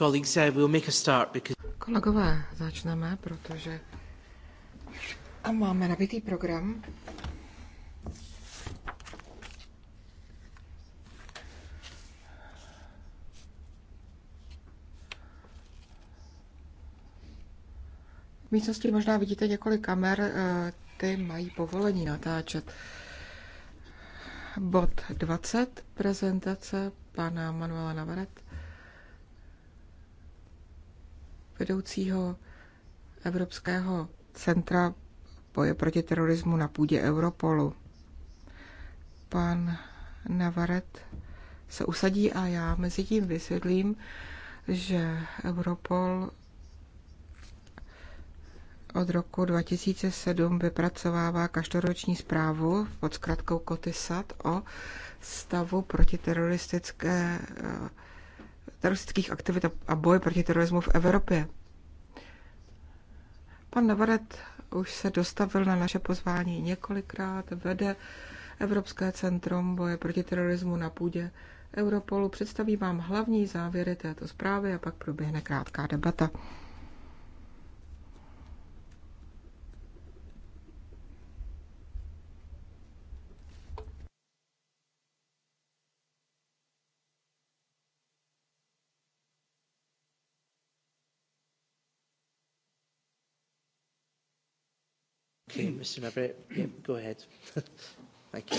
Uh, Kolegové, začneme, protože a máme nabitý program. V místnosti možná vidíte několik kamer, eh, ty mají povolení natáčet. Bod 20, prezentace pana Manuela Navaret vedoucího Evropského centra boje proti terorismu na půdě Europolu. Pan Navaret se usadí a já mezi tím vysvětlím, že Europol od roku 2007 vypracovává každoroční zprávu pod zkratkou COTISAT o stavu protiteroristické eh, teroristických aktivit a boj proti terorismu v Evropě. Pan Navaret už se dostavil na naše pozvání několikrát, vede Evropské centrum boje proti terorismu na půdě Europolu. Představí vám hlavní závěry této zprávy a pak proběhne krátká debata. Okay, Mr. Navarrete, yeah, go ahead. Thank you.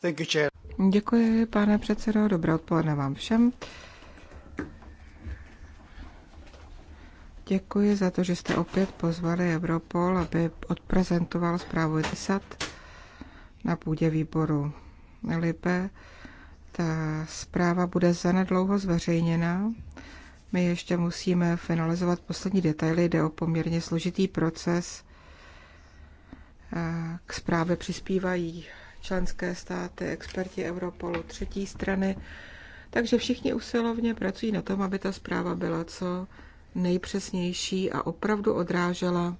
Thank you, Chair. Děkuji, pane předsedo. Dobré odpoledne vám všem. Děkuji za to, že jste opět pozvali Europol, aby odprezentoval zprávu ETSAT na půdě výboru LIPE. Ta zpráva bude zanedlouho zveřejněna. My ještě musíme finalizovat poslední detaily, jde o poměrně složitý proces. K zprávě přispívají členské státy, experti Europolu, třetí strany. Takže všichni usilovně pracují na tom, aby ta zpráva byla co nejpřesnější a opravdu odrážela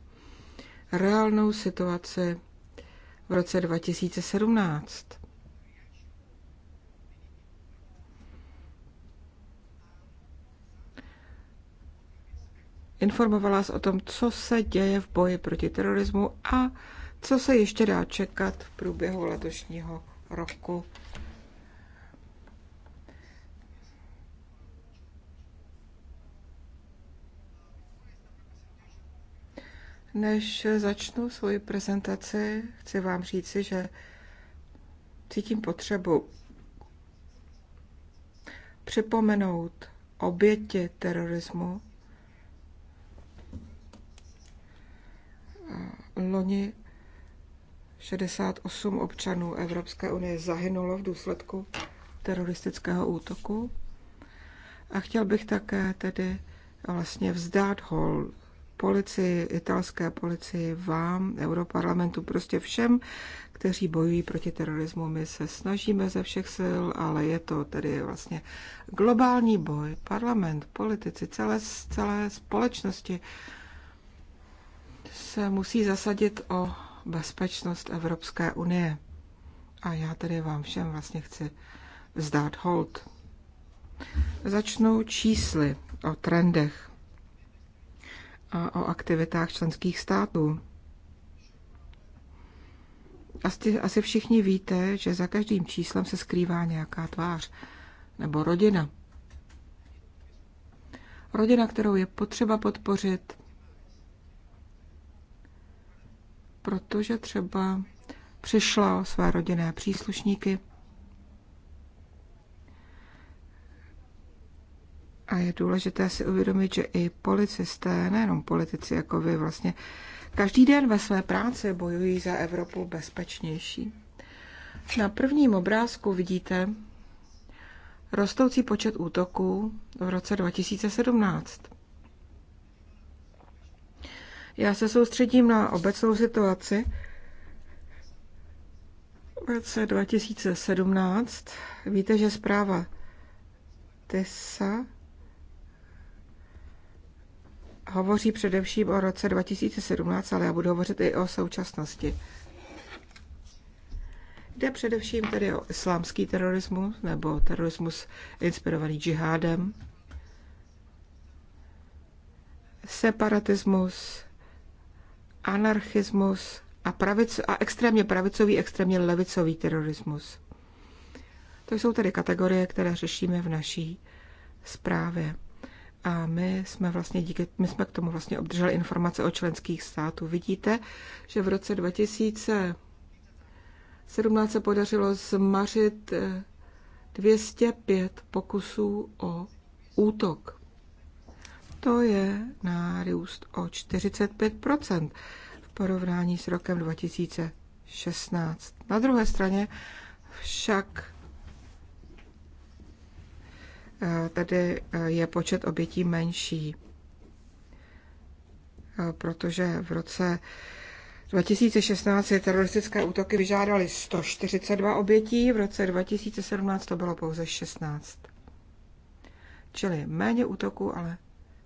reálnou situaci v roce 2017. informovala vás o tom, co se děje v boji proti terorismu a co se ještě dá čekat v průběhu letošního roku. Než začnu svoji prezentaci, chci vám říci, že cítím potřebu připomenout oběti terorismu loni 68 občanů Evropské unie zahynulo v důsledku teroristického útoku. A chtěl bych také tedy vlastně vzdát hol policii, italské policii, vám, europarlamentu, prostě všem, kteří bojují proti terorismu. My se snažíme ze všech sil, ale je to tedy vlastně globální boj. Parlament, politici, celé, celé společnosti se musí zasadit o bezpečnost Evropské unie. A já tedy vám všem vlastně chci vzdát hold. Začnou čísly o trendech a o aktivitách členských států. Asi, asi všichni víte, že za každým číslem se skrývá nějaká tvář nebo rodina. Rodina, kterou je potřeba podpořit, protože třeba přišla o své rodinné příslušníky a je důležité si uvědomit, že i policisté, nejenom politici jako vy vlastně, každý den ve své práci bojují za Evropu bezpečnější. Na prvním obrázku vidíte rostoucí počet útoků v roce 2017. Já se soustředím na obecnou situaci. V roce 2017 víte, že zpráva TESA hovoří především o roce 2017, ale já budu hovořit i o současnosti. Jde především tedy o islámský terorismus nebo terorismus inspirovaný džihádem, separatismus, anarchismus a, pravic, a extrémně pravicový, extrémně levicový terorismus. To jsou tedy kategorie, které řešíme v naší zprávě. A my jsme vlastně díky, my jsme k tomu vlastně obdrželi informace o členských států. Vidíte, že v roce 2017 se podařilo zmařit 205 eh, pokusů o útok to je nárůst o 45 v porovnání s rokem 2016. Na druhé straně však eh, tady eh, je počet obětí menší, eh, protože v roce 2016 teroristické útoky vyžádaly 142 obětí, v roce 2017 to bylo pouze 16. Čili méně útoků, ale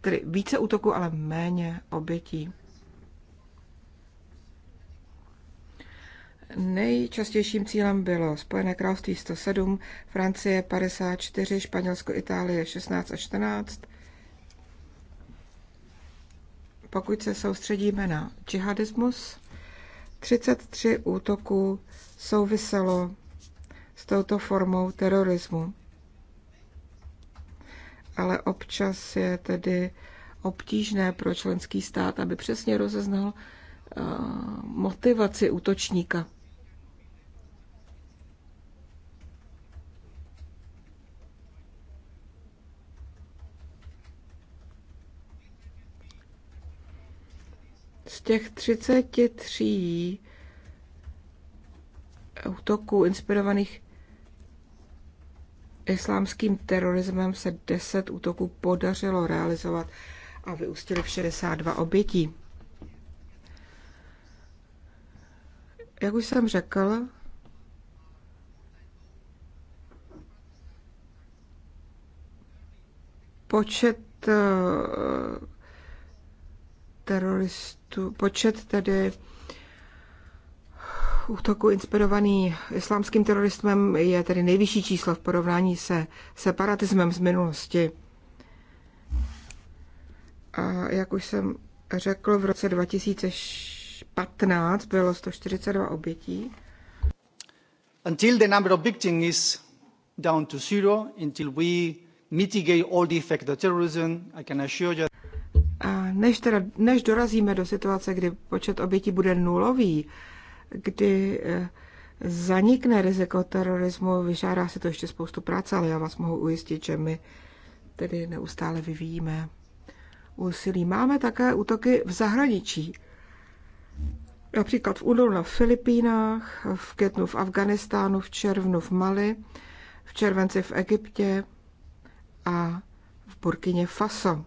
tedy více útoků, ale méně obětí. Nejčastějším cílem bylo Spojené království 107, Francie 54, Španělsko, Itálie 16 a 14. Pokud se soustředíme na džihadismus, 33 útoků souviselo s touto formou terorismu ale občas je tedy obtížné pro členský stát, aby přesně rozeznal eh, motivaci útočníka. Z těch 33 útoků inspirovaných islámským terorismem se 10 útoků podařilo realizovat a vyústili v 62 obětí. Jak už jsem řekl, počet eh, teroristů, počet tedy útoku inspirovaný islámským terorismem je tedy nejvyšší číslo v porovnání se separatismem z minulosti. A jak už jsem řekl, v roce 2015 bylo 142 obětí. Until the number of victims is down to zero, until we mitigate all the effect of terrorism, I can assure you a než, teda, než dorazíme do situace, kdy počet obětí bude nulový, kdy eh, zanikne riziko terorismu, vyžádá se to ještě spoustu práce, ale já vás mohu ujistit, že my tedy neustále vyvíjíme úsilí. Máme také útoky v zahraničí. Například v únoru na Filipínách, v květnu v Afganistánu, v červnu v Mali, v červenci v Egyptě a v Burkině Faso.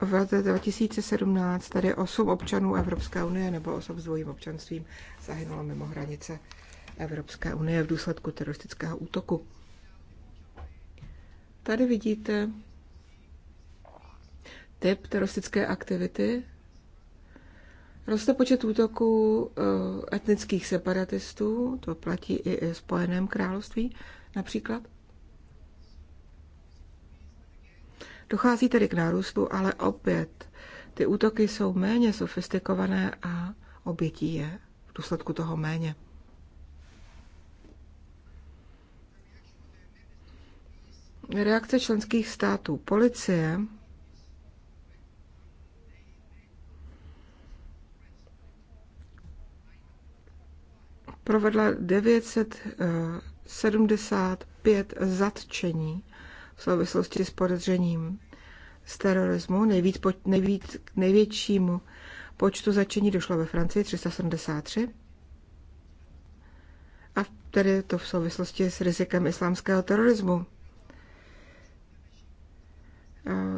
v roce 2017 tady 8 občanů Evropské unie nebo osob s dvojím občanstvím zahynulo mimo hranice Evropské unie v důsledku teroristického útoku. Tady vidíte typ teroristické aktivity. Roste počet útoků eh, etnických separatistů, to platí i Spojeném království například. Dochází tedy k nárůstu, ale opět ty útoky jsou méně sofistikované a obětí je v důsledku toho méně. Reakce členských států. Policie provedla 975 eh, zatčení v souvislosti s podezřením z terorismu. Nejvíc, po, nejvíc, největšímu počtu začení došlo ve Francii 373. A tedy to v souvislosti s rizikem islámského terorismu.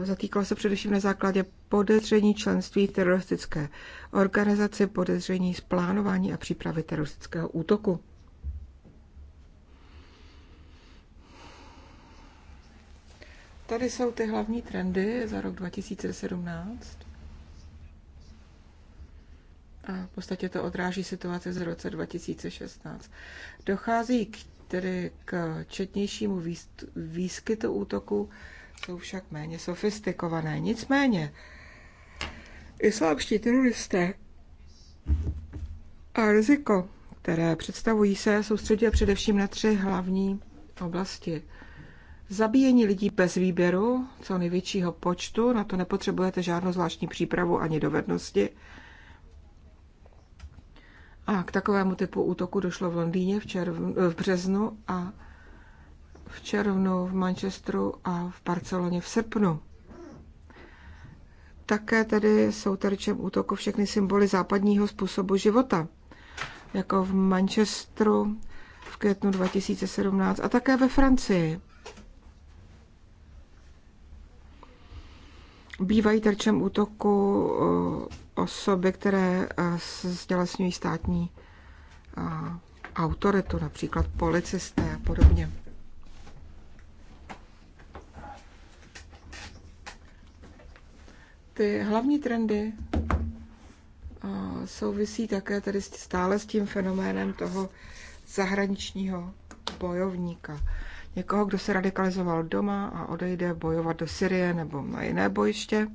Zatýkalo se především na základě podezření členství teroristické organizace, podezření z plánování a přípravy teroristického útoku. tady jsou ty hlavní trendy za rok 2017. A v podstatě to odráží situaci z roce 2016. Dochází k, tedy k četnějšímu výskytu útoku, jsou však méně sofistikované. Nicméně, islámští teroristé a riziko, které představují se, soustředí především na tři hlavní oblasti – Zabíjení lidí bez výběru, co největšího počtu, na to nepotřebujete žádnou zvláštní přípravu ani dovednosti. A k takovému typu útoku došlo v Londýně v, červnu, eh, v březnu a v červnu v Manchesteru a v Barceloně v srpnu. Také tedy jsou terčem útoku všechny symboly západního způsobu života, jako v Manchesteru v květnu 2017 a také ve Francii Bývají terčem útoku eh, osoby, které eh, stělesňují státní eh, autoritu, například policisté a podobně. Ty hlavní trendy souvisí také tedy stále s tím fenoménem toho zahraničního bojovníka někoho, kdo se radikalizoval doma a odejde bojovat do Syrie nebo na jiné bojiště.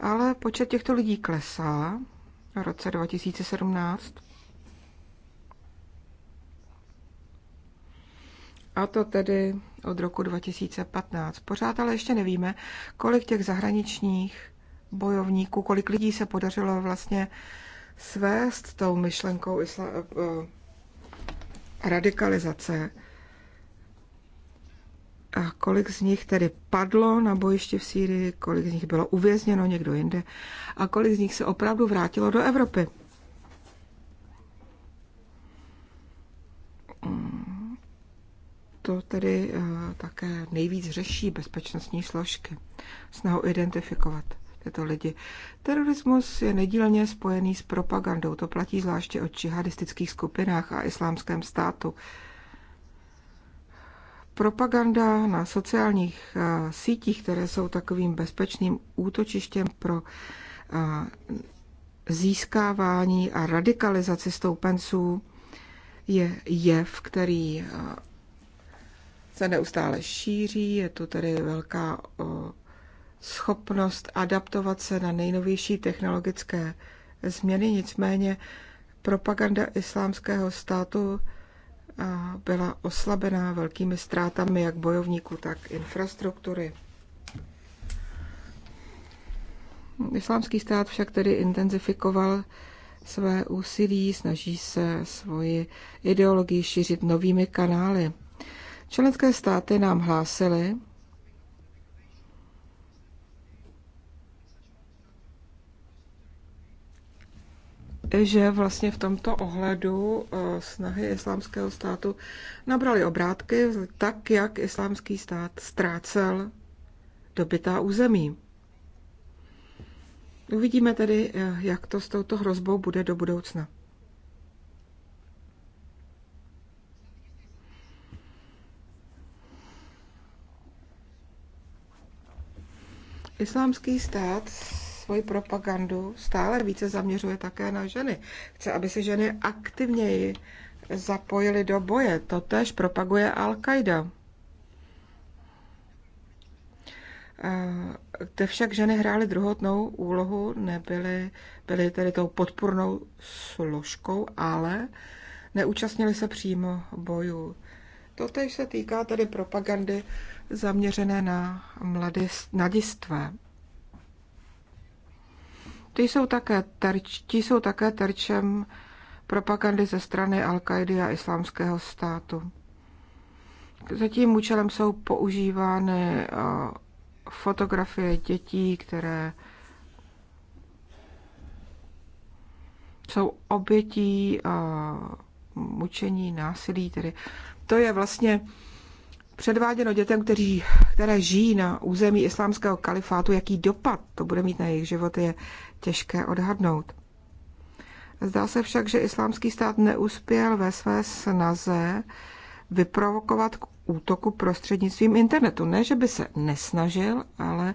Ale počet těchto lidí klesá v roce 2017. A to tedy od roku 2015. Pořád ale ještě nevíme, kolik těch zahraničních bojovníků, kolik lidí se podařilo vlastně svést tou myšlenkou isla- eh, eh, radikalizace a kolik z nich tedy padlo na bojiště v Sýrii, kolik z nich bylo uvězněno někdo jinde a kolik z nich se opravdu vrátilo do Evropy. To tedy eh, také nejvíc řeší bezpečnostní složky. Snahu identifikovat tyto lidi. Terorismus je nedílně spojený s propagandou. To platí zvláště o džihadistických skupinách a islámském státu. Propaganda na sociálních eh, sítích, které jsou takovým bezpečným útočištěm pro eh, získávání a radikalizaci stoupenců, je jev, který eh, se neustále šíří. Je to tedy velká schopnost adaptovat se na nejnovější technologické změny. Nicméně propaganda islámského státu byla oslabená velkými ztrátami jak bojovníků, tak infrastruktury. Islámský stát však tedy intenzifikoval své úsilí, snaží se svoji ideologii šířit novými kanály. Členské státy nám hlásily, že vlastně v tomto ohledu eh, snahy islámského státu nabraly obrátky tak, jak islámský stát ztrácel dobytá území. Uvidíme tedy, eh, jak to s touto hrozbou bude do budoucna. Islámský stát svoji propagandu stále více zaměřuje také na ženy. Chce, aby se ženy aktivněji zapojily do boje. To Totež propaguje Al-Qaida. Te eh, však ženy hrály druhotnou úlohu, nebyly byly tedy tou podpornou složkou, ale neúčastnili se přímo bojů. Totež se týká tedy propagandy zaměřené na mladistvé. Ty jsou také, terč, ti jsou také terčem propagandy ze strany al qaidy a islámského státu. Za tím účelem jsou používány fotografie dětí, které jsou obětí mučení, násilí. Tedy to je vlastně předváděno dětem, kteří, které žijí na území islámského kalifátu, jaký dopad to bude mít na jejich život, je těžké odhadnout. Zdá se však, že islámský stát neuspěl ve své snaze vyprovokovat k útoku prostřednictvím internetu. Ne, že by se nesnažil, ale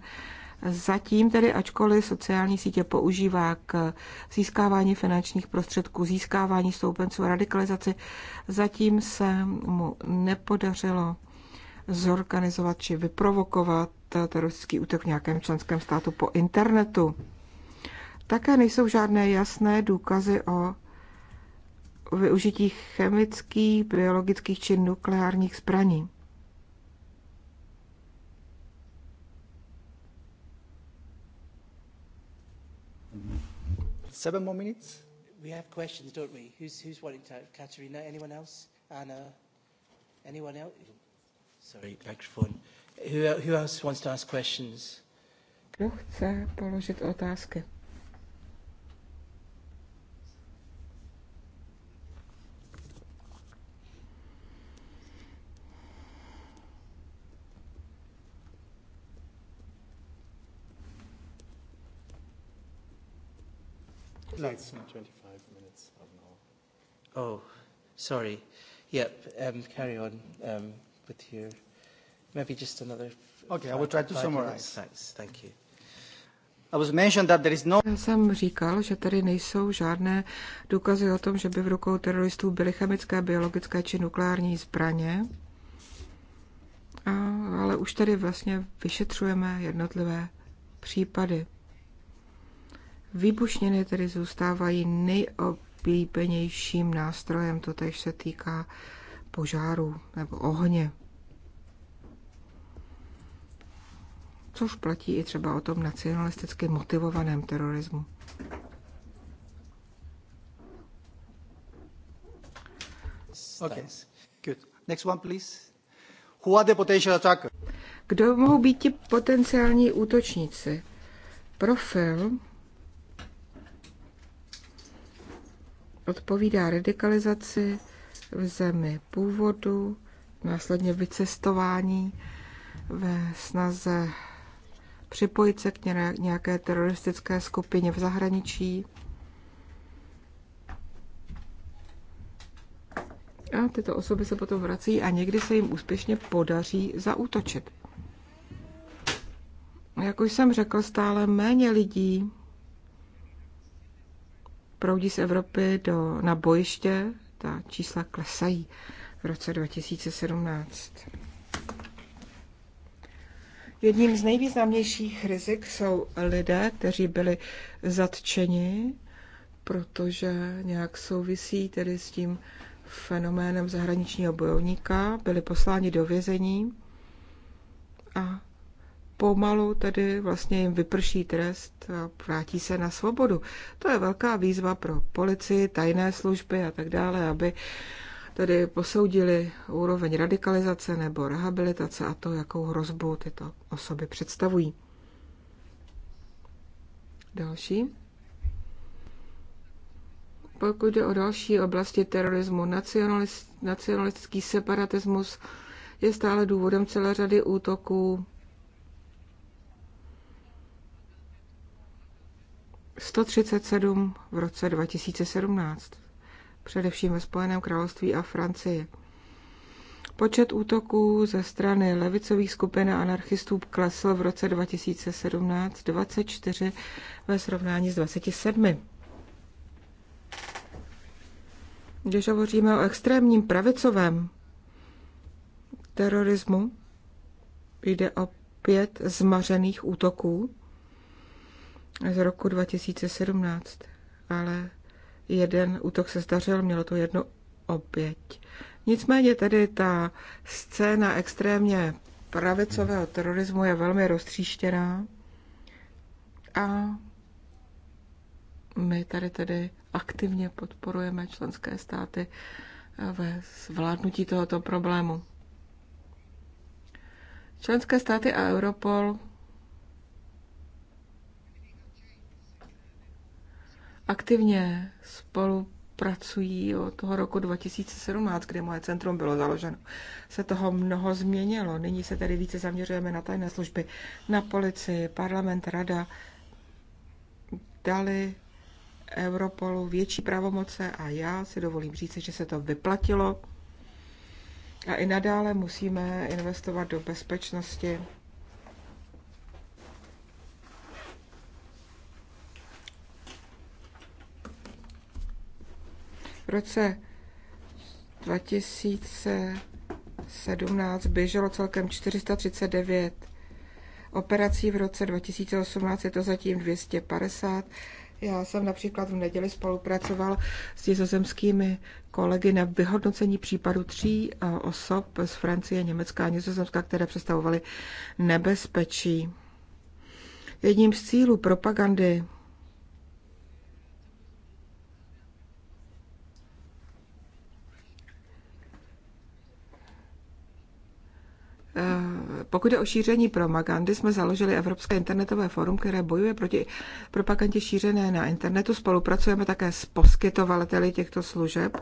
zatím tedy, ačkoliv sociální sítě používá k získávání finančních prostředků, získávání stoupenců a radikalizaci, zatím se mu nepodařilo zorganizovat či vyprovokovat teroristický útok v nějakém členském státu po internetu. Také nejsou žádné jasné důkazy o využití chemických, biologických či nukleárních zbraní. Seven more minutes. We have questions, don't we? Who's, who's wanting to? Katerina, anyone else? Anna, anyone else? Sorry, microphone. Who, who else wants to ask questions? Kdo chce položit otázky? Lights in 25 minutes. Oh, sorry. Yep, um, carry on. Um, with your maybe just another. Okay, I will try to summarize. Thanks, thank you. No- Já jsem říkal, že tady nejsou žádné důkazy o tom, že by v rukou teroristů byly chemické, biologické či nukleární zbraně, a, ale už tady vlastně vyšetřujeme jednotlivé případy. Výbušniny tedy zůstávají nejoblíbenějším nástrojem, to tež se týká uh, požáru nebo ohně. Což platí i třeba o tom nacionalisticky motivovaném terorismu. Okay. Good. Next one, please. Kdo mohou být ti potenciální útočníci? Profil odpovídá radikalizaci, v zemi původu, následně vycestování ve snaze připojit se k nějaké teroristické skupině v zahraničí. A tyto osoby se potom vrací a někdy se jim úspěšně podaří zaútočit. Jak už jsem řekl, stále méně lidí proudí z Evropy do, na bojiště ta čísla klesají v roce 2017. Jedním z nejvýznamnějších rizik jsou lidé, kteří byli zatčeni, protože nějak souvisí tedy s tím fenoménem zahraničního bojovníka, byli posláni do vězení a pomalu tedy vlastně jim vyprší trest a vrátí se na svobodu. To je velká výzva pro policii, tajné služby a tak dále, aby tedy posoudili úroveň radikalizace nebo rehabilitace a to, jakou hrozbu tyto osoby představují. Další. Pokud jde o další oblasti terorismu, nacionalist, nacionalistický separatismus je stále důvodem celé řady útoků 137 v roce 2017, především ve Spojeném království a Francii. Počet útoků ze strany levicových skupin a anarchistů klesl v roce 2017 24 ve srovnání s 27. Když hovoříme o extrémním pravicovém terorismu, jde o pět zmařených útoků z roku 2017, ale jeden útok se zdařil, mělo to jednu oběť. Nicméně tedy ta scéna extrémně pravicového terorismu je velmi roztříštěná a my tady tedy aktivně podporujeme členské státy ve zvládnutí tohoto problému. Členské státy a Europol aktivně spolupracují od toho roku 2017, kdy moje centrum bylo založeno. Se toho mnoho změnilo. Nyní se tedy více zaměřujeme na tajné služby, na policii, parlament, rada. Dali Europolu větší pravomoce a já si dovolím říct, že se to vyplatilo. A i nadále musíme investovat do bezpečnosti V roce 2017 běželo celkem 439 operací, v roce 2018 je to zatím 250. Já jsem například v neděli spolupracoval s nizozemskými kolegy na vyhodnocení případu tří eh, osob z Francie, Německa a Nizozemska, které představovaly nebezpečí. Jedním z cílů propagandy Eh, pokud je o šíření propagandy, jsme založili Evropské internetové forum, které bojuje proti propagandě šířené na internetu. Spolupracujeme také s poskytovateli těchto služeb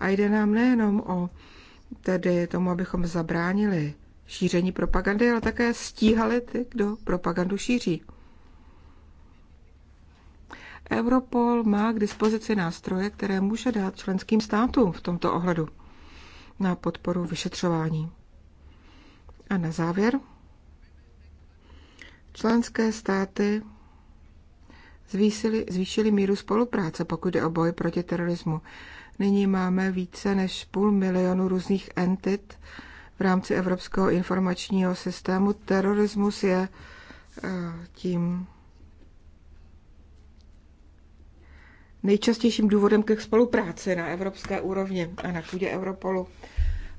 a jde nám nejenom o tedy tomu, abychom zabránili šíření propagandy, ale také stíhali ty, kdo propagandu šíří. Europol má k dispozici nástroje, které může dát členským státům v tomto ohledu na podporu vyšetřování. A na závěr. Členské státy zvýšily, zvýšily míru spolupráce, pokud je o boj proti terorismu. Nyní máme více než půl milionu různých entit v rámci Evropského informačního systému. Terorismus je eh, tím nejčastějším důvodem ke spolupráci na evropské úrovni a na půdě Europolu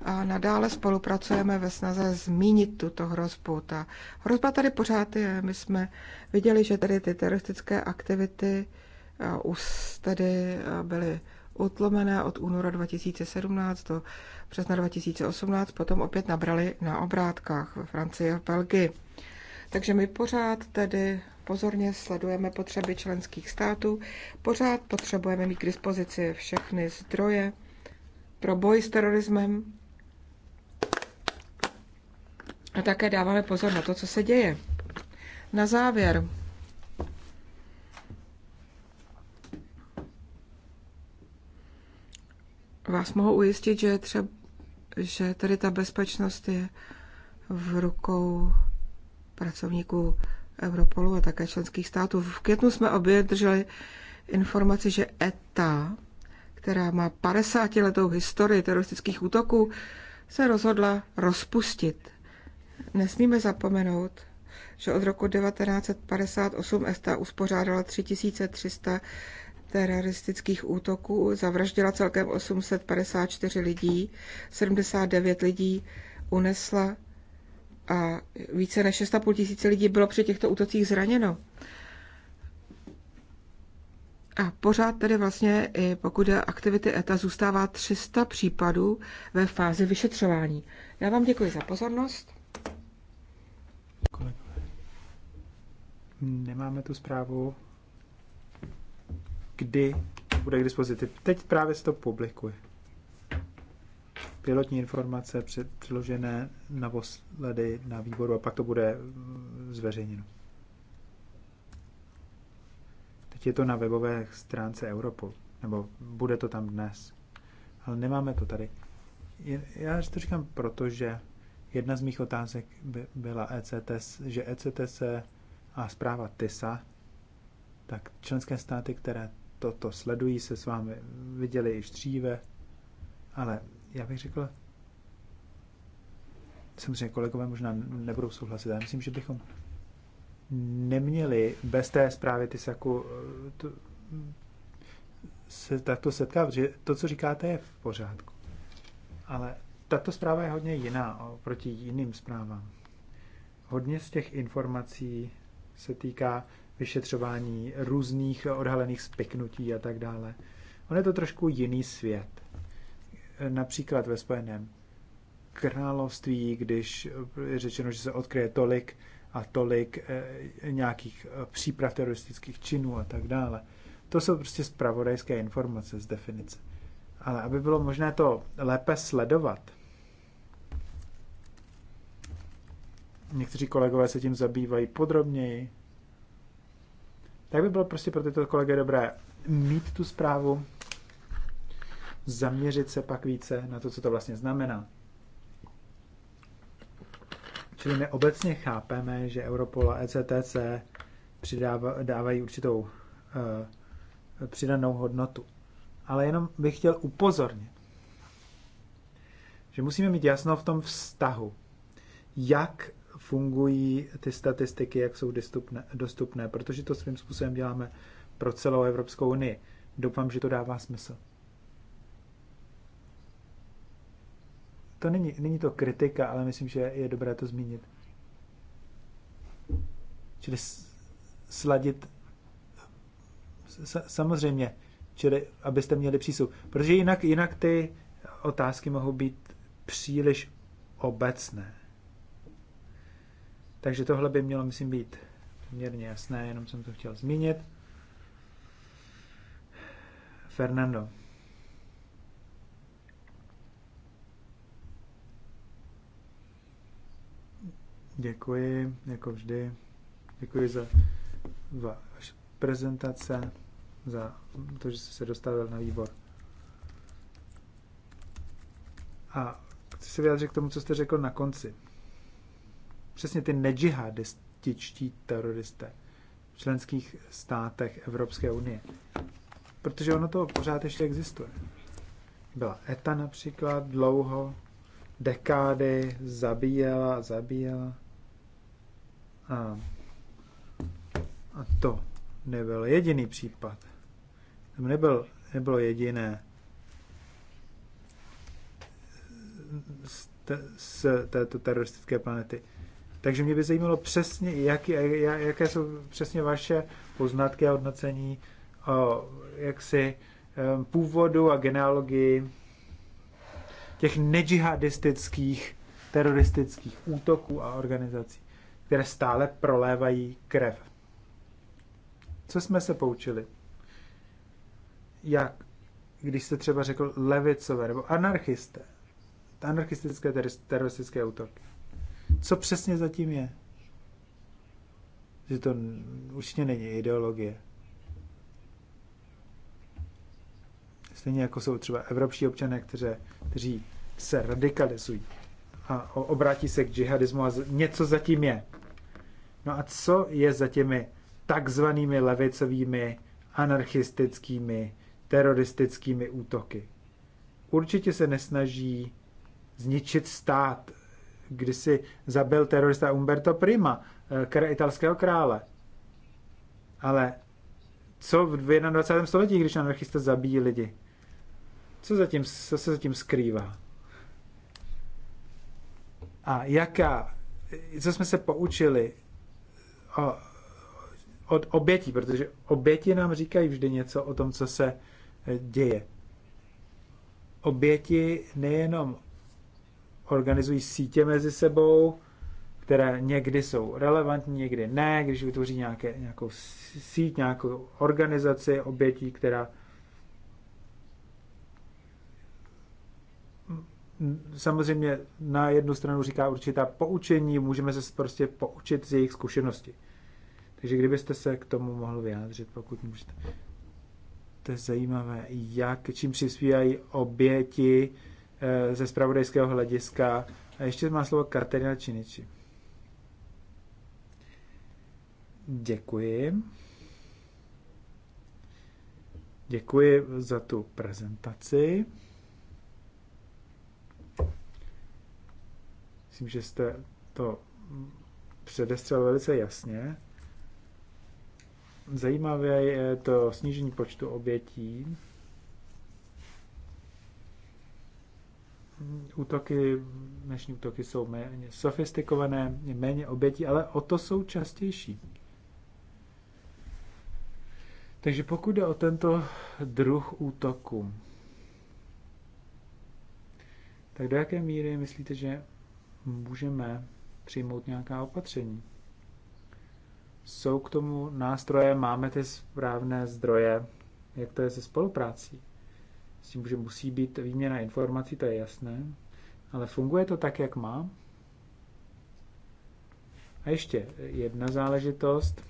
a nadále spolupracujeme ve snaze zmínit tuto hrozbu. Ta hrozba tady pořád je. My jsme viděli, že tady ty teroristické aktivity eh, už tady eh, byly utlomené od února 2017 do března 2018, potom opět nabrali na obrátkách ve Francii a v Belgii. Takže my pořád tedy pozorně sledujeme potřeby členských států, pořád potřebujeme mít k dispozici všechny zdroje pro boj s terorismem, a také dáváme pozor na to, co se děje. Na závěr. Vás mohu ujistit, že, třeba, že tady ta bezpečnost je v rukou pracovníků Europolu a také členských států. V květnu jsme obě drželi informaci, že ETA, která má 50 letou historii teroristických útoků, se rozhodla rozpustit Nesmíme zapomenout, že od roku 1958 ESTA uspořádala 3300 teroristických útoků, zavraždila celkem 854 lidí, 79 lidí unesla a více než 6,5 tisíce lidí bylo při těchto útocích zraněno. A pořád tedy vlastně, i pokud je aktivity ETA, zůstává 300 případů ve fázi vyšetřování. Já vám děkuji za pozornost. Kolegové, nemáme tu zprávu, kdy bude k dispozici. Teď právě se to publikuje. Pilotní informace přiložené na posledy na výboru a pak to bude mm, zveřejněno. Teď je to na webové stránce Europol, nebo bude to tam dnes. Ale nemáme to tady. Já to říkám, protože Jedna z mých otázek by byla ECTS, že ECTS a zpráva TISA, tak členské státy, které toto sledují, se s vámi viděli již dříve, ale já bych řekl, samozřejmě kolegové možná nebudou souhlasit, Já myslím, že bychom neměli bez té zprávy Tysaku eh, to, se takto setkávat, že to, co říkáte, je v pořádku. Ale tato zpráva je hodně jiná oproti jiným zprávám. Hodně z těch informací se týká vyšetřování různých odhalených spiknutí a tak dále. On je to trošku jiný svět. Například ve Spojeném království, když je řečeno, že se odkryje tolik a tolik eh, nějakých eh, příprav teroristických činů a tak dále. To jsou prostě spravodajské informace z definice. Ale aby bylo možné to lépe sledovat, Někteří kolegové se tím zabývají podrobněji. Tak by bylo prostě pro tyto kolegy dobré mít tu zprávu, zaměřit se pak více na to, co to vlastně znamená. Čili my obecně chápeme, že Europol a ECTC dávají určitou uh, přidanou hodnotu. Ale jenom bych chtěl upozornit, že musíme mít jasno v tom vztahu, jak fungují ty statistiky, jak jsou dostupné, dostupné protože to svým způsobem děláme pro celou Evropskou unii. Doufám, že to dává smysl. To není, není to kritika, ale myslím, že je dobré to zmínit. Čili sladit samozřejmě, čili abyste měli přístup. Protože jinak, jinak ty otázky mohou být příliš obecné. Takže tohle by mělo, myslím, být poměrně jasné, jenom jsem to chtěl zmínit. Fernando. Děkuji, jako vždy. Děkuji za vaši prezentace, za to, že jste se dostavil na výbor. A chci se vyjádřit k tomu, co jste řekl na konci přesně ty nedžihadističtí teroristé v členských státech Evropské unie. Protože ono to pořád ještě existuje. Byla ETA například dlouho, dekády, zabíjela, zabíjela. A, a to nebyl jediný případ. Tam nebyl, nebylo jediné z, te, z této teroristické planety. Takže mě by zajímalo přesně, jak, jaké jsou přesně vaše poznatky a hodnocení o jaksi původu a genealogii těch nedžihadistických teroristických útoků a organizací, které stále prolévají krev. Co jsme se poučili? Jak, když jste třeba řekl levicové nebo anarchisté, anarchistické teroristické útoky co přesně zatím je. Že to určitě není ideologie. Stejně jako jsou třeba evropští občané, kteří, kteří se radikalizují a obrátí se k džihadismu a něco zatím je. No a co je za těmi takzvanými levicovými, anarchistickými, teroristickými útoky? Určitě se nesnaží zničit stát kdysi zabil terorista Umberto Prima, eh, italského krále. Ale co v 21. století, když anarchista zabíjí lidi? Co, zatím, co se zatím skrývá? A jaká, co jsme se poučili o, od obětí, protože oběti nám říkají vždy něco o tom, co se eh, děje. Oběti nejenom organizují sítě mezi sebou, které někdy jsou relevantní, někdy ne, když vytvoří nějaké, nějakou síť, nějakou organizaci obětí, která samozřejmě na jednu stranu říká určitá poučení, můžeme se prostě poučit z jejich zkušenosti. Takže kdybyste se k tomu mohl vyjádřit, pokud můžete. To je zajímavé, jak, čím přispívají oběti Eh, ze spravodajského hlediska. A ještě má slovo Katerina Činiči. Děkuji. Děkuji za tu prezentaci. Myslím, že jste to předestřel velice jasně. Zajímavé je to snížení počtu obětí útoky, dnešní útoky jsou méně sofistikované, méně obětí, ale o to jsou častější. Takže pokud jde o tento druh útoku, tak do jaké míry myslíte, že můžeme přijmout nějaká opatření? Jsou k tomu nástroje, máme ty správné zdroje, jak to je se spoluprácí? S tím, že musí být výměna informací, to je jasné. Ale funguje to tak, jak má. A ještě jedna záležitost,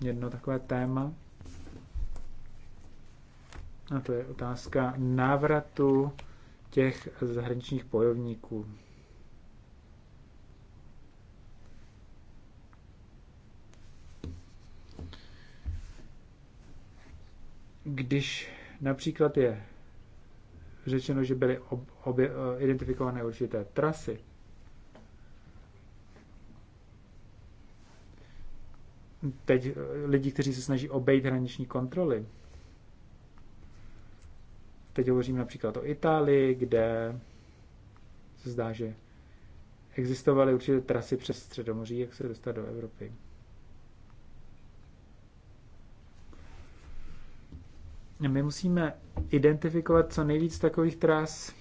jedno takové téma. A to je otázka návratu těch zahraničních bojovníků. Když například je řečeno, že byly ob, obě, eh, identifikované určité trasy. Teď eh, lidi, kteří se snaží obejít hraniční kontroly. Teď hovořím například o Itálii, kde se zdá, že existovaly určité trasy přes Středomoří, jak se dostat do Evropy. No, my musíme identifikovat co nejvíc takových tras,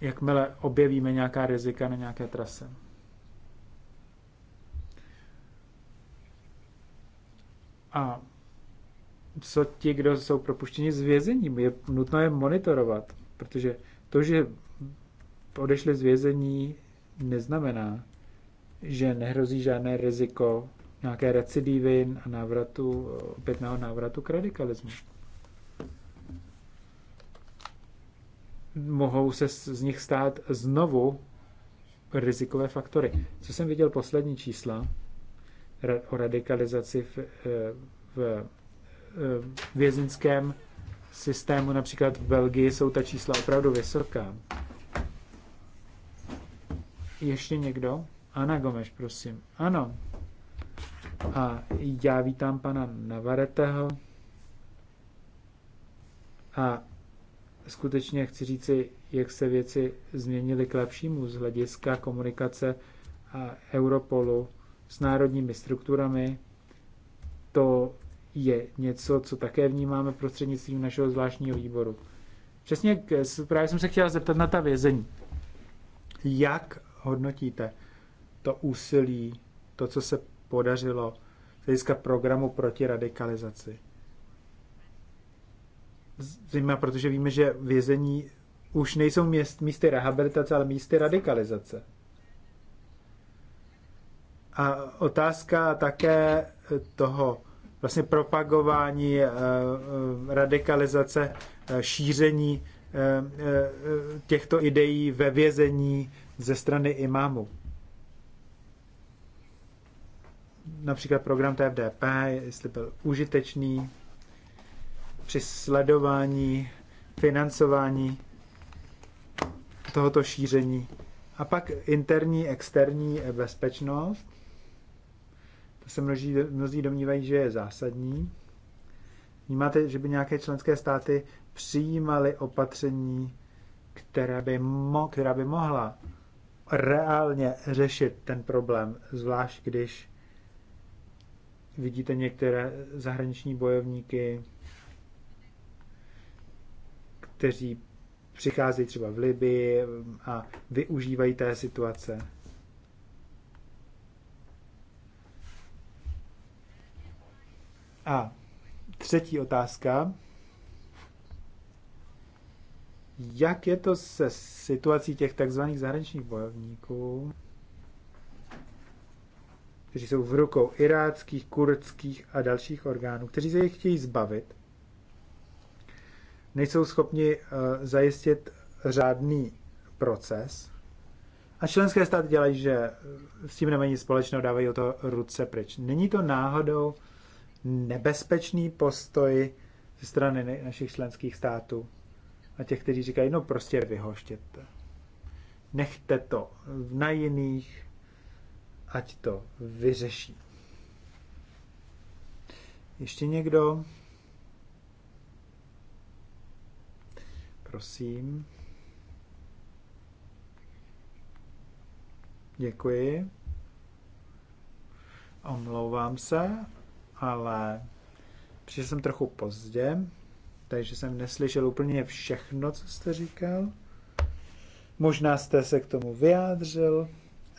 jakmile objevíme nějaká rizika na nějaké trase. A co ti, kdo jsou propuštěni z vězení, je nutno je monitorovat, protože to, že odešli z vězení, neznamená, že nehrozí žádné riziko nějaké recidivy a návratu, opětného návratu k radikalismu. Mohou se z nich stát znovu rizikové faktory. Co jsem viděl poslední čísla o radikalizaci v, eh, v, v eh, vězinském systému, například v Belgii, jsou ta čísla opravdu vysoká. Ještě někdo? Ana Gomeš, prosím. Ano. A já vítám pana Navareteho. A skutečně chci říci, jak se věci změnily k lepšímu z hlediska komunikace a Europolu s národními strukturami. To je něco, co také vnímáme prostřednictvím našeho zvláštního výboru. Přesně právě jsem se chtěla zeptat na ta vězení. Jak hodnotíte to úsilí, to, co se podařilo z hlediska programu proti radikalizaci. Zajímá, protože víme, že vězení už nejsou měst, místy rehabilitace, ale místy radikalizace. A otázka také toho vlastně propagování eh, eh radikalizace, eh, šíření eh, eh, eh, těchto ideí ve vězení ze strany imámu. například program TFDP, jestli byl užitečný při sledování, financování tohoto šíření. A pak interní, externí bezpečnost. To se množí, mnozí domnívají, že je zásadní. Vnímáte, že by nějaké členské státy přijímaly opatření, která by, mo, která by mohla reálně řešit ten problém, zvlášť když Vidíte některé zahraniční bojovníky, kteří přicházejí třeba v Libii a využívají té situace. A třetí otázka. Jak je to se situací těch takzvaných zahraničních bojovníků? kteří jsou v rukou iráckých, kurdských a dalších orgánů, kteří se je chtějí zbavit, nejsou schopni eh, zajistit řádný proces. A členské státy dělají, že eh, s tím nemají nic společného, dávají o to ruce pryč. Není to náhodou nebezpečný postoj ze strany našich členských států a těch, kteří říkají, no prostě vyhoštěte. Nechte to na jiných, ať to vyřeší. Ještě někdo? Prosím. Děkuji. Omlouvám se, ale přišel jsem trochu pozdě, takže jsem neslyšel úplně všechno, co jste říkal. Možná jste se k tomu vyjádřil,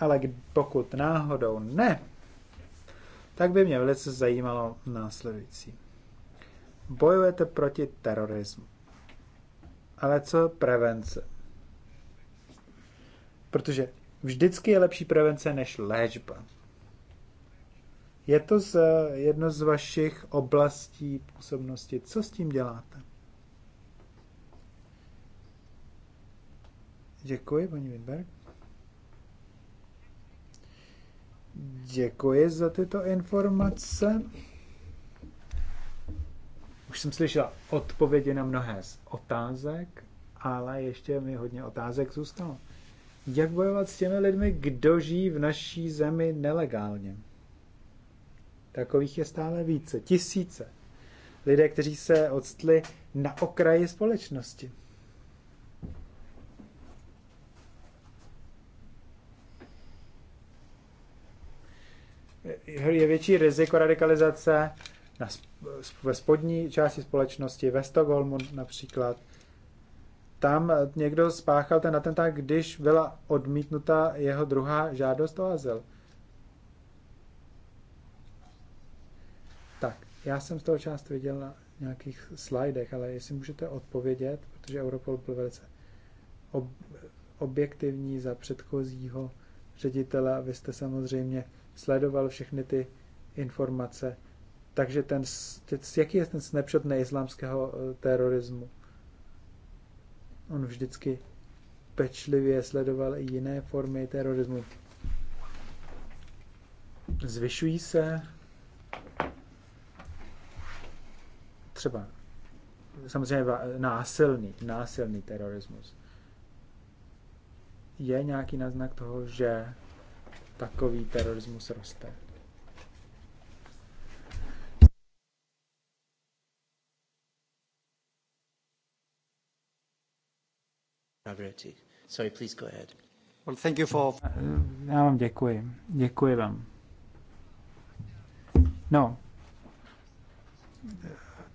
ale pokud náhodou ne, tak by mě velice zajímalo následující. Bojujete proti terorismu. Ale co prevence? Protože vždycky je lepší prevence než léčba. Je to z, jedno z vašich oblastí působnosti. Co s tím děláte? Děkuji, paní Winberg. Děkuji za tyto informace. Už jsem slyšela odpovědi na mnohé z otázek, ale ještě mi hodně otázek zůstalo. Jak bojovat s těmi lidmi, kdo žijí v naší zemi nelegálně? Takových je stále více, tisíce. Lidé, kteří se odstli na okraji společnosti. je větší riziko radikalizace na, ve spodní části společnosti, ve Stockholmu například. Tam někdo spáchal ten atentát, když byla odmítnuta jeho druhá žádost o azyl. Tak, já jsem z toho část viděl na nějakých slidech, ale jestli můžete odpovědět, protože Europol byl velice ob, objektivní za předchozího ředitele vy jste samozřejmě sledoval všechny ty informace. Takže ten, jaký je ten snapshot neislámského eh, terorismu? On vždycky pečlivě sledoval i jiné formy terorismu. Zvyšují se třeba samozřejmě násilný, násilný terorismus. Je nějaký náznak toho, že takový terorismus roste. Sorry, please go ahead. Well, thank you for... Já vám děkuji. Děkuji vám. No,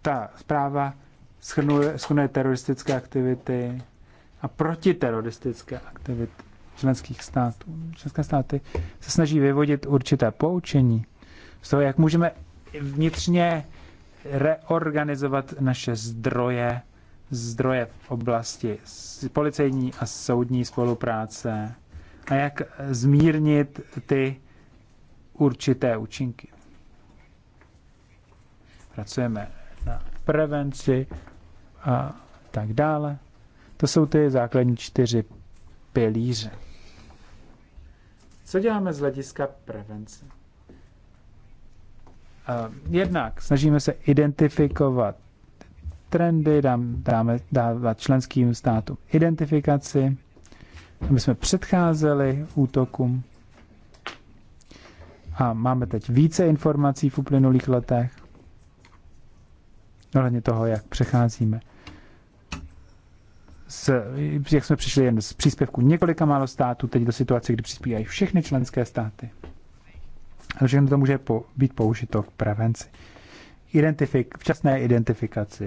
ta zpráva schrnuje, schrnuje teroristické aktivity a protiteroristické aktivity členských států. Členské státy se snaží vyvodit určité poučení z toho, jak můžeme vnitřně reorganizovat naše zdroje, zdroje v oblasti policejní a soudní spolupráce a jak zmírnit ty určité účinky. Pracujeme na prevenci a tak dále. To jsou ty základní čtyři pilíře. Co děláme z hlediska prevence? Jednak snažíme se identifikovat trendy, dám, dáme, dávat členským státům identifikaci, aby jsme předcházeli útokům. A máme teď více informací v uplynulých letech ohledně toho, jak přecházíme s jak jsme přišli jen z příspěvku několika málo států, teď do situace, kdy přispívají všechny členské státy. A všechno to může po, být použito v prevenci. Identifik, včasné identifikaci,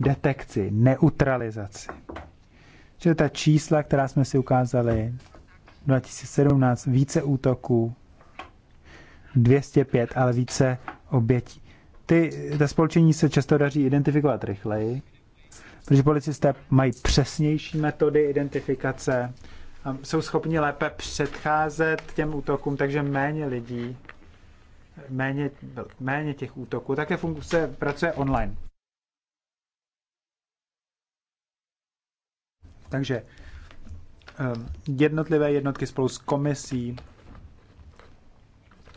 detekci, neutralizaci. Čili ta čísla, která jsme si ukázali, 2017 více útoků, 205, ale více obětí. Ty, ta spolčení se často daří identifikovat rychleji, protože policisté mají přesnější metody identifikace, a jsou schopni lépe předcházet těm útokům, takže méně lidí, méně, méně těch útoků. Také funkce pracuje online. Takže ehm, jednotlivé jednotky spolu s komisí,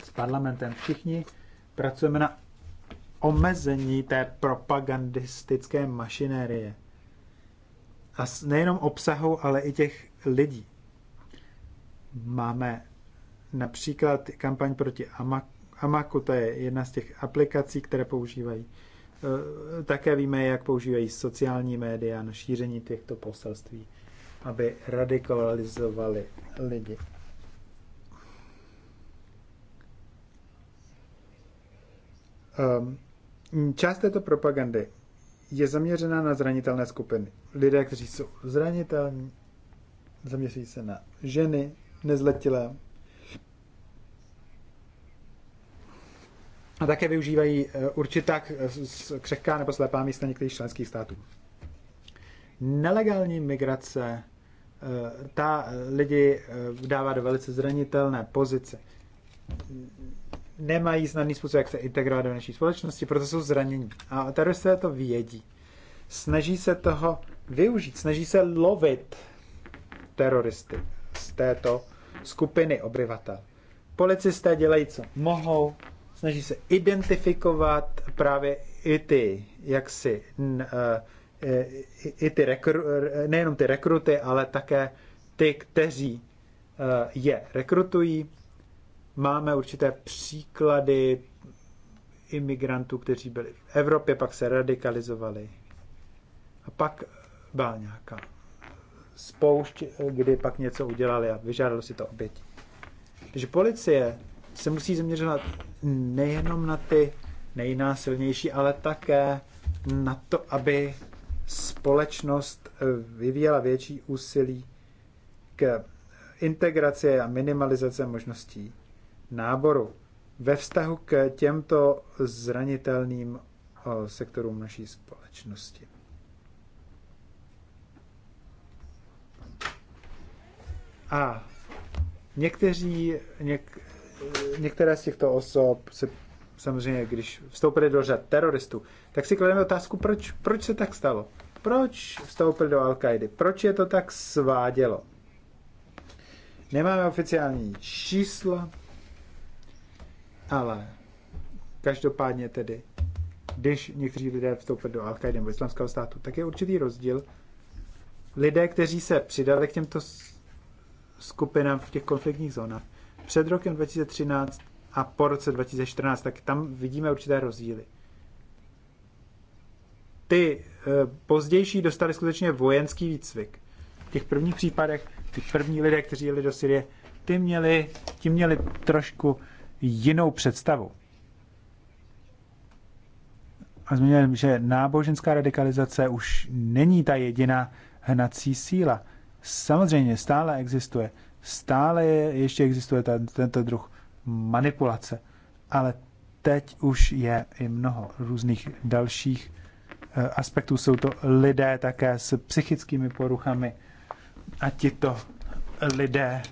s parlamentem, všichni pracujeme na omezení té propagandistické mašinérie. A nejenom obsahu, ale i těch lidí. Máme například kampaň proti Amaku, to je jedna z těch aplikací, které používají. Eh, také víme, jak používají sociální média na šíření těchto poselství, aby radikalizovali lidi. Um, Část této propagandy je zaměřená na zranitelné skupiny. Lidé, kteří jsou zranitelní, zaměří se na ženy, nezletilé. A také využívají eh, určitá eh, křehká nebo slepá místa některých členských států. Nelegální migrace eh, ta lidi dává do velice zranitelné pozice nemají snadný způsob, jak se integrovat do naší společnosti, proto jsou zranění. A teroristé to vědí. Snaží se toho využít, snaží se lovit teroristy z této skupiny obyvatel. Policisté dělají, co mohou, snaží se identifikovat právě i ty, jak si, eh, eh, i ty rekru, nejenom ty rekruty, ale také ty, kteří eh, je rekrutují Máme určité příklady imigrantů, kteří byli v Evropě, pak se radikalizovali. A pak byla nějaká spoušť, kdy pak něco udělali a vyžádalo si to oběti. Takže policie se musí zaměřovat nejenom na ty nejnásilnější, ale také na to, aby společnost vyvíjela větší úsilí k integraci a minimalizace možností náboru ve vztahu k těmto zranitelným eh, sektorům naší společnosti. A někteří, něk, některé z těchto osob se samozřejmě, když vstoupili do řad teroristů, tak si klademe otázku, proč, proč se tak stalo? Proč vstoupili do al qaidy Proč je to tak svádělo? Nemáme oficiální čísla, ale každopádně tedy, když někteří lidé vstoupili do al nebo islamského státu, tak je určitý rozdíl. Lidé, kteří se přidali k těmto skupinám v těch konfliktních zónách před rokem 2013 a po roce 2014, tak tam vidíme určité rozdíly. Ty e, pozdější dostali skutečně vojenský výcvik. V těch prvních případech, ty první lidé, kteří jeli do Syrie, ty měli, ti měli trošku jinou představu. A zmínil, že náboženská radikalizace už není ta jediná hnací síla. Samozřejmě stále existuje, stále je, ještě existuje ta, tento druh manipulace, ale teď už je i mnoho různých dalších eh, aspektů. Jsou to lidé také s psychickými poruchami a tito lidé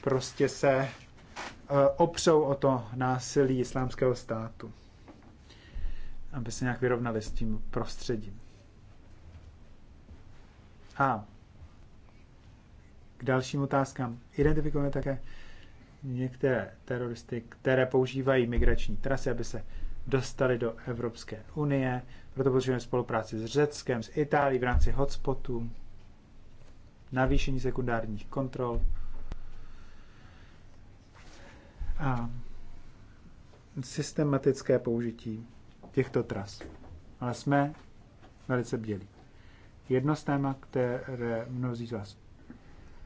prostě se Eh, opřou o to násilí islámského státu, aby se nějak vyrovnali s tím prostředím. A k dalším otázkám. Identifikujeme také některé teroristy, které používají migrační trasy, aby se dostali do Evropské unie. Proto potřebujeme spolupráci s Řeckem, s Itálií v rámci hotspotů, navýšení sekundárních kontrol, a systematické použití těchto tras. Ale jsme velice bdělí. Jedno z téma, které mnozí z vás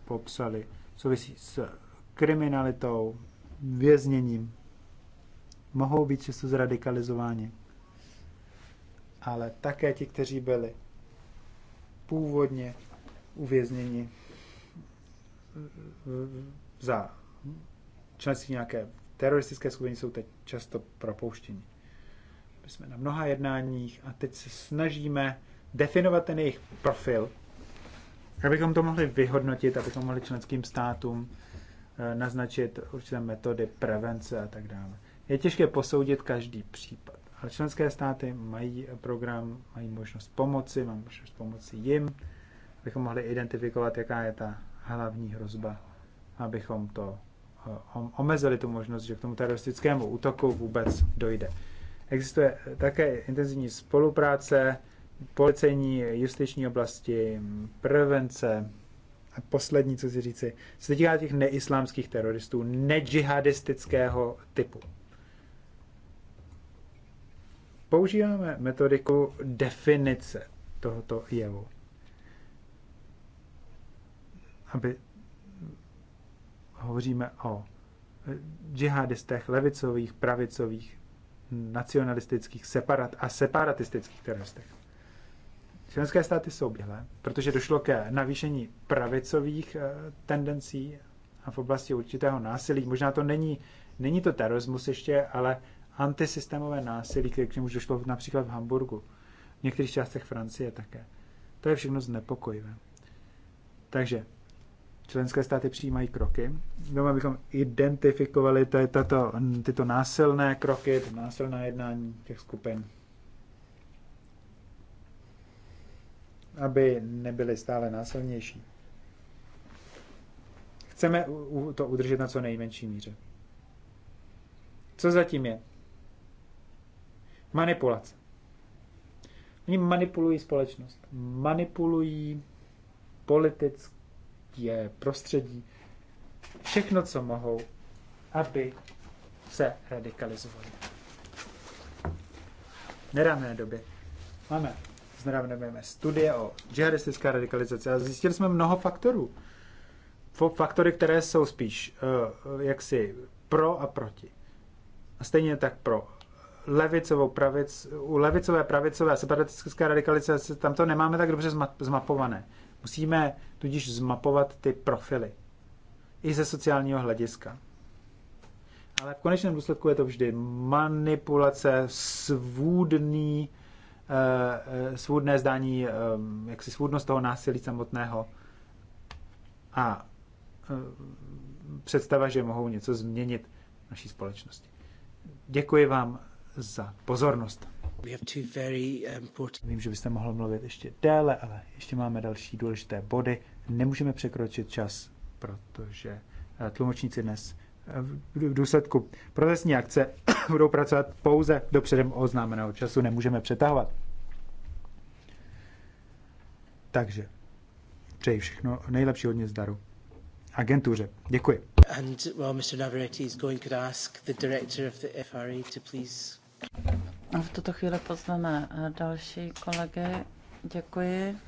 popsali, souvisí s kriminalitou, vězněním. Mohou být často zradikalizováni. Ale také ti, kteří byli původně uvězněni za členství nějaké teroristické skupiny jsou teď často propouštěni. My jsme na mnoha jednáních a teď se snažíme definovat ten jejich profil, abychom to mohli vyhodnotit, abychom mohli členským státům eh, naznačit určité metody prevence a tak dále. Je těžké posoudit každý případ, ale členské státy mají program, mají možnost pomoci, mají možnost pomoci jim, abychom mohli identifikovat, jaká je ta hlavní hrozba, abychom to omezili tu možnost, že k tomu teroristickému útoku vůbec dojde. Existuje také intenzivní spolupráce policejní, justiční oblasti, prevence. A poslední, co si říci, se týká těch neislámských teroristů, nedžihadistického typu. Používáme metodiku definice tohoto jevu, aby hovoříme o eh, džihadistech, levicových, pravicových, nacionalistických separat a separatistických teroristech. Členské státy jsou bělé, protože došlo ke navýšení pravicových eh, tendencí a v oblasti určitého násilí. Možná to není, není to terorismus ještě, ale antisystémové násilí, k čemu došlo například v Hamburgu, v některých částech Francie také. To je všechno znepokojivé. Takže členské státy přijímají kroky. Jenom abychom identifikovali tato, tyto násilné kroky, to násilné jednání těch skupin. Aby nebyly stále násilnější. Chceme to udržet na co nejmenší míře. Co zatím je? Manipulace. Oni manipulují společnost. Manipulují politické je prostředí, všechno, co mohou, aby se radikalizovali. V nedávné době máme z studie o džihadistické radikalizaci a zjistili jsme mnoho faktorů. Faktory, které jsou spíš uh, jaksi pro a proti. A stejně tak pro levicovou pravic, u levicové pravicové separatistické radikalizace tam to nemáme tak dobře zmapované. Musíme tudíž zmapovat ty profily. I ze sociálního hlediska. Ale v konečném důsledku je to vždy manipulace, svůdný, eh, eh, svůdné zdání, eh, jaksi svůdnost toho násilí samotného a představa, že mohou něco změnit v naší společnosti. Děkuji vám za pozornost. Um, Vím, že byste mohl mluvit ještě déle, ale ještě máme další důležité body. Nemůžeme překročit čas, protože eh, tlumočníci dnes eh, v důsledku protestní akce budou pracovat pouze do předem oznámeného času, nemůžeme přetahovat. Takže přeji všechno nejlepší hodně zdaru agentuře. Děkuji. And while Mr. Navarrete is going, could I ask the director of the FRA e to please... V tuto chvíli pozveme eh, další kolegy. Děkuji.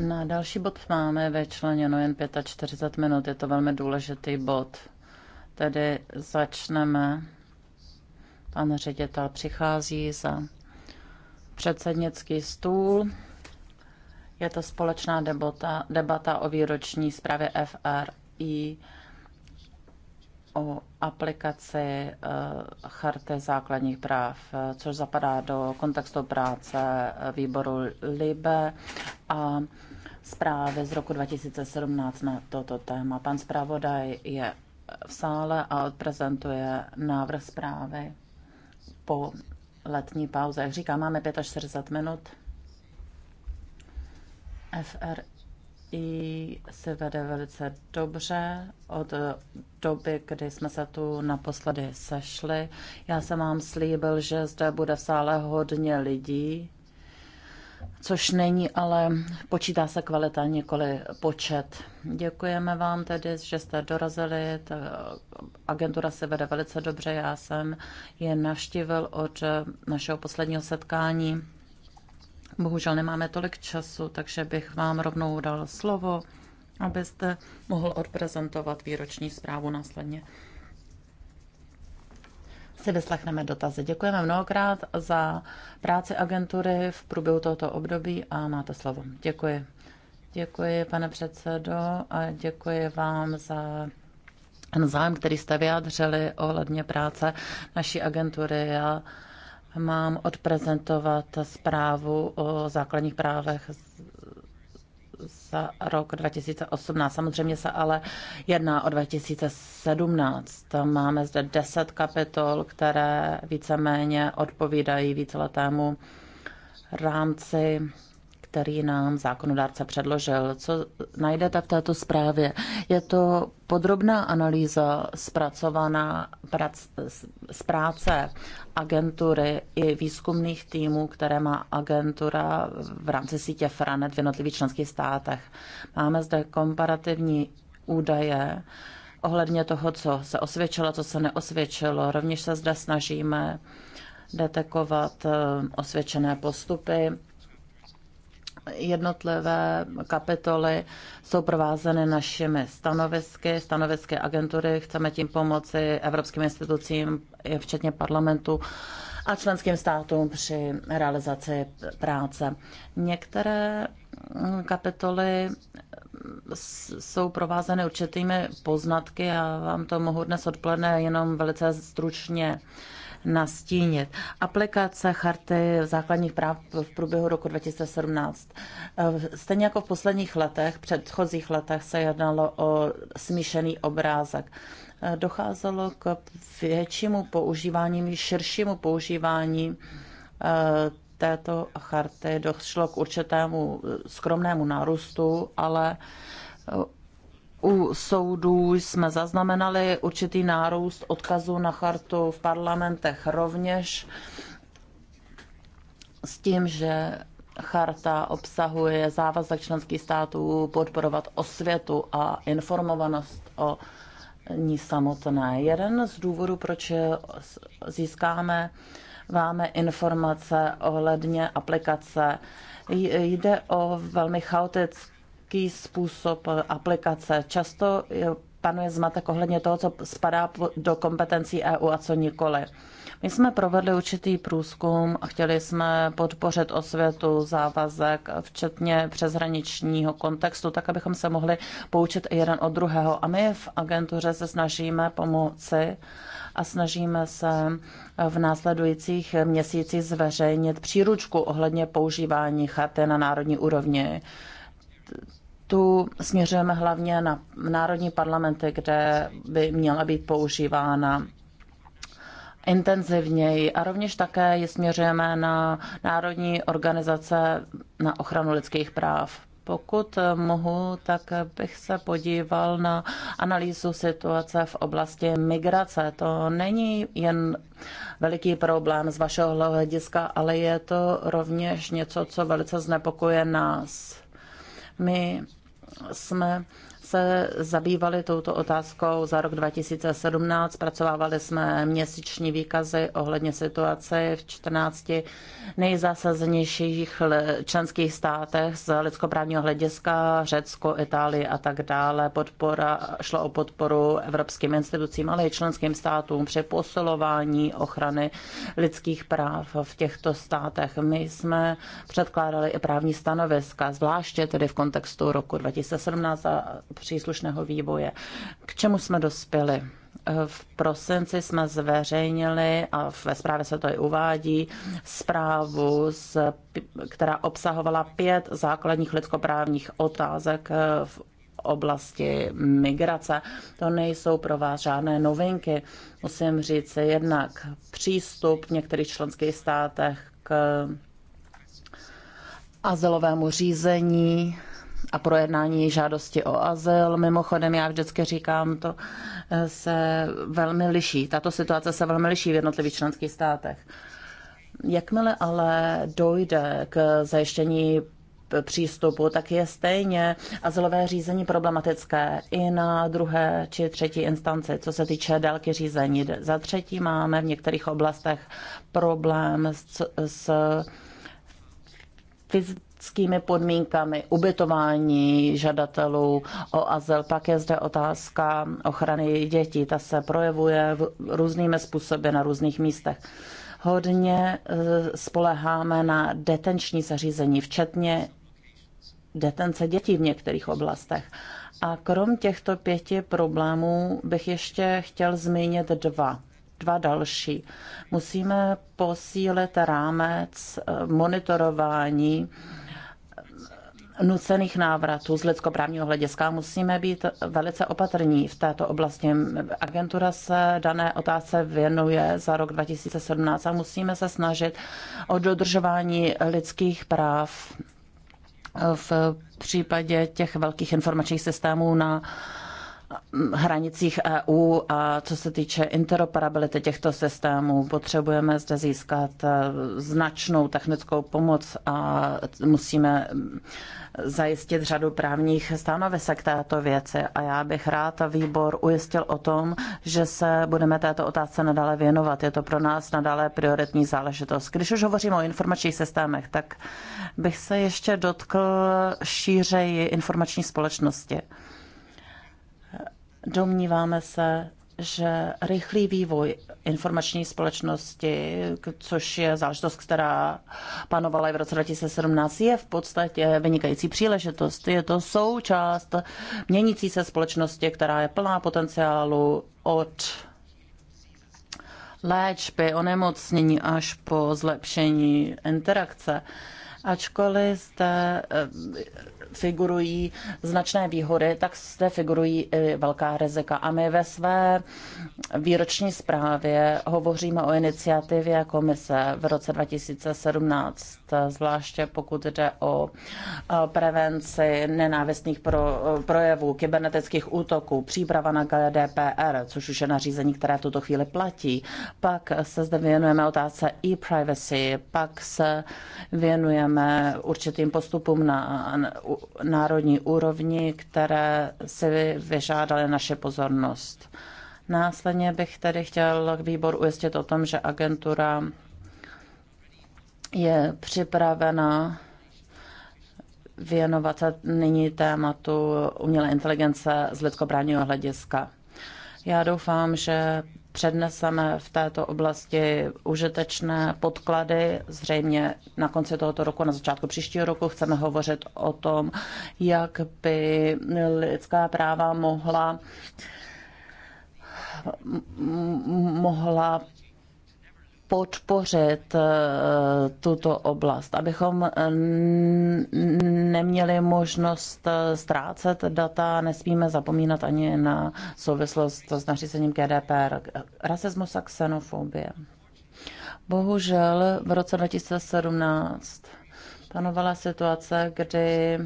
Na další bod máme vyčleněno jen 45 minut, je to velmi důležitý bod. Tedy začneme. Pan ředitel přichází za předsednický stůl. Je to společná debata, debata o výroční zprávě FRI o aplikaci eh, Charty základních práv, eh, což zapadá do kontextu práce eh, výboru LIBE a zprávy z roku 2017 na toto téma. Pan zpravodaj je v sále a odprezentuje návrh zprávy po letní pauze. Jak říká, máme 45 minut. FR i se vede velice dobře od doby, kdy jsme se tu naposledy sešli. Já jsem vám slíbil, že zde bude v sále hodně lidí, což není, ale počítá se kvalita, nikoli počet. Děkujeme vám tedy, že jste dorazili. Ta agentura se vede velice dobře. Já jsem je navštívil od našeho posledního setkání Bohužel nemáme tolik času, takže bych vám rovnou dal slovo, abyste mohl odprezentovat výroční zprávu následně. Si vyslechneme dotazy. Děkujeme mnohokrát za práci agentury v průběhu tohoto období a máte slovo. Děkuji. Děkuji, pane předsedo, a děkuji vám za zájem, který jste vyjádřili ohledně práce naší agentury. Já mám odprezentovat zprávu o základních právech za rok 2018. Samozřejmě se ale jedná o 2017. Tam máme zde 10 kapitol, které víceméně odpovídají víceletému rámci který nám zákonodárce předložil. Co najdete v této zprávě? Je to podrobná analýza zpracovaná prac, z práce agentury i výzkumných týmů, které má agentura v rámci sítě FRANET v jednotlivých členských státech. Máme zde komparativní údaje ohledně toho, co se osvědčilo, co se neosvědčilo. Rovněž se zde snažíme detekovat eh, osvědčené postupy jednotlivé kapitoly jsou provázeny našimi stanovisky, stanovisky agentury. Chceme tím pomoci evropským institucím, včetně parlamentu a členským státům při realizaci práce. Některé kapitoly jsou provázeny určitými poznatky. Já vám to mohu dnes odpoledne jenom velice stručně nastínit. Aplikace charty základních práv v průběhu roku 2017. Eh, stejně jako v posledních letech, předchozích letech se jednalo o smíšený obrázek eh, docházelo k většímu používání, širšímu používání eh, této charty. Došlo k určitému skromnému nárůstu, ale u soudů jsme zaznamenali určitý nárůst odkazu na chartu v parlamentech rovněž s tím, že charta obsahuje závazek členských států podporovat osvětu a informovanost o ní samotné. Jeden z důvodů, proč získáme váme informace ohledně aplikace, jde o velmi chaotické evropský způsob aplikace. Často panuje zmatek ohledně toho, co spadá do kompetencí EU a co nikoli. My jsme provedli určitý průzkum a chtěli jsme podpořit osvětu závazek, včetně přeshraničního kontextu, tak abychom se mohli poučit i jeden od druhého. A my v agentuře se snažíme pomoci a snažíme se v následujících měsících zveřejnit příručku ohledně používání chaty na národní úrovni tu směřujeme hlavně na národní parlamenty, kde by měla být používána intenzivněji a rovněž také je směřujeme na národní organizace na ochranu lidských práv. Pokud mohu, tak bych se podíval na analýzu situace v oblasti migrace. To není jen veliký problém z vašeho hlediska, ale je to rovněž něco, co velice znepokuje nás. My jsme se zabývali touto otázkou za rok 2017. Pracovávali jsme měsíční výkazy ohledně situace v 14 nejzásazenějších členských státech z lidskoprávního hlediska, Řecko, Itálie a tak dále. Podpora, šlo o podporu evropským institucím, ale i členským státům při posilování ochrany lidských práv v těchto státech. My jsme předkládali i právní stanoviska, zvláště tedy v kontextu roku 2017 a příslušného vývoje. K čemu jsme dospěli? V prosinci jsme zveřejnili, a ve zprávě se to i uvádí, zprávu, z, která obsahovala pět základních lidskoprávních otázek v oblasti migrace. To nejsou pro vás žádné novinky. Musím říct jednak přístup v některých členských státech k azylovému řízení, a projednání žádosti o azyl. Mimochodem, já vždycky říkám, to eh, se velmi liší. Tato situace se velmi liší v jednotlivých členských státech. Jakmile ale dojde k zajištění přístupu, tak je stejně azylové řízení problematické i na druhé či třetí instanci, co se týče délky řízení. Za třetí máme v některých oblastech problém s, s klimatickými podmínkami, ubytování žadatelů o azyl. Pak je zde otázka ochrany dětí. Ta se projevuje v různými způsoby na různých místech. Hodně eh, spoleháme na detenční zařízení, včetně detence dětí v některých oblastech. A krom těchto pěti problémů bych ještě chtěl zmínit dva dva další. Musíme posílit rámec eh, monitorování nucených návratů z lidskoprávního hlediska musíme být velice opatrní v této oblasti. Agentura se dané otázce věnuje za rok 2017 a musíme se snažit o dodržování lidských práv v případě těch velkých informačních systémů na hranicích EU a co se týče interoperability těchto systémů, potřebujeme zde získat eh, značnou technickou pomoc a musíme mm, zajistit řadu právních stanovisek této věci. A já bych rád výbor ujistil o tom, že se budeme této otázce nadále věnovat. Je to pro nás nadále prioritní záležitost. Když už hovořím o informačních systémech, tak bych se ještě dotkl šířeji informační společnosti. Domníváme se, že rychlý vývoj informační společnosti, což je záležitost, která panovala i v roce 2017, je v podstatě vynikající příležitost. Je to součást měnící se společnosti, která je plná potenciálu od léčby, onemocnění až po zlepšení interakce. Ačkoliv zde figurují značné výhody, tak zde figurují i velká rizika. A my ve své výroční zprávě hovoříme o iniciativě komise v roce 2017, zvláště pokud jde o eh, prevenci nenávistných pro, eh, projevů, kybernetických útoků, příprava na GDPR, což už je nařízení, které v tuto chvíli platí. Pak se zde věnujeme otázce e-privacy, pak se věnujeme určitým postupům na národní úrovni, které si vyžádaly naše pozornost. Následně bych tedy chtěl výbor ujistit o tom, že agentura je připravena věnovat se nyní tématu umělé inteligence z lidskoprávního hlediska. Já doufám, že předneseme v této oblasti užitečné podklady. Zřejmě na konci tohoto roku, na začátku příštího roku, chceme hovořit o tom, jak by lidská práva mohla mohla podpořit eh, tuto oblast, abychom eh, neměli možnost eh, ztrácet data, nesmíme zapomínat ani na souvislost s nařízením GDPR, rasismus a xenofobie. Bohužel v roce 2017 panovala situace, kdy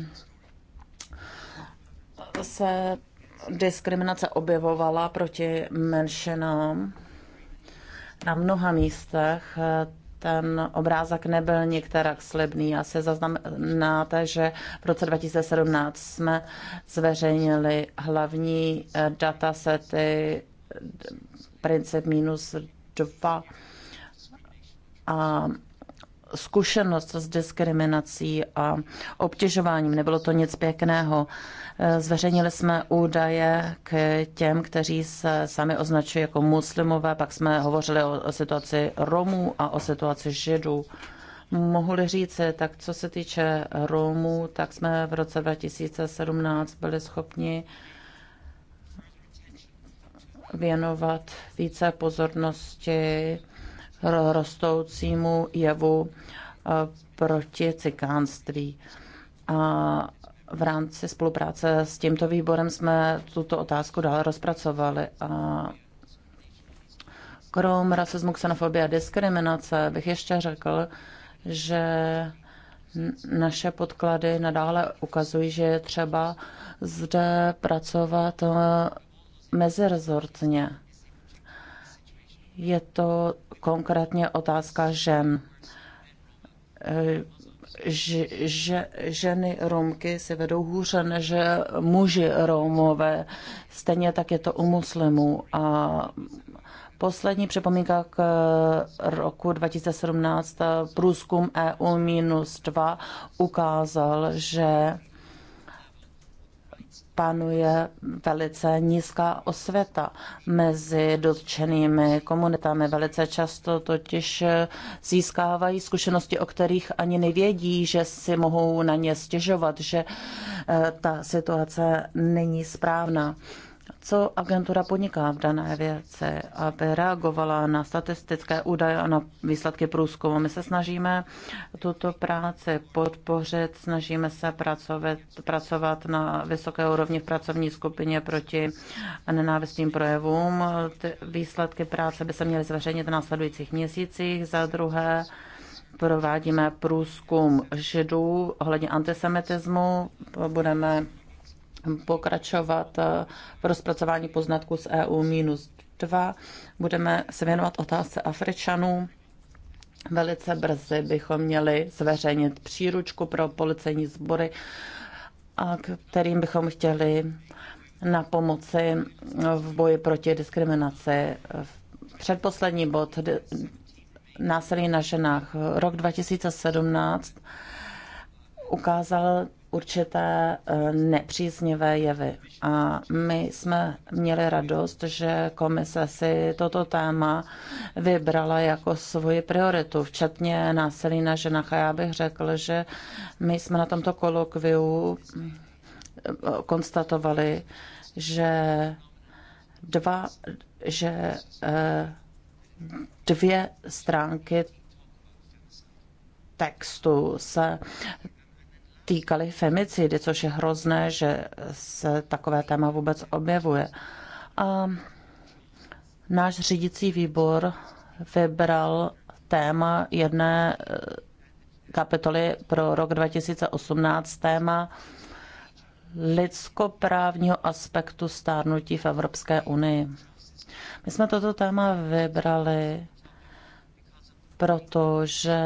se diskriminace objevovala proti menšinám na mnoha místech eh, ten obrázek nebyl některak slibný. Já se zaznamenáte, že v roce 2017 jsme zveřejnili hlavní eh, datasety princip minus 2 a zkušenost s diskriminací a obtěžováním. Nebylo to nic pěkného. Eh, zveřejnili jsme údaje k těm, kteří se sami označují jako muslimové, pak jsme hovořili o situaci Romů a o situaci Židů mohli říci, tak co se týče Romů, tak jsme v roce 2017 byli schopni věnovat více pozornosti rostoucímu jevu eh, proti cikánství. A v rámci spolupráce s tímto výborem jsme tuto otázku dále rozpracovali. A krom rasismu, xenofobie a diskriminace bych ještě řekl, že naše podklady nadále ukazují, že je třeba zde pracovat eh, mezirezortně je to konkrétně otázka žen. E, ž, že, ženy Romky se vedou hůře než muži Romové. Stejně tak je to u muslimů. A Poslední připomínka k roku 2017, průzkum EU-2 ukázal, že panuje velice nízká osvěta mezi dotčenými komunitami. Velice často totiž získávají zkušenosti, o kterých ani nevědí, že si mohou na ně stěžovat, že eh, ta situace není správná co agentura podniká v dané věci, aby reagovala na statistické údaje a na výsledky průzkumu. My se snažíme tuto práci podpořit, snažíme se pracovat, pracovat na vysoké úrovni v pracovní skupině proti nenávistným projevům. Ty výsledky práce by se měly zveřejnit v následujících měsících. Za druhé, provádíme průzkum židů ohledně antisemitismu. Budeme pokračovat eh, v rozpracování poznatků z EU minus 2. Budeme se věnovat otázce Afričanů. Velice brzy bychom měli zveřejnit příručku pro policejní sbory, a kterým bychom chtěli na pomoci v boji proti diskriminaci. Předposlední bod násilí na ženách. Rok 2017 ukázal určité eh, nepříznivé jevy. A my jsme měli radost, že komise si toto téma vybrala jako svoji prioritu, včetně násilí na ženách. A já bych řekl, že my jsme na tomto kolokviu eh, konstatovali, že dva, že eh, dvě stránky textu se týkaly femicidy, což je hrozné, že se takové téma vůbec objevuje. A náš řídící výbor vybral téma jedné eh, kapitoly pro rok 2018, téma lidskoprávního aspektu stárnutí v Evropské unii. My jsme toto téma vybrali, protože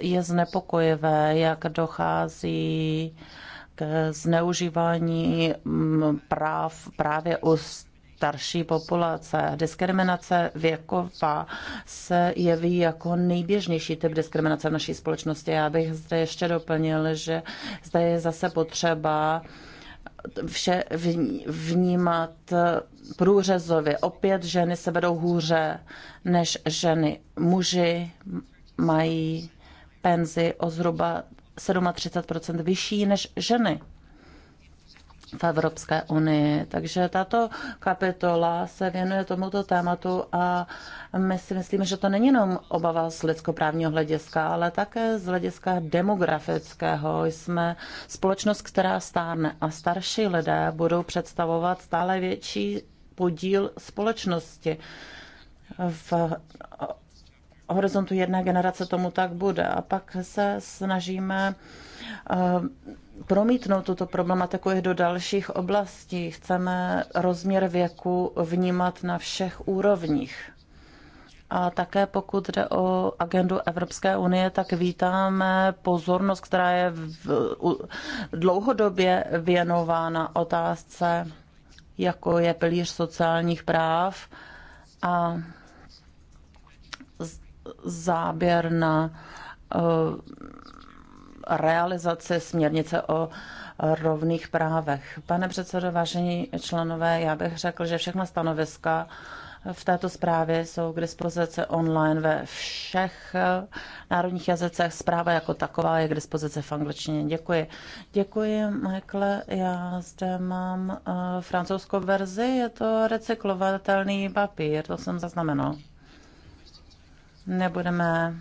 je znepokojivé, jak dochází k zneužívání mm, práv právě u starší populace. Diskriminace věková se jeví jako nejběžnější typ diskriminace v naší společnosti. Já bych zde ještě doplnil, že zde je zase potřeba vše vnímat průřezově. Opět ženy se vedou hůře než ženy. Muži mají penzi o zhruba 37 vyšší než ženy v Evropské unii. Takže tato kapitola se věnuje tomuto tématu a my si myslíme, že to není jenom obava z lidskoprávního hlediska, ale také z hlediska demografického. Jsme společnost, která stárne a starší lidé budou představovat stále větší podíl společnosti. V horizontu jedné generace tomu tak bude. A pak se snažíme eh, promítnout tuto problematiku i do dalších oblastí. Chceme rozměr věku vnímat na všech úrovních. A také pokud jde o agendu Evropské unie, tak vítáme pozornost, která je v, dlouhodobě věnována otázce, jako je pilíř sociálních práv a záběr na eh, realizaci směrnice o rovných právech. Pane předsedo, vážení členové, já bych řekl, že všechna stanoviska v této zprávě jsou k dispozici online ve všech eh, národních jazycech. Zpráva jako taková je k dispozici v angličtině. Děkuji. Děkuji, Michael. Já zde mám eh, francouzskou verzi. Je to recyklovatelný papír, to jsem zaznamenal nebudeme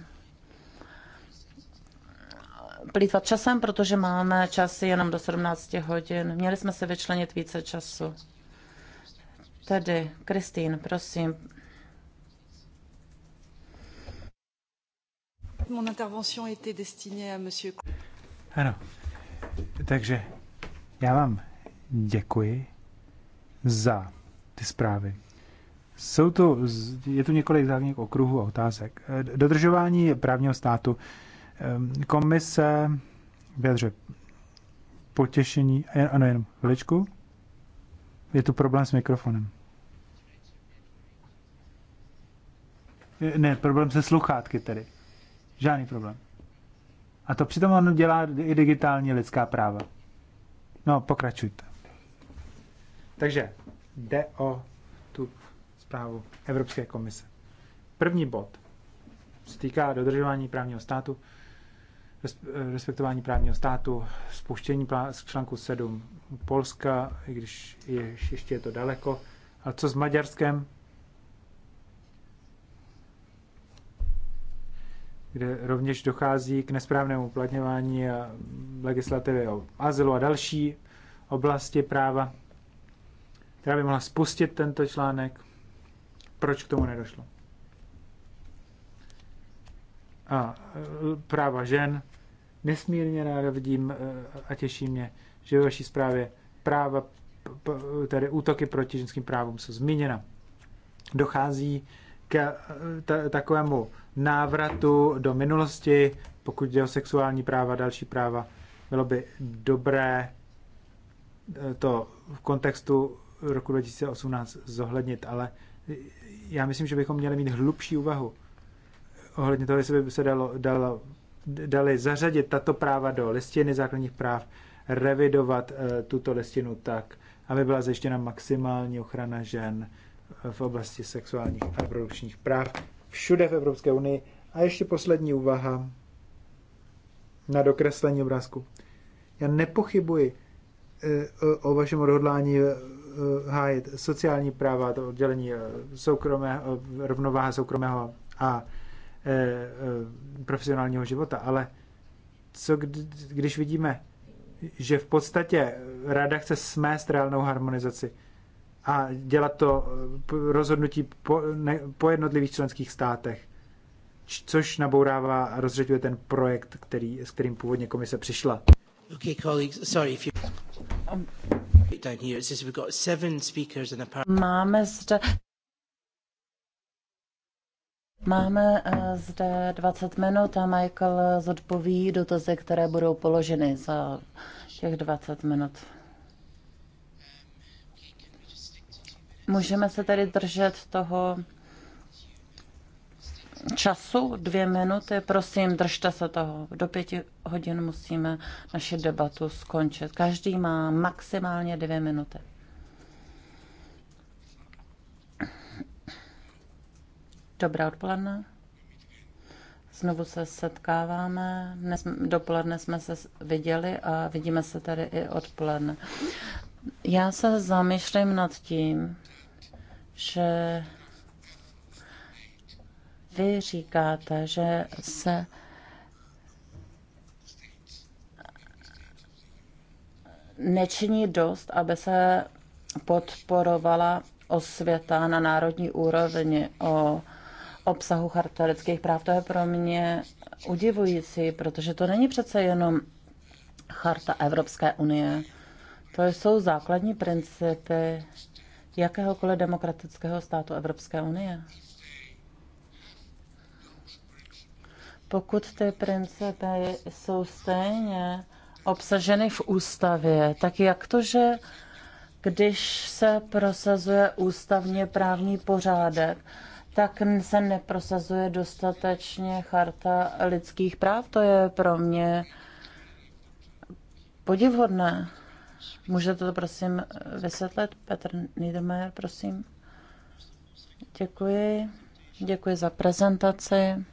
plýtvat časem, protože máme časy jenom do 17 hodin. Měli jsme se vyčlenit více času. Tedy, Kristýn, prosím. Mon intervention était destinée à monsieur... Ano. Takže já vám děkuji za ty zprávy, jsou tu, je tu několik základních okruhů a otázek. E, dodržování právního státu. Komise vyjadřuje potěšení. E, ano, jenom chviličku. Je tu problém s mikrofonem. Ne, problém se sluchátky tedy. Žádný problém. A to přitom ono dělá i digitální lidská práva. No, pokračujte. Takže jde o tu zprávu Evropské komise. První bod se týká dodržování právního státu, respektování právního státu, spuštění z článku 7 Polska, i když je, ještě je to daleko. A co s Maďarskem? kde rovněž dochází k nesprávnému uplatňování legislativy o azylu a další oblasti práva, která by mohla spustit tento článek proč k tomu nedošlo. A e, práva žen. Nesmírně ráda vidím e, a těší mě, že ve vaší zprávě práva, tedy útoky proti ženským právům jsou zmíněna. Dochází k e, takovému návratu do minulosti, pokud jde o sexuální práva, další práva. Bylo by dobré to v kontextu roku 2018 zohlednit, ale já myslím, že bychom měli mít hlubší úvahu ohledně toho, jestli by se dalo, dalo, dali zařadit tato práva do listiny základních práv, revidovat e, tuto listinu tak, aby byla zajištěna maximální ochrana žen eh, v oblasti sexuálních a reprodukčních práv všude v Evropské unii. A ještě poslední úvaha na dokreslení obrázku. Já nepochybuji e, eh, o, o vašem odhodlání Eh, hájit sociální práva, to oddělení eh, soukromé, eh, rovnováha soukromého a profesionálního života, ale co když vidíme, že v podstatě rada chce smést reálnou harmonizaci a dělat to rozhodnutí po, ne, po jednotlivých členských státech, což nabourává a rozřeďuje ten projekt, který, s kterým původně komise přišla. Okay, colleagues, sorry if you... Down here, it says we've got seven speakers in a par... Máme zde... Máme eh, zde 20 minut a Michael zodpoví dotazy, které budou položeny za těch 20 minut. Můžeme se tedy držet toho času, dvě minuty, prosím, držte se toho. Do pěti hodin musíme naši debatu skončit. Každý má maximálně dvě minuty. Dobré odpoledne. Znovu se setkáváme. Dnes, dopoledne jsme se viděli a vidíme se tady i odpoledne. Já se zamýšlím nad tím, že vy říkáte, že se nečiní dost, aby se podporovala osvěta na národní úrovni o obsahu charta lidských práv. To je pro mě udivující, protože to není přece jenom charta Evropské unie. To jsou základní principy jakéhokoliv demokratického státu Evropské unie. Pokud ty principy jsou stejně obsaženy v ústavě, tak jak to, že když se prosazuje ústavně právní pořádek, tak se neprosazuje dostatečně charta lidských práv. To je pro mě podivhodné. Můžete to prosím vysvětlit? Petr Niedermayer, prosím. Děkuji. Děkuji za prezentaci.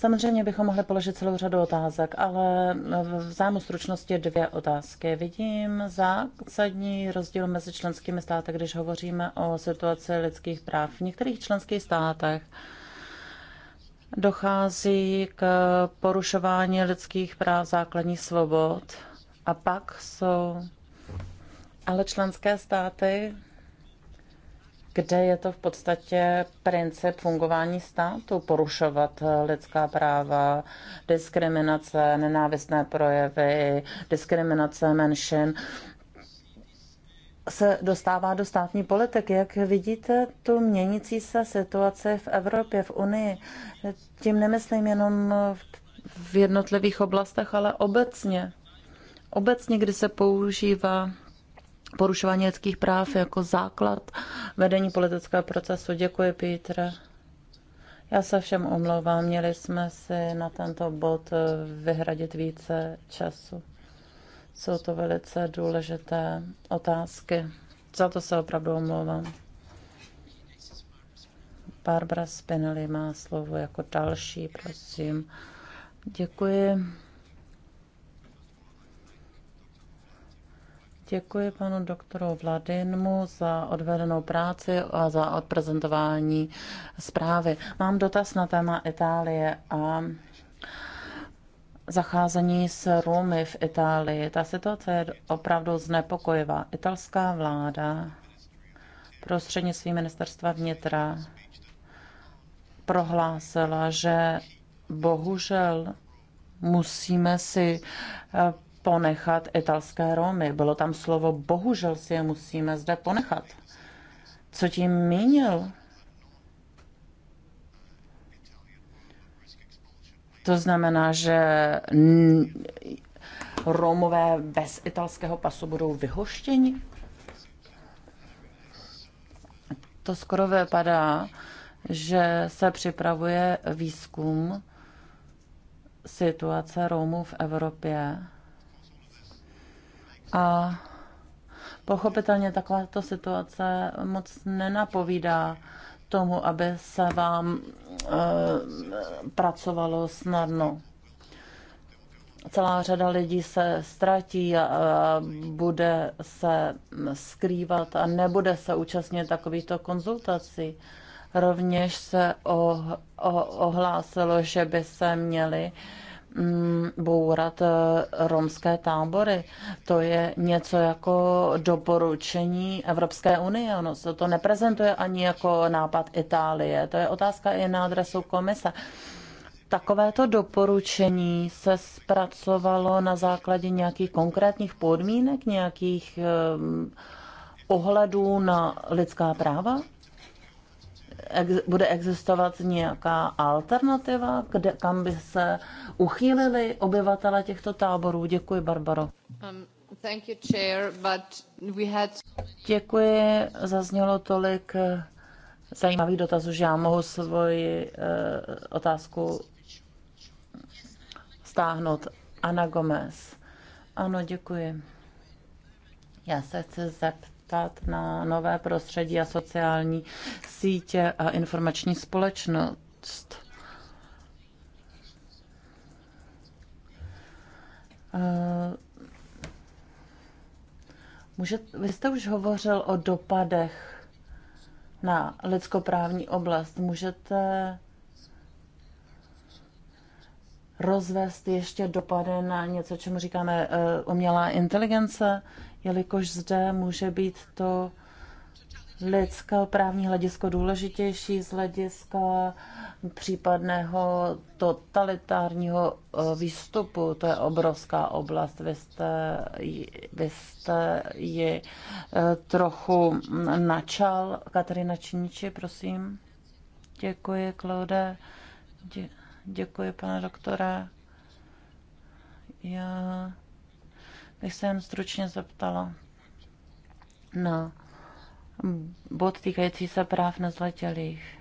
Samozřejmě bychom mohli položit celou řadu otázek, ale v zájmu stručnosti dvě otázky. Vidím zásadní rozdíl mezi členskými státy, když hovoříme o situaci lidských práv. V některých členských státech dochází k porušování lidských práv, základních svobod a pak jsou ale členské státy, kde je to v podstatě princip fungování státu, porušovat eh, lidská práva, diskriminace, nenávistné projevy, diskriminace menšin se dostává do státní politiky. Jak vidíte tu měnící se situaci v Evropě, v Unii? Tím nemyslím jenom v jednotlivých oblastech, ale obecně. Obecně, kdy se používá porušování lidských práv jako základ vedení politického procesu. Děkuji, Pítr. Já se všem omlouvám, měli jsme si na tento bod vyhradit více času. Jsou to velice důležité otázky. Za to se opravdu omlouvám. Barbara Spinelli má slovo jako další, prosím. Děkuji. Děkuji panu doktoru Vladinmu za odvedenou práci a za odprezentování zprávy. Mám dotaz na téma Itálie a zacházení s Rumy v Itálii. Ta situace je opravdu znepokojivá. Italská vláda prostřednictvím ministerstva vnitra prohlásila, že bohužel musíme si ponechat italské Romy. Bylo tam slovo bohužel si je musíme zde ponechat. Co tím mínil? To znamená, že Romové bez italského pasu budou vyhoštěni? To skoro vypadá, že se připravuje výzkum situace Romů v Evropě a pochopitelně takováto situace moc nenapovídá tomu, aby se vám e, pracovalo snadno. Celá řada lidí se ztratí a, a bude se skrývat a nebude se účastnit takovýchto konzultací. Rovněž se o, o, ohlásilo, že by se měli e, Mm, bourat eh, romské tábory. To je něco jako doporučení Evropské unie. Ono se to neprezentuje ani jako nápad Itálie. To je otázka i na adresu komise. Takovéto doporučení se zpracovalo na základě nějakých konkrétních podmínek, nějakých eh, ohledů na lidská práva? ex, bude existovat nějaká alternativa, kde, kam by se uchýlili obyvatele těchto táborů? Děkuji, Barbaro. Um, děkuji, zaznělo tolik eh, zajímavých dotazů, že já mohu svoji uh, otázku stáhnout. Ana Gomez. Ano, děkuji. Já se chci zeptat adaptovat na nové prostředí a sociální sítě a informační společnost. Eh, může, vy jste už hovořil o dopadech na lidskoprávní oblast. Můžete rozvést ještě dopady na něco, čemu říkáme eh, umělá inteligence? jelikož zde může být to lidské právní hledisko důležitější z hlediska případného totalitárního eh, výstupu. To je obrovská oblast. Vy jste, vy jste ji eh, trochu načal. Katarina Činiči, prosím. Děkuji, Claude. Dě, děkuji, pane doktore. Já bych se jen stručně zeptala na bod týkající se práv nezletělých.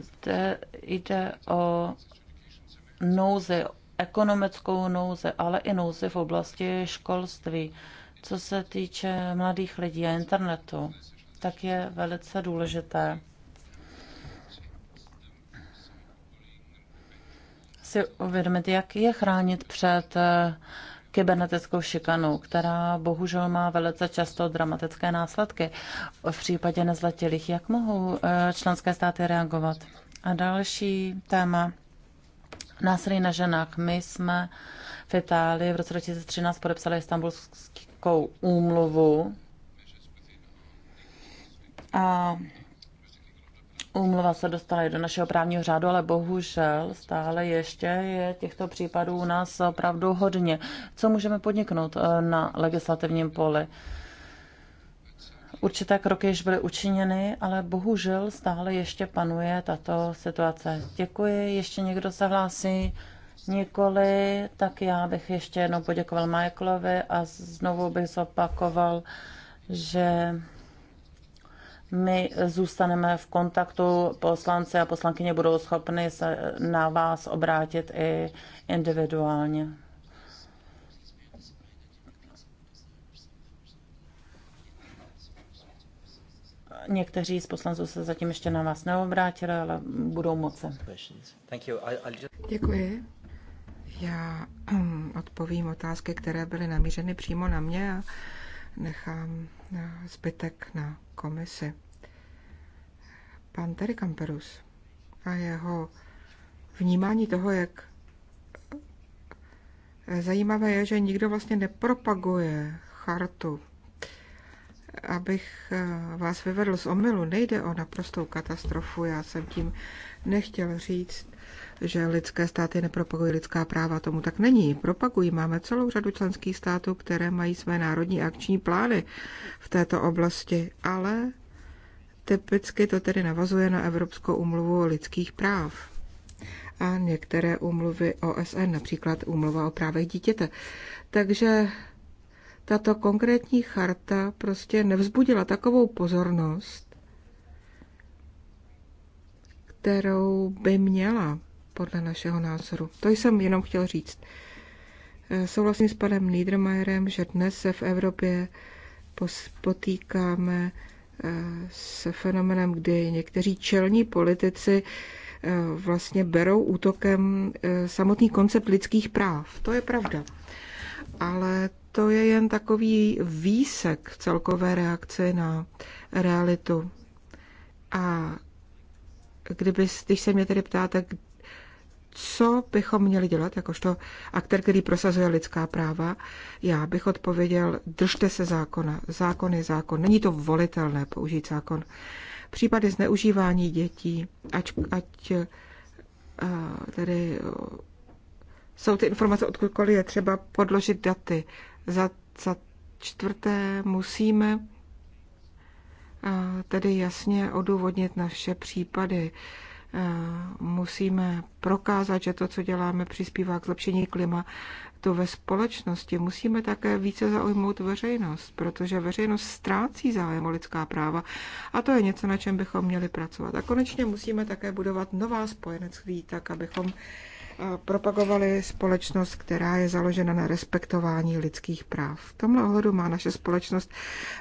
Zde jde o nouzi, ekonomickou nouzi, ale i nouzi v oblasti školství. Co se týče mladých lidí a internetu, tak je velice důležité si uvědomit, jak je chránit před eh, kybernetickou šikanu, která bohužel má velice často dramatické následky v případě nezletilých. Jak mohou eh, členské státy reagovat? A další téma násilí na ženách. My jsme v Itálii v roce 2013 podepsali istambulskou úmluvu a Úmluva se dostala do našeho právního řádu, ale bohužel stále ještě je těchto případů u nás opravdu hodně. Co můžeme podniknout eh, na legislativním poli? Určité kroky již byly učiněny, ale bohužel stále ještě panuje tato situace. Děkuji. Ještě někdo se hlásí? Nikoli, tak já bych ještě jednou poděkoval Michaelovi a znovu bych zopakoval, že my zůstaneme v kontaktu, poslanci a poslankyně budou schopni se na vás obrátit i individuálně. Někteří z poslanců se zatím ještě na vás neobrátili, ale budou moci. Děkuji. Já um, odpovím otázky, které byly namířeny přímo na mě a nechám na zbytek na komisi. Pan Terry Camperus a jeho vnímání toho, jak zajímavé je, že nikdo vlastně nepropaguje chartu. Abych eh, vás vyvedl z omylu, nejde o naprostou katastrofu, já jsem tím nechtěl říct, že lidské státy nepropagují lidská práva. Tomu tak není. Propagují. Máme celou řadu členských států, které mají své národní akční plány v této oblasti, ale typicky to tedy navazuje na Evropskou umluvu o lidských práv a některé umluvy OSN, například umluva o právech dítěte. Takže tato konkrétní charta prostě nevzbudila takovou pozornost, kterou by měla podle našeho názoru. To jsem jenom chtěl říct. Eh, souhlasím s panem Niedermayerem, že dnes se v Evropě potýkáme eh, s fenomenem, kdy někteří čelní politici eh, vlastně berou útokem samotný koncept lidských práv. To je pravda. Ale to je jen takový výsek celkové reakce na realitu. A kdyby, když se mě tedy ptáte, co bychom měli dělat, jakožto aktér, který prosazuje lidská práva, já bych odpověděl, držte se zákona. Zákon je zákon. Není to volitelné použít zákon. Případy zneužívání dětí, ať, ať eh, tedy jsou ty informace odkudkoliv, je třeba podložit daty. Za, za čtvrté musíme eh, tedy jasně odůvodnit naše případy. Eh, musíme prokázat, že to, co děláme, přispívá k zlepšení klima, to ve společnosti. Musíme také více zaujmout veřejnost, protože veřejnost ztrácí zájem o lidská práva a to je něco, na čem bychom měli pracovat. A konečně musíme také budovat nová spojenectví, tak abychom eh, propagovali společnost, která je založena na respektování lidských práv. V tomhle ohledu má naše společnost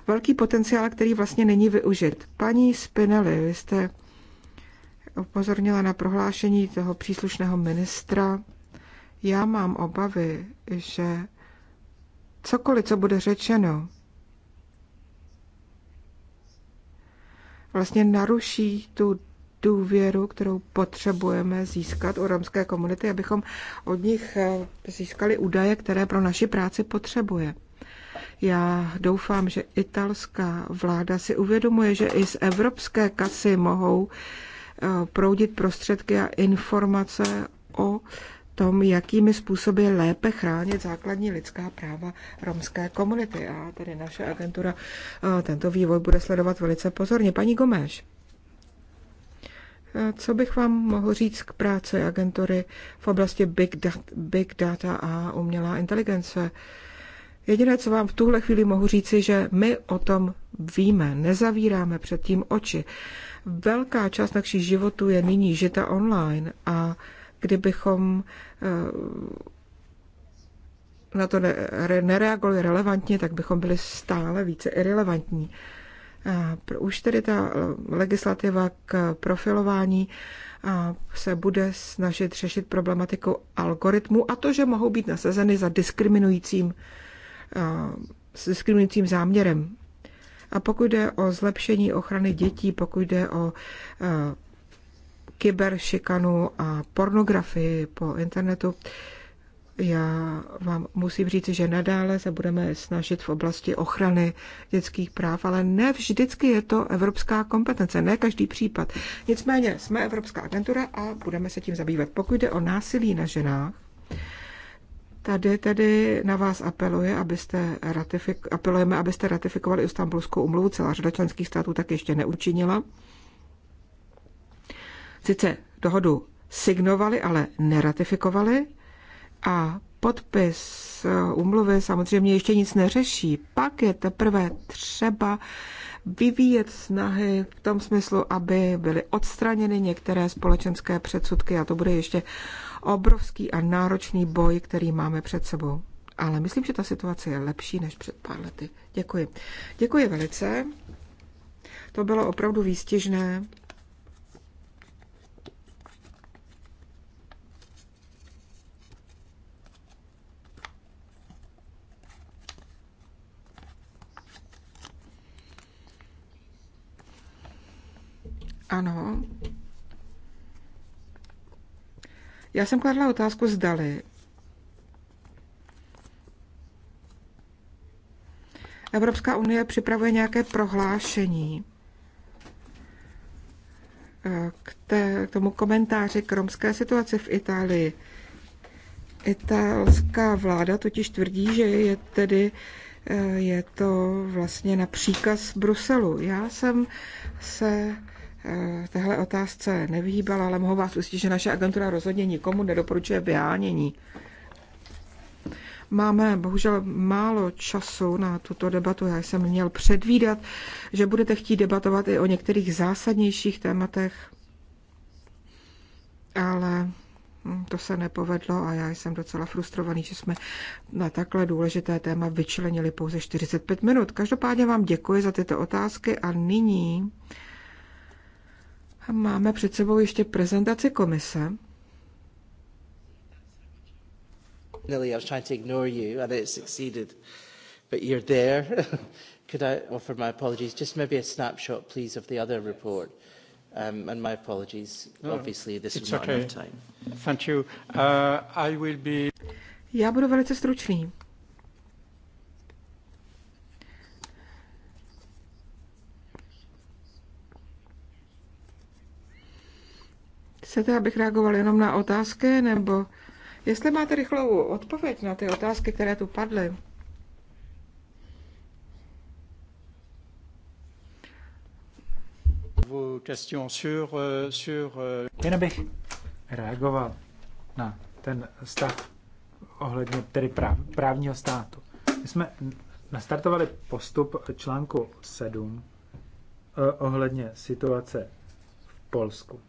velký potenciál, který vlastně není využit. Paní Spinelli, vy jste upozornila na prohlášení toho příslušného ministra. Já mám obavy, že cokoliv, co bude řečeno, vlastně naruší tu důvěru, kterou potřebujeme získat u romské komunity, abychom od nich eh, získali údaje, které pro naši práci potřebuje. Já doufám, že italská vláda si uvědomuje, že i z evropské kasy mohou Eh, proudit prostředky a informace o tom, jakými způsoby lépe chránit základní lidská práva romské komunity. A tedy naše agentura eh, tento vývoj bude sledovat velice pozorně. Paní Gomeš, eh, co bych vám mohl říct k práci agentury v oblasti big data, big data a umělá inteligence? Jediné, co vám v tuhle chvíli mohu říci, že my o tom víme, nezavíráme před tím oči. Velká část našich životů je nyní žita online a kdybychom eh, na to nereagovali relevantně, tak bychom byli stále více irrelevantní. Už tedy ta legislativa k profilování se bude snažit řešit problematiku algoritmu a to, že mohou být nasazeny za diskriminujícím, eh, s diskriminujícím záměrem. A pokud jde o zlepšení ochrany dětí, pokud jde o eh, kyberšikanu a pornografii po internetu, já vám musím říct, že nadále se budeme snažit v oblasti ochrany dětských práv, ale ne vždycky je to evropská kompetence, ne každý případ. Nicméně jsme Evropská agentura a budeme se tím zabývat. Pokud jde o násilí na ženách, Tady tedy na vás apeluje, abyste ratifik, apelujeme, abyste ratifikovali Istanbulskou umluvu. Celá řada členských států tak ještě neučinila. Sice dohodu signovali, ale neratifikovali a podpis eh, umluvy samozřejmě ještě nic neřeší. Pak je teprve třeba vyvíjet snahy v tom smyslu, aby byly odstraněny některé společenské předsudky a to bude ještě obrovský a náročný boj, který máme před sebou. Ale myslím, že ta situace je lepší než před pár lety. Děkuji. Děkuji velice. To bylo opravdu výstižné. Ano, já jsem kladla otázku zdali. Evropská unie připravuje nějaké prohlášení eh, k, té, k tomu komentáři k romské situaci v Itálii. Italská vláda totiž tvrdí, že je tedy eh, je to vlastně na příkaz Bruselu. Já jsem se Eh, téhle otázce nevyhýbala, ale mohu vás ujistit, že naše agentura rozhodně nikomu nedoporučuje vyhánění. Máme bohužel málo času na tuto debatu. Já jsem měl předvídat, že budete chtít debatovat i o některých zásadnějších tématech, ale hm, to se nepovedlo a já jsem docela frustrovaný, že jsme na takhle důležité téma vyčlenili pouze 45 minut. Každopádně vám děkuji za tyto otázky a nyní Máme před sebou ještě prezentaci komise. Lily, I was trying to ignore you and it succeeded, but you're there. Could I offer my apologies? Just maybe a snapshot, please, of the other report. Um, and my apologies. No, no. Obviously, this is not okay. enough time. Thank you. Uh, I will be... Já budu velice stručný. Chcete, abych reagoval jenom na otázky, nebo jestli máte rychlou odpověď na ty otázky, které tu padly? Euh, euh, jenom bych reagoval na ten stav ohledně tedy práv, právního státu. My jsme nastartovali postup článku 7 eh, ohledně situace v Polsku.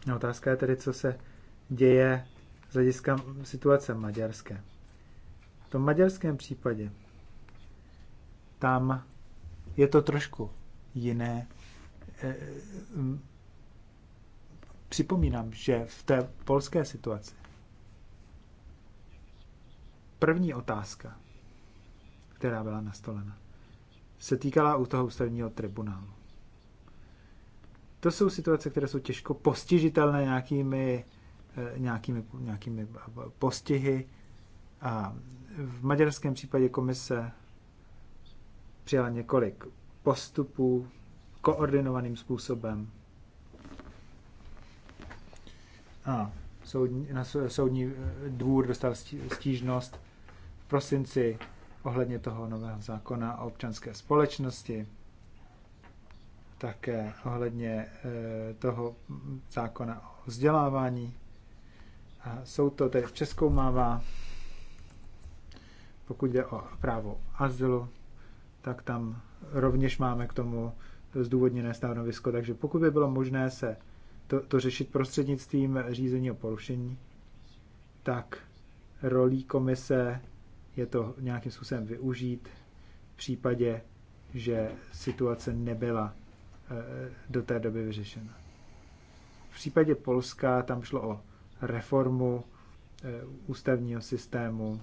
A no, otázka je tedy, co se děje z hlediska situace maďarské. V tom maďarském případě tam je to trošku jiné. E, připomínám, že v té polské situaci první otázka, která byla nastolena, se týkala u toho ústavního tribunálu. To jsou situace, které jsou těžko postižitelné nějakými, eh, nějakými, nějakými eh, postihy. A v maďarském případě komise přijala několik postupů koordinovaným způsobem. A soudní, na soudní eh, dvůr dostal stížnost v prosinci ohledně toho nového zákona o občanské společnosti také ohledně eh, toho zákona o vzdělávání. A jsou to tedy v českou mává. pokud jde o právo azylu, tak tam rovněž máme k tomu zdůvodněné stanovisko, takže pokud by bylo možné se to, to řešit prostřednictvím řízení o porušení, tak rolí komise je to nějakým způsobem využít v případě, že situace nebyla Eh, do té doby vyřešena. V případě Polska tam šlo o reformu eh, ústavního systému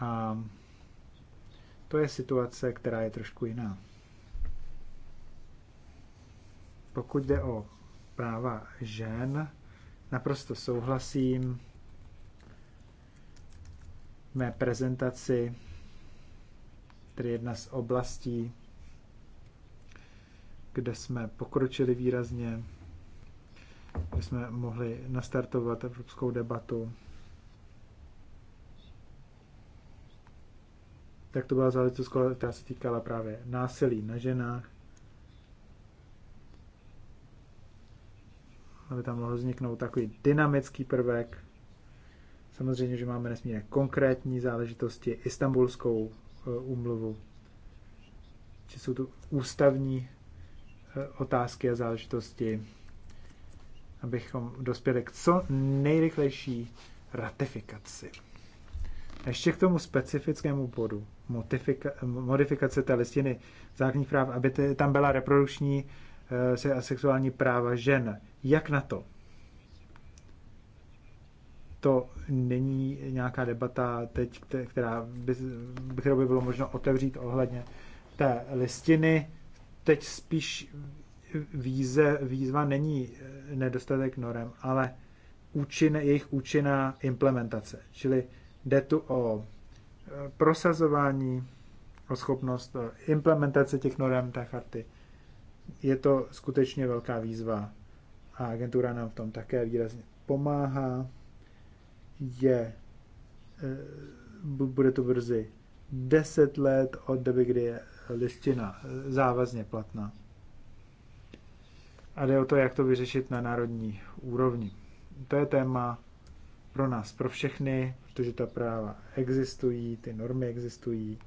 a to je situace, která je trošku jiná. Pokud jde o práva žen, naprosto souhlasím. V mé prezentaci, tedy jedna z oblastí, kde jsme pokročili výrazně, kde jsme mohli nastartovat evropskou debatu. Tak to byla záležitost, která se týkala právě násilí na ženách, aby tam mohl vzniknout takový dynamický prvek. Samozřejmě, že máme nesmírně konkrétní záležitosti, istambulskou e, úmluvu, či jsou to ústavní otázky a záležitosti, abychom dospěli k co nejrychlejší ratifikaci. Ještě k tomu specifickému bodu modifika, modifikace té listiny základních práv, aby tam byla reprodukční eh, se a sexuální práva žen. Jak na to? To není nějaká debata teď, která by, kterou by bylo možno otevřít ohledně té listiny teď spíš víze, výzva není eh, nedostatek norem, ale účin, jejich účinná implementace. Čili jde tu o eh, prosazování, o schopnost eh, implementace těch norem té charty. Je to skutečně velká výzva a agentura nám v tom také výrazně pomáhá. Je, bude to brzy 10 let od doby, kdy je jako listina eh, závazně platná. A jde o to, jak to vyřešit na národní úrovni. To je téma pro nás, pro všechny, protože ta práva existují, ty normy existují.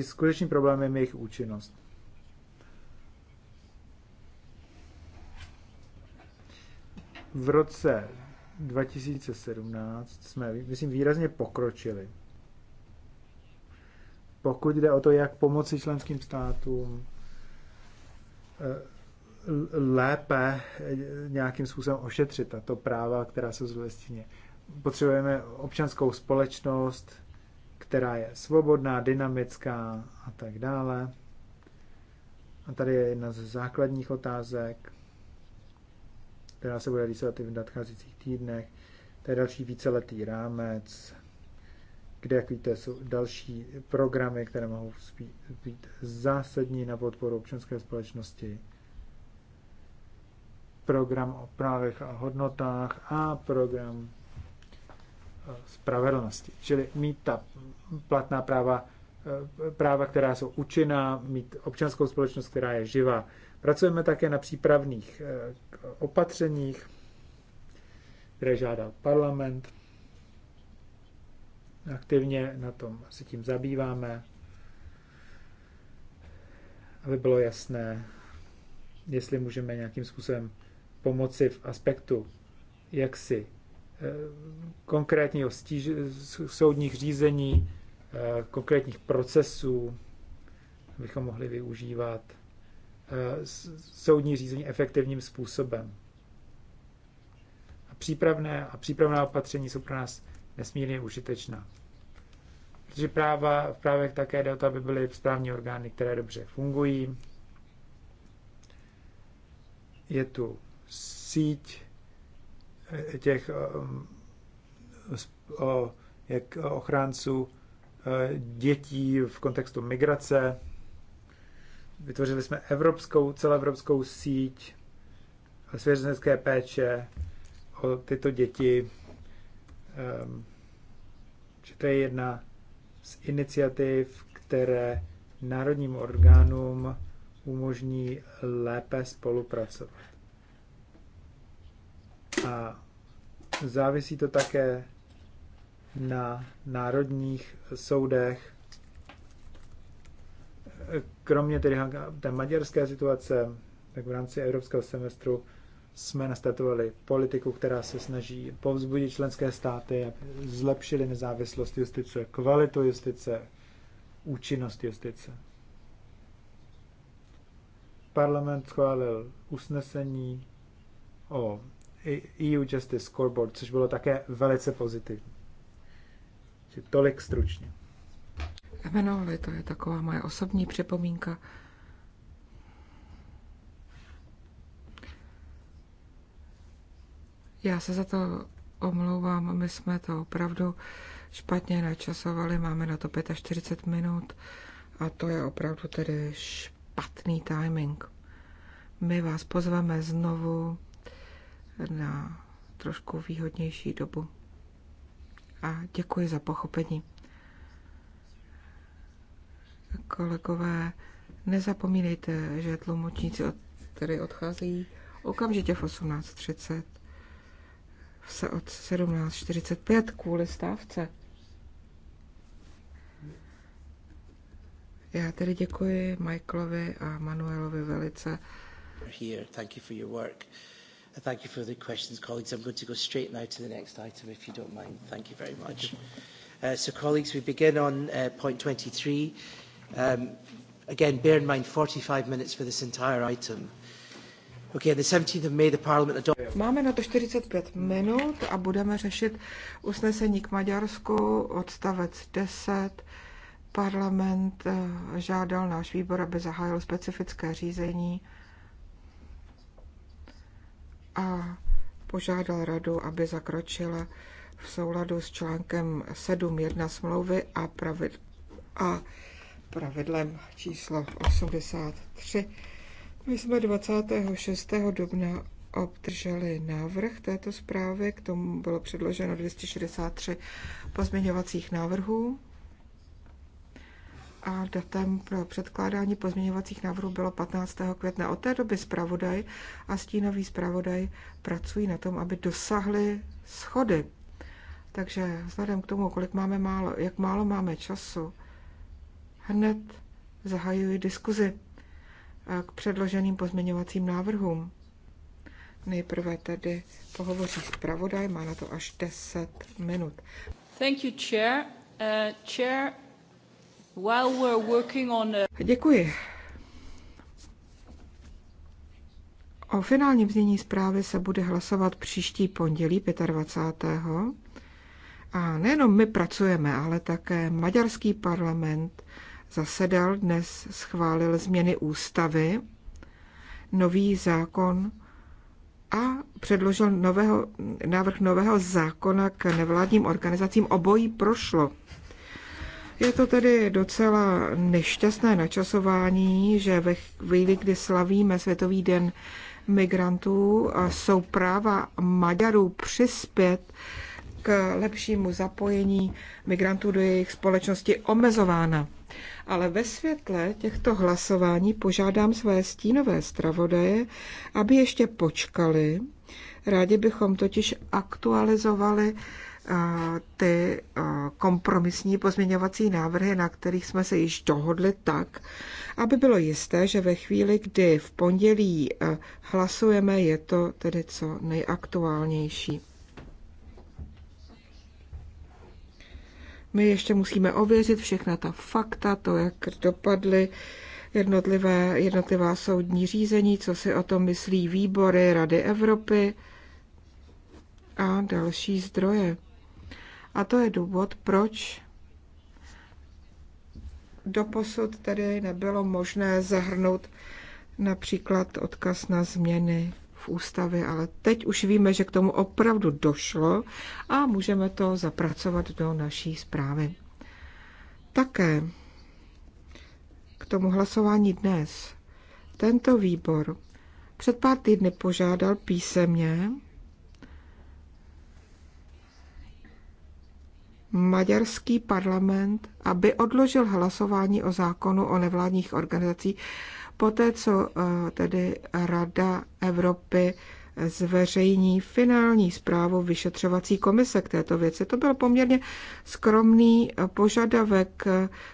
Skutečný problém je jejich účinnost. V roce 2017 jsme, myslím, výrazně pokročili pokud jde o to, jak pomoci členským státům eh, lépe eh, nějakým způsobem ošetřit tato práva, která jsou z listině. Potřebujeme občanskou společnost, která je svobodná, dynamická a tak dále. A tady je jedna ze základních otázek, která se bude rýsovat i v nadcházících týdnech. To je další víceletý rámec kde, jak víte, jsou další programy, které mohou být zásadní na podporu občanské společnosti. Program o právech a hodnotách a program eh, spravedlnosti. Čili mít ta platná práva, eh, práva, která jsou účinná, mít občanskou společnost, která je živá. Pracujeme také na přípravných eh, opatřeních, které žádá parlament aktivně na tom se tím zabýváme, aby bylo jasné, jestli můžeme nějakým způsobem pomoci v aspektu jaksi eh, konkrétního stíž, soudních řízení, eh, konkrétních procesů, abychom mohli využívat eh, soudní řízení efektivním způsobem. A přípravné a přípravné opatření jsou pro nás nesmírně užitečná. Protože práva, v právech také jde o to, aby byly správní orgány, které dobře fungují. Je tu síť eh, těch eh, o, jak ochránců eh, dětí v kontextu migrace. Vytvořili jsme evropskou, celoevropskou síť svěřenecké péče o tyto děti. Um, že to je jedna z iniciativ, které národním orgánům umožní lépe spolupracovat. A závisí to také na národních soudech, kromě tedy té maďarské situace, tak v rámci evropského semestru jsme nastartovali politiku, která se snaží povzbudit členské státy, aby zlepšili nezávislost justice, kvalitu justice, účinnost justice. Parlament schválil usnesení o EU Justice Scoreboard, což bylo také velice pozitivní. Tolik stručně. Emanuele, to je taková moje osobní připomínka. Já se za to omlouvám, my jsme to opravdu špatně načasovali, máme na to 45 minut a to je opravdu tedy špatný timing. My vás pozveme znovu na trošku výhodnější dobu. A děkuji za pochopení. Kolegové, nezapomínejte, že tlumočníci od, tedy odcházejí okamžitě v 18.30 se od 17.45 kvůli stávce. Já tedy děkuji Michaelovi a Manuelovi velice. Here. Thank you for your work. Thank you for the questions, colleagues. I'm going to go straight now to the next item, if you don't mind. Thank you very much. Uh, so, colleagues, we begin on uh, point 23. Um, again, bear in mind 45 minutes for this entire item. Máme na to 45 minut a budeme řešit usnesení k Maďarsku, odstavec 10. Parlament eh, žádal náš výbor, aby zahájil specifické řízení a požádal radu, aby zakročila v souladu s článkem 7.1 smlouvy a, pravid- a pravidlem číslo 83 my jsme 26. dubna obdrželi návrh této zprávy, k tomu bylo předloženo 263 pozměňovacích návrhů a datem pro předkládání pozměňovacích návrhů bylo 15. května. Od té doby zpravodaj a stínový zpravodaj pracují na tom, aby dosahli schody. Takže vzhledem k tomu, kolik máme málo, jak málo máme času, hned zahajuji diskuzi k předloženým pozměňovacím návrhům. Nejprve tedy pohovoří zpravodaj, má na to až 10 minut. Thank you, chair. Uh, chair, while we're working on a... Uh, Děkuji. O finálním znění zprávy se bude hlasovat příští pondělí 25. A nejenom my pracujeme, ale také maďarský parlament, zasedal, dnes schválil změny ústavy, nový zákon a předložil nového, návrh nového zákona k nevládním organizacím. Obojí prošlo. Je to tedy docela nešťastné načasování, že ve chvíli, kdy slavíme Světový den migrantů, jsou práva Maďarů přispět k lepšímu zapojení migrantů do jejich společnosti omezována. Ale ve světle těchto hlasování požádám své stínové stravodaje, aby ještě počkali. Rádi bychom totiž aktualizovali eh, ty eh, kompromisní pozměňovací návrhy, na kterých jsme se již dohodli tak, aby bylo jisté, že ve chvíli, kdy v pondělí eh, hlasujeme, je to tedy co nejaktuálnější. My ještě musíme ověřit všechna ta fakta, to, jak dopadly jednotlivé, jednotlivá soudní řízení, co si o tom myslí výbory Rady Evropy a další zdroje. A to je důvod, proč doposud tedy nebylo možné zahrnout například odkaz na změny v ústavě, ale teď už víme, že k tomu opravdu došlo a můžeme to zapracovat do naší zprávy. Také k tomu hlasování dnes. Tento výbor před pár týdny požádal písemně maďarský parlament, aby odložil hlasování o zákonu o nevládních organizacích Poté, co eh, tedy Rada Evropy zveřejní finální zprávu vyšetřovací komise k této věci. To byl poměrně skromný eh, požadavek.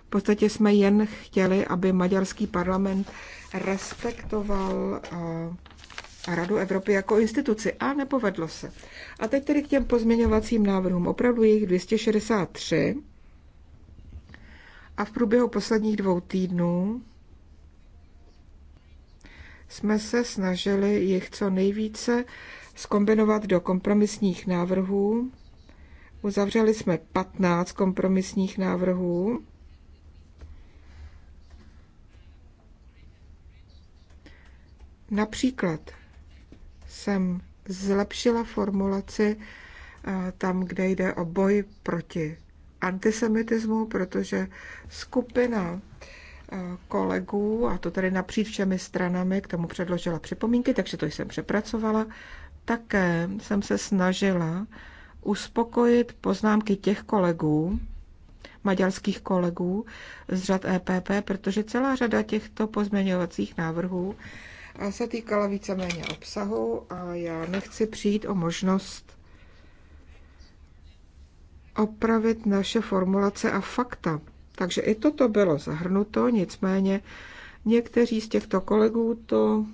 V podstatě jsme jen chtěli, aby maďarský parlament respektoval eh, Radu Evropy jako instituci a nepovedlo se. A teď tedy k těm pozměňovacím návrhům. Opravdu jich 263 a v průběhu posledních dvou týdnů jsme se snažili jich co nejvíce skombinovat do kompromisních návrhů. Uzavřeli jsme 15 kompromisních návrhů. Například jsem zlepšila formulaci eh, tam, kde jde o boj proti antisemitismu, protože skupina kolegů, a to tedy napříč všemi stranami, k tomu předložila připomínky, takže to jsem přepracovala. Také jsem se snažila uspokojit poznámky těch kolegů, maďarských kolegů z řad EPP, protože celá řada těchto pozměňovacích návrhů se týkala víceméně obsahu a já nechci přijít o možnost opravit naše formulace a fakta. Takže i toto bylo zahrnuto, nicméně někteří z těchto kolegů to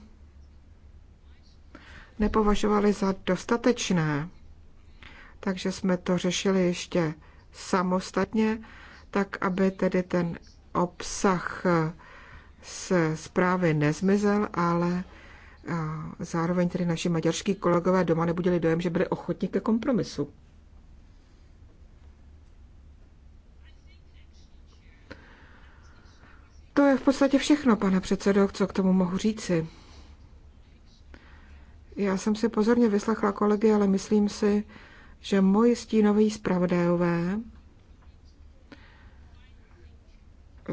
nepovažovali za dostatečné. Takže jsme to řešili ještě samostatně, tak aby tedy ten obsah se zprávy nezmizel, ale zároveň tedy naši maďarští kolegové doma nebudili dojem, že byli ochotní ke kompromisu. To je v podstatě všechno, pane předsedo, co k tomu mohu říci. Já jsem si pozorně vyslechla kolegy, ale myslím si, že moji stínoví zpravodajové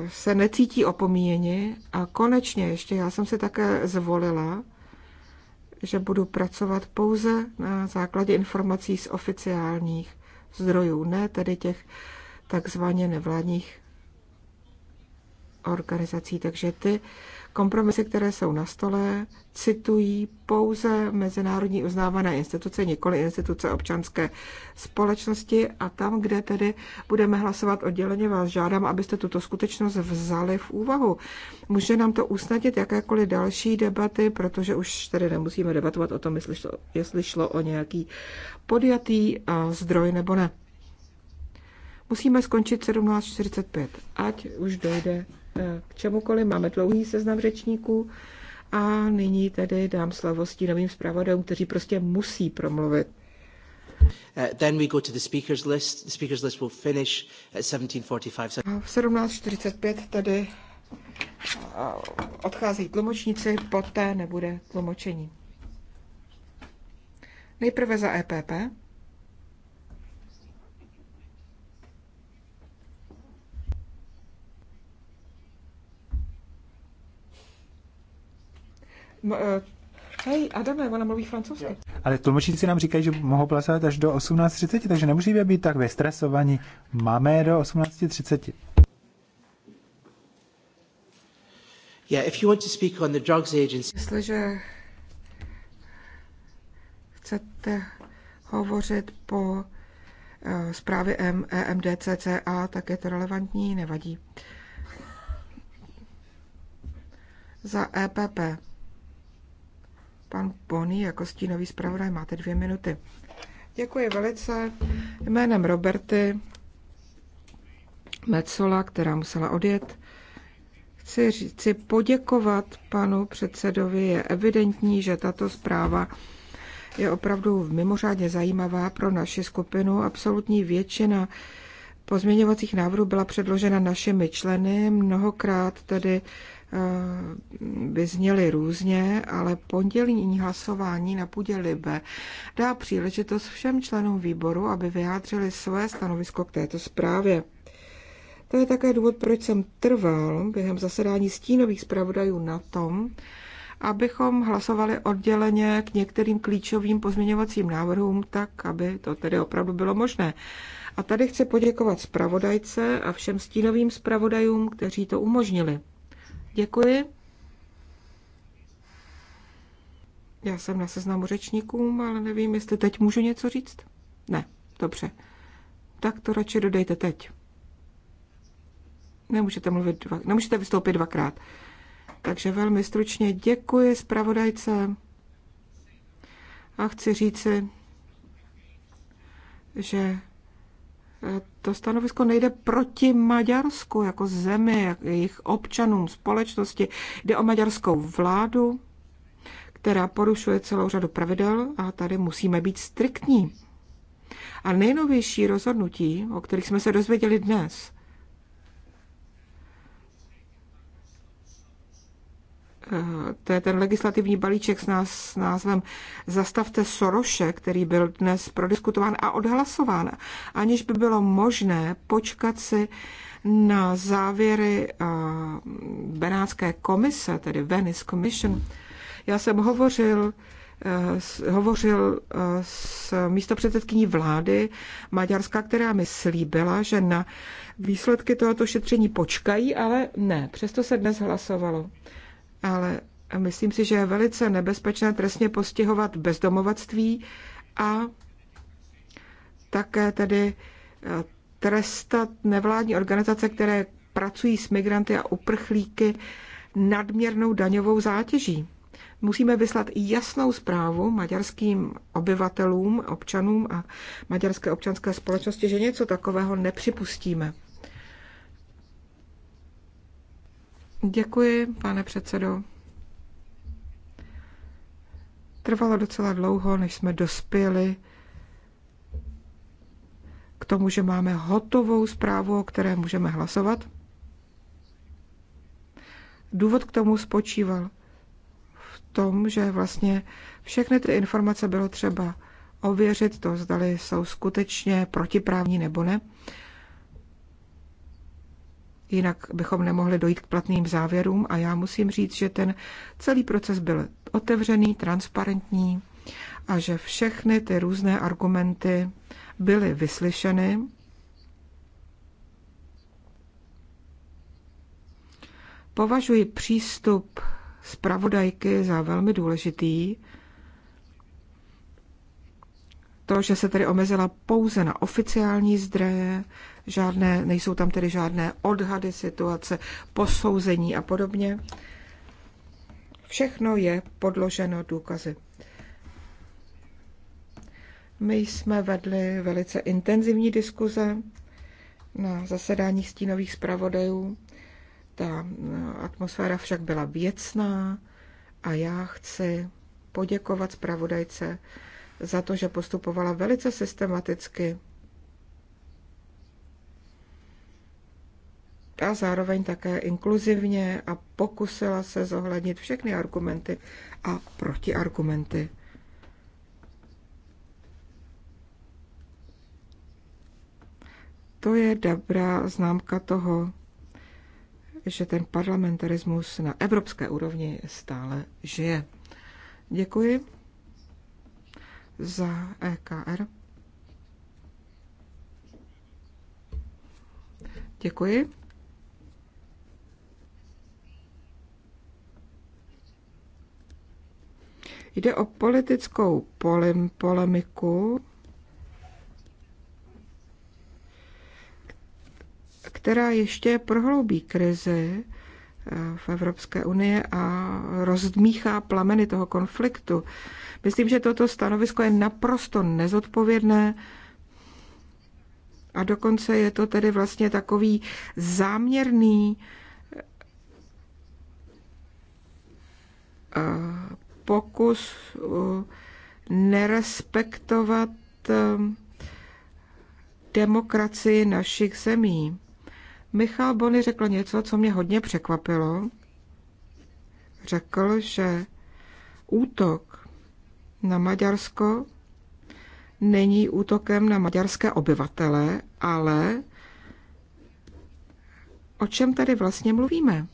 se necítí opomíjeni a konečně ještě já jsem si také zvolila, že budu pracovat pouze na základě informací z oficiálních zdrojů, ne tedy těch takzvaně nevládních organizací. Takže ty kompromisy, které jsou na stole, citují pouze mezinárodní uznávané instituce, nikoli instituce občanské společnosti a tam, kde tedy budeme hlasovat odděleně, vás žádám, abyste tuto skutečnost vzali v úvahu. Může nám to usnadnit jakékoliv další debaty, protože už tedy nemusíme debatovat o tom, jestli šlo, jestli šlo o nějaký podjatý zdroj nebo ne. Musíme skončit 17.45, ať už dojde Eh, k čemukoliv. Máme dlouhý seznam řečníků a nyní tedy dám slovo stínovým zpravodajům, kteří prostě musí promluvit. Eh, then we go to the speakers list. The speakers list will finish at v 17.45 tedy eh, odcházejí tlumočníci, poté nebude tlumočení. Nejprve za EPP. Eh, hej, Adame, ona mluví francouzsky. Ale tlumočníci nám říkají, že mohou plasovat až do 18.30, takže nemůžeme být tak vystresovaní. Máme do 18.30. Yeah, if you want to speak on the drugs agency. Jestliže chcete hovořit po eh, zprávě MDCCA, e tak je to relevantní, nevadí. Za EPP. Pan Bony jako stínový zpravodaj máte dvě minuty. Děkuji velice. Jménem Roberty Mecola, která musela odjet, chci, chci poděkovat panu předsedovi. Je evidentní, že tato zpráva je opravdu mimořádně zajímavá pro naši skupinu. Absolutní většina pozměňovacích návrhů byla předložena našimi členy. Mnohokrát tedy Eh, by zněly různě, ale pondělní hlasování na půdě Libe dá příležitost všem členům výboru, aby vyjádřili své stanovisko k této zprávě. To je také důvod, proč jsem trval během zasedání stínových zpravodajů na tom, abychom hlasovali odděleně k některým klíčovým pozměňovacím návrhům, tak aby to tedy opravdu bylo možné. A tady chci poděkovat zpravodajce a všem stínovým zpravodajům, kteří to umožnili. Děkuji. Já jsem na seznamu řečníkům, ale nevím, jestli teď můžu něco říct. Ne, dobře. Tak to radši dodejte teď. Nemůžete, mluvit dva, nemůžete vystoupit dvakrát. Takže velmi stručně děkuji zpravodajce a chci říci, že to stanovisko nejde proti Maďarsku jako zemi, jejich občanům, společnosti. Jde o maďarskou vládu, která porušuje celou řadu pravidel a tady musíme být striktní. A nejnovější rozhodnutí, o kterých jsme se dozvěděli dnes, Eh, to je ten legislativní balíček s, nás, s názvem Zastavte Soroše, který byl dnes prodiskutován a odhlasován, aniž by bylo možné počkat si na závěry eh, Benátské komise, tedy Venice Commission. Já jsem hovořil eh, hovořil s místopředsedkyní vlády Maďarska, která mi slíbila, že na výsledky tohoto šetření počkají, ale ne, přesto se dnes hlasovalo ale myslím si, že je velice nebezpečné trestně postihovat bezdomovactví a také tedy eh, trestat nevládní organizace, které pracují s migranty a uprchlíky nadměrnou daňovou zátěží. Musíme vyslat jasnou zprávu maďarským obyvatelům, občanům a maďarské občanské společnosti, že něco takového nepřipustíme. Děkuji, pane předsedo. Trvalo docela dlouho, než jsme dospěli k tomu, že máme hotovou zprávu, o které můžeme hlasovat. Důvod k tomu spočíval v tom, že vlastně všechny ty informace bylo třeba ověřit, to zdali jsou skutečně protiprávní nebo ne jinak bychom nemohli dojít k platným závěrům a já musím říct, že ten celý proces byl otevřený, transparentní a že všechny ty různé argumenty byly vyslyšeny. Považuji přístup zpravodajky za velmi důležitý. To, že se tedy omezila pouze na oficiální zdroje, žádné, nejsou tam tedy žádné odhady situace, posouzení a podobně. Všechno je podloženo důkazy. My jsme vedli velice intenzivní diskuze na zasedáních stínových zpravodajů. Ta eh, atmosféra však byla věcná a já chci poděkovat zpravodajce za to, že postupovala velice systematicky a zároveň také inkluzivně a pokusila se zohlednit všechny argumenty a protiargumenty. To je dobrá známka toho, že ten parlamentarismus na evropské úrovni stále žije. Děkuji za EKR. Děkuji. Jde o politickou polem, polemiku, která ještě prohloubí krizi eh, v Evropské unii a rozdmíchá plameny toho konfliktu. Myslím, že toto stanovisko je naprosto nezodpovědné a dokonce je to tedy vlastně takový záměrný eh, pokus uh, nerespektovat um, demokracii našich zemí. Michal Bony řekl něco, co mě hodně překvapilo. Řekl, že útok na Maďarsko není útokem na maďarské obyvatele, ale o čem tady vlastně mluvíme?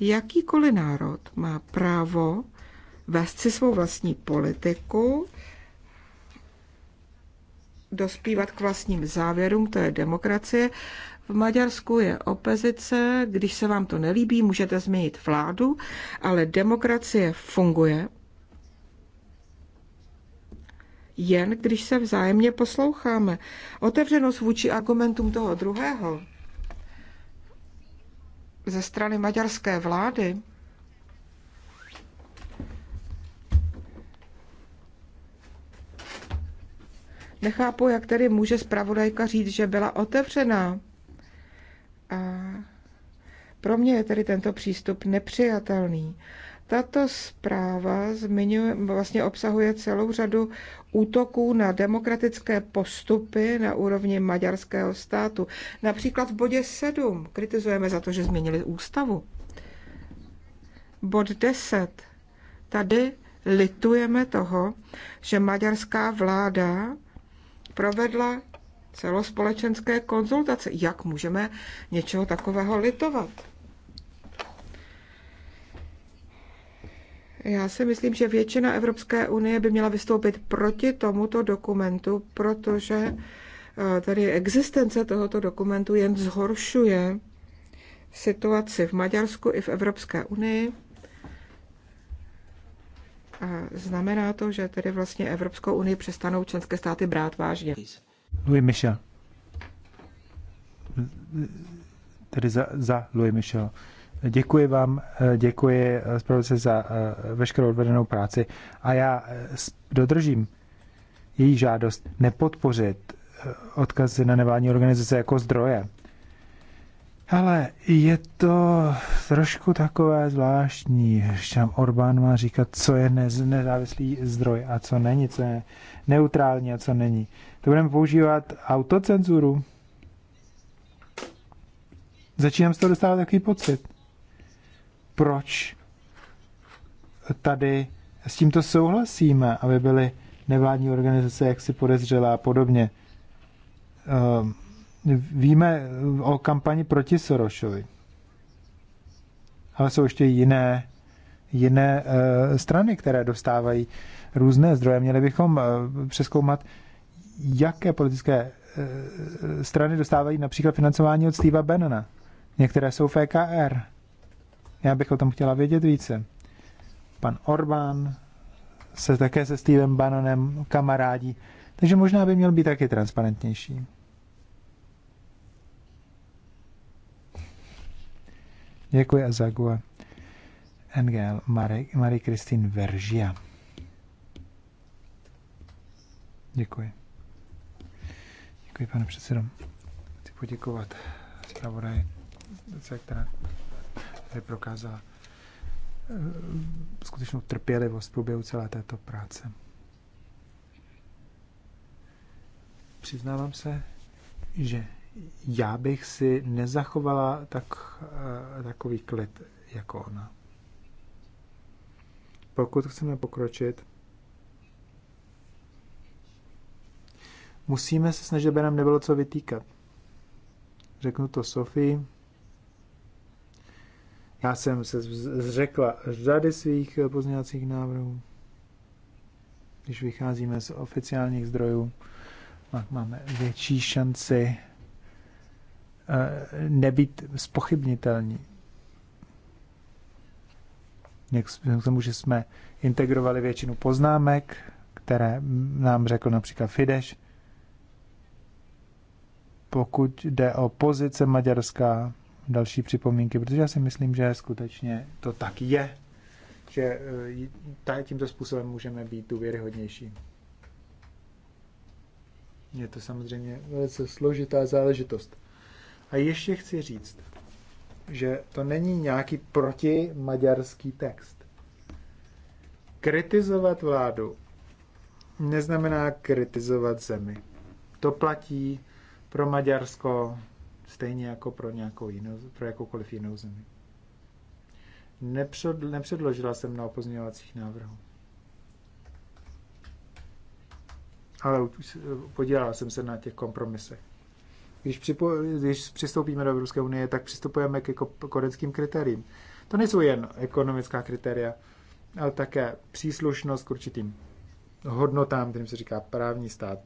Jakýkoliv národ má právo vést si svou vlastní politiku, dospívat k vlastním závěrům, to je demokracie. V Maďarsku je opozice, když se vám to nelíbí, můžete změnit vládu, ale demokracie funguje jen když se vzájemně posloucháme. Otevřenost vůči argumentům toho druhého ze strany maďarské vlády Nechápu, jak tedy může zpravodajka říct, že byla otevřená. A pro mě je tedy tento přístup nepřijatelný. Tato zpráva zmiňuje, vlastně obsahuje celou řadu útoků na demokratické postupy na úrovni maďarského státu. Například v bodě 7 kritizujeme za to, že změnili ústavu. Bod 10. Tady litujeme toho, že maďarská vláda provedla celospolečenské konzultace. Jak můžeme něčeho takového litovat? Já si myslím, že většina Evropské unie by měla vystoupit proti tomuto dokumentu, protože eh, tady existence tohoto dokumentu jen zhoršuje situaci v Maďarsku i v Evropské unii znamená to, že tedy vlastně Evropskou unii přestanou členské státy brát vážně. Louis Michel. Tedy za, za Louis Michel. Děkuji vám, děkuji eh, zpravodajce za eh, veškerou odvedenou práci a já eh, dodržím její žádost nepodpořit odkazy na nevládní organizace jako zdroje ale je to trošku takové zvláštní, že tam Orbán má říkat, co je nez, nezávislý zdroj a co není, co je neutrální a co není. To budeme používat autocenzuru. Začínám z toho dostávat takový pocit. Proč tady s tímto souhlasíme, aby byly nevládní organizace jaksi podezřelé a podobně. Um, Víme o kampani proti Sorošovi. Ale jsou ještě jiné, jiné eh, strany, které dostávají různé zdroje. Měli bychom eh, přeskoumat, jaké politické eh, strany dostávají například financování od Steva Bannona. Některé jsou FKR. E Já bych o tom chtěla vědět více. Pan Orbán se také se Stevem Bannonem kamarádí, takže možná by měl být taky transparentnější. Děkuji a zague. NGL Marie Kristin Veržia. Děkuji. Děkuji, pane předsedo. Chci poděkovat zpravodaj, která tady prokázala eh, skutečnou trpělivost v průběhu celé této práce. Přiznávám se, že já bych si nezachovala tak, eh, takový klid jako ona. Pokud chceme pokročit, musíme se snažit, aby nám nebylo co vytýkat. Řeknu to Sofii. Já jsem se zřekla řady svých pozměňovacích návrhů. Když vycházíme z oficiálních zdrojů, máme větší šanci Eh, nebýt spochybnitelní. Jak k tomu, že jsme integrovali většinu poznámek, které nám řekl například Fidesz, pokud jde o pozice maďarská další připomínky, protože já si myslím, že skutečně to tak je, že eh, tímto způsobem můžeme být důvěryhodnější. Je to samozřejmě velice složitá záležitost. A ještě chci říct, že to není nějaký protimaďarský text. Kritizovat vládu neznamená kritizovat zemi. To platí pro Maďarsko stejně jako pro, nějakou jinou, pro jakoukoliv jinou zemi. Nepřed, nepředložila jsem na opozňovacích návrhů. Ale podělala jsem se na těch kompromisech. Když, připo, když přistoupíme do Evropské unie, tak přistupujeme jako koreckým kritériím. To nejsou jen ekonomická kritéria, ale také příslušnost k určitým hodnotám, kterým se říká právní stát,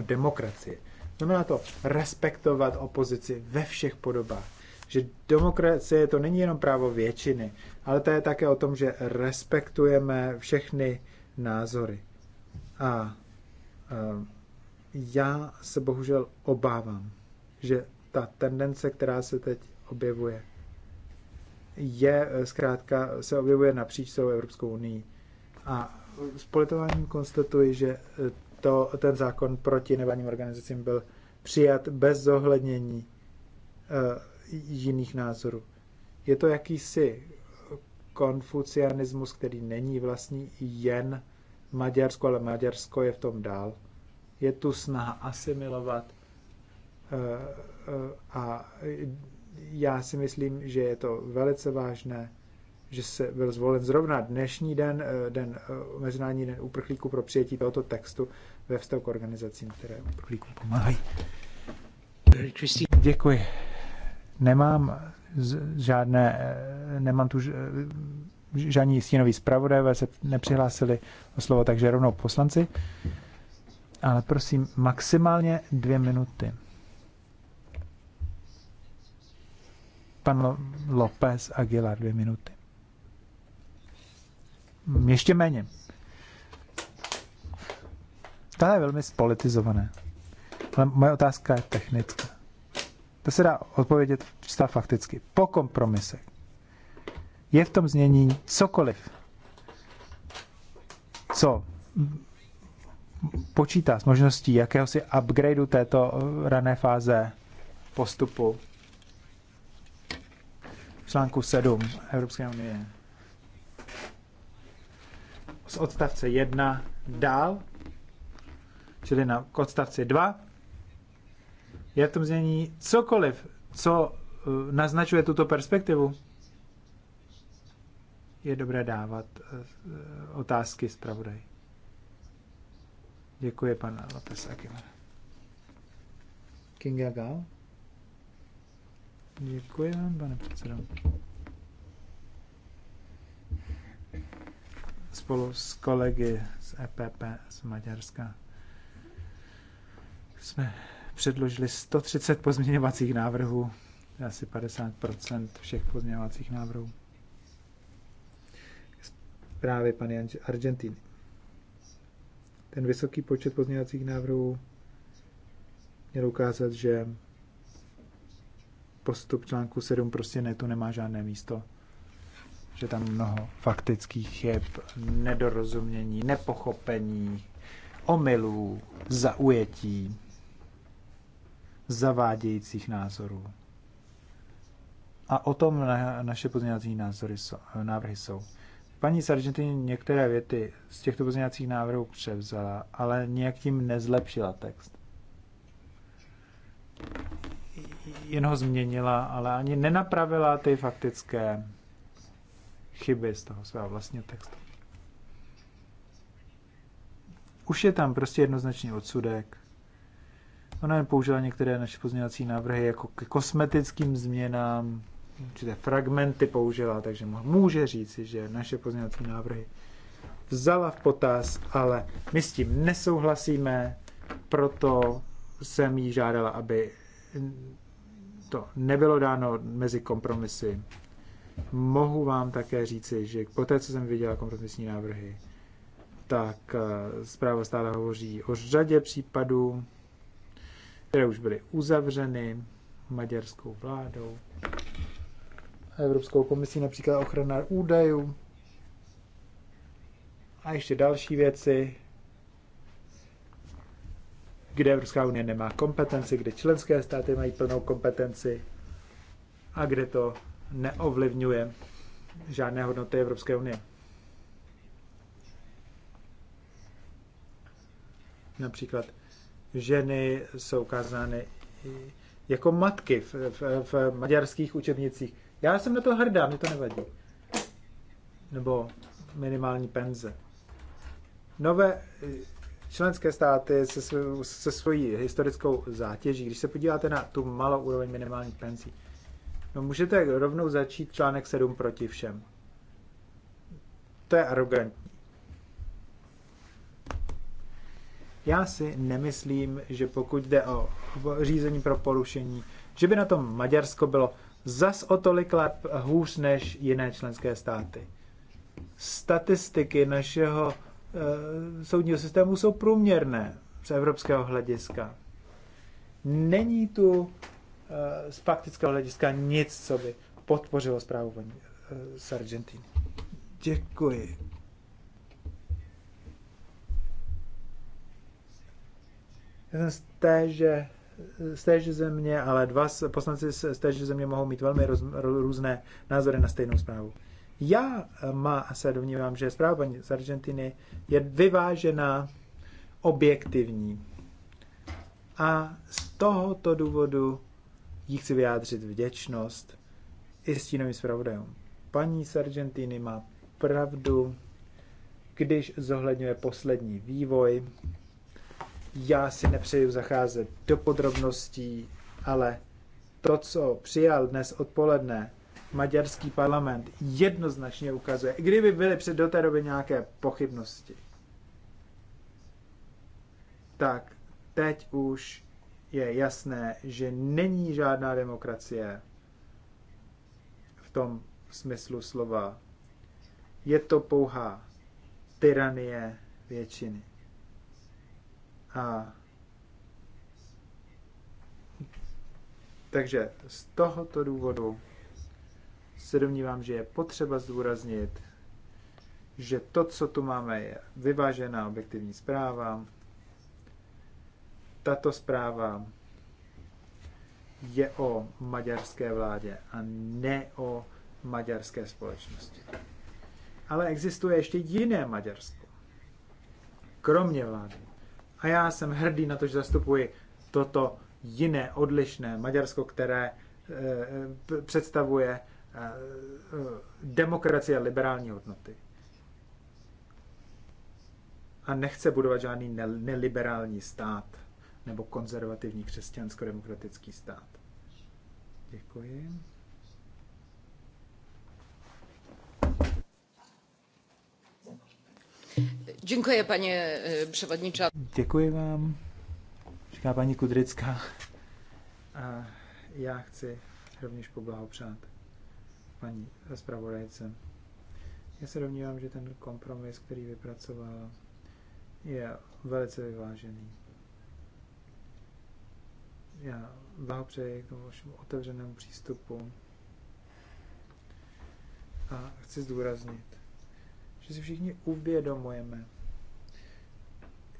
demokracie. Znamená to respektovat opozici ve všech podobách. Že demokracie to není jenom právo většiny, ale to je také o tom, že respektujeme všechny názory. A, a já se bohužel obávám, že ta tendence, která se teď objevuje, je eh, zkrátka, se objevuje napříč celou Evropskou unii. A s politováním konstatuji, že eh, to, ten zákon proti nevaním organizacím byl přijat bez zohlednění uh, jiných názorů. Je to jakýsi konfucianismus, který není vlastní jen Maďarsko, ale Maďarsko je v tom dál je tu snaha asimilovat eh, eh, a já si myslím, že je to velice vážné, že se byl zvolen zrovna dnešní den, eh, den Mezinárodní den uprchlíků pro přijetí tohoto textu ve vztahu k organizacím, které uprchlíkům pomáhají. Děkuji. Nemám žádné, nemám tu žádní stínový zpravodajové se nepřihlásili o slovo, takže rovnou poslanci ale prosím maximálně dvě minuty. Pan López Aguilar, dvě minuty. Mm, ještě méně. To je velmi spolitizované. Ale moje otázka je technická. To se dá odpovědět čistá fakticky. Po kompromisech je v tom znění cokoliv, co počítá s možností jakéhosi upgradeu této eh, rané fáze postupu článku 7 Evropské unie. Z odstavce 1 dál, čili na, k odstavci 2, je v tom znění cokoliv, co eh, naznačuje tuto perspektivu, je dobré dávat eh, otázky zpravodaji. Děkuji, pane Lopes Aguilar. Kinga Gal. Děkuji vám, pane předsedo. Spolu s kolegy z EPP z Maďarska jsme předložili 130 pozměňovacích návrhů, asi 50% všech pozměňovacích návrhů. Právě pan Argentiny. Ten vysoký počet pozměňovacích návrhů měl ukázat, že postup článku 7 prostě ne, tu nemá žádné místo. Že tam mnoho faktických chyb, nedorozumění, nepochopení, omylů, zaujetí, zavádějících názorů. A o tom na, naše pozměňovací názory, jsou, návrhy jsou. Paní z Argentiny některé věty z těchto pozměňovacích návrhů převzala, ale nějak tím nezlepšila text. Jen ho změnila, ale ani nenapravila ty faktické chyby z toho svého vlastního textu. Už je tam prostě jednoznačný odsudek. Ona jen použila některé naše pozměňovací návrhy jako k kosmetickým změnám, určité fragmenty použila, takže může říci, že naše pozměňovací návrhy vzala v potaz, ale my s tím nesouhlasíme, proto jsem jí žádala, aby to nebylo dáno mezi kompromisy. Mohu vám také říci, že po té, co jsem viděla kompromisní návrhy, tak eh, zpráva stále hovoří o řadě případů, které už byly uzavřeny maďarskou vládou Evropskou komisí, například ochrana údajů a ještě další věci, kde Evropská unie nemá kompetenci, kde členské státy mají plnou kompetenci a kde to neovlivňuje žádné hodnoty Evropské unie. Například ženy jsou ukázány jako matky v, v, v maďarských učebnicích. Já jsem na to hrdá, mě to nevadí. Nebo minimální penze. Nové eh, členské státy se, svou, se svojí historickou zátěží, když se podíváte na tu malou úroveň minimální penzí, no můžete rovnou začít článek 7 proti všem. To je arrogantní. Já si nemyslím, že pokud jde o řízení pro porušení, že by na tom Maďarsko bylo zas o tolik lep hůř než jiné členské státy. Statistiky našeho e, soudního systému jsou průměrné z evropského hlediska. Není tu e, z faktického hlediska nic, co by podpořilo zprávu paní e, z Argentiny. Děkuji. Já jsem z té, že z téže země, ale dva poslanci z téže země mohou mít velmi roz, různé názory na stejnou zprávu. Já eh, má, se domnívám, že zpráva paní z Argentiny je vyvážená, objektivní. A z tohoto důvodu jí chci vyjádřit vděčnost i stínovým zpravodajům. Paní z Argentiny má pravdu, když zohledňuje poslední vývoj já si nepřeju zacházet do podrobností, ale to, co přijal dnes odpoledne maďarský parlament, jednoznačně ukazuje, i kdyby byly před do té doby nějaké pochybnosti, tak teď už je jasné, že není žádná demokracie v tom smyslu slova. Je to pouhá tyranie většiny. A takže z tohoto důvodu se domnívám, že je potřeba zdůraznit, že to, co tu máme, je vyvážená objektivní zpráva. Tato zpráva je o maďarské vládě a ne o maďarské společnosti. Ale existuje ještě jiné Maďarsko, kromě vlády. A já jsem hrdý na to, že zastupuji toto jiné, odlišné Maďarsko, které e, představuje e, demokracie a liberální hodnoty. A nechce budovat žádný neliberální stát nebo konzervativní křesťansko-demokratický stát. Děkuji. Děkuji, paně eh, Děkuji vám, říká paní Kudrická. A já chci rovněž poblahopřát paní zpravodajce. Já se domnívám, že ten kompromis, který vypracoval, je velice vyvážený. Já blahopřeji k tomu vašemu otevřenému přístupu a chci zdůraznit, že si všichni uvědomujeme,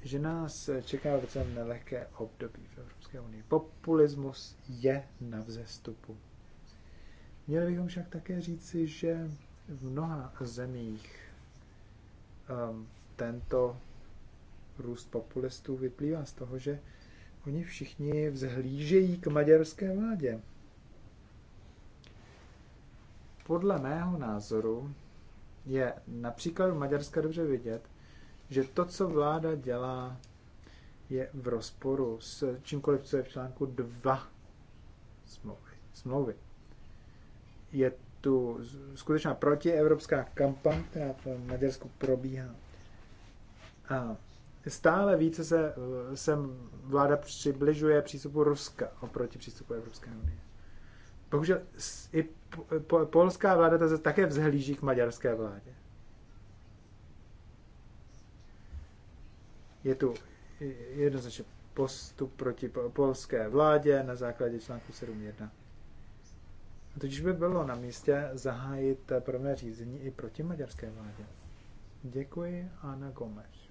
že nás čeká docela nelehké období v Evropské unii. Populismus je na vzestupu. Měli bychom však také říci, že v mnoha zemích um, tento růst populistů vyplývá z toho, že oni všichni vzhlížejí k maďarské vládě. Podle mého názoru je například v Maďarska dobře vidět, že to, co vláda dělá, je v rozporu s čímkoliv, co je v článku 2 smlouvy. smlouvy. Je tu skutečná protievropská kampaň, která v Maďarsku probíhá. A stále více se sem vláda přibližuje přístupu Ruska oproti přístupu Evropské unie. Bohužel i polská vláda to také vzhlíží k maďarské vládě. Je tu jednoznačně postup proti polské vládě na základě článku 7.1. Totiž by bylo na místě zahájit prvné řízení i proti maďarské vládě. Děkuji, Ana Gomes.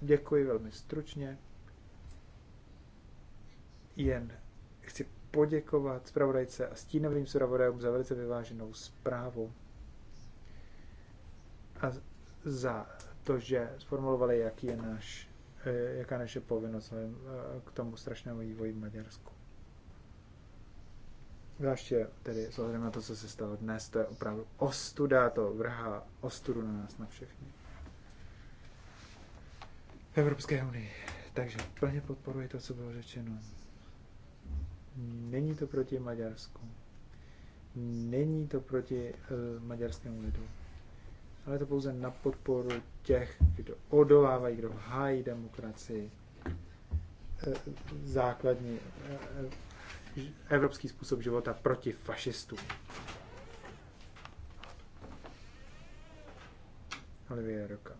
Děkuji velmi stručně. Jen chci poděkovat zpravodajce a stínovým zpravodajům za velice vyváženou zprávu a za to, že sformulovali, jaký je náš, eh, jaká naše povinnost eh, k tomu strašnému vývoji v Maďarsku. Zvláště tedy s ohledem na to, co se stalo dnes, to je opravdu ostuda, to vrhá ostudu na nás, na všechny. V Evropské unii. Takže plně podporuji to, co bylo řečeno. Není to proti Maďarsku. Není to proti uh, maďarskému lidu. Ale to pouze na podporu těch, kdo odolávají, kdo hájí demokracii, eh, základní eh, evropský způsob života proti fašistům. Olivier Roka.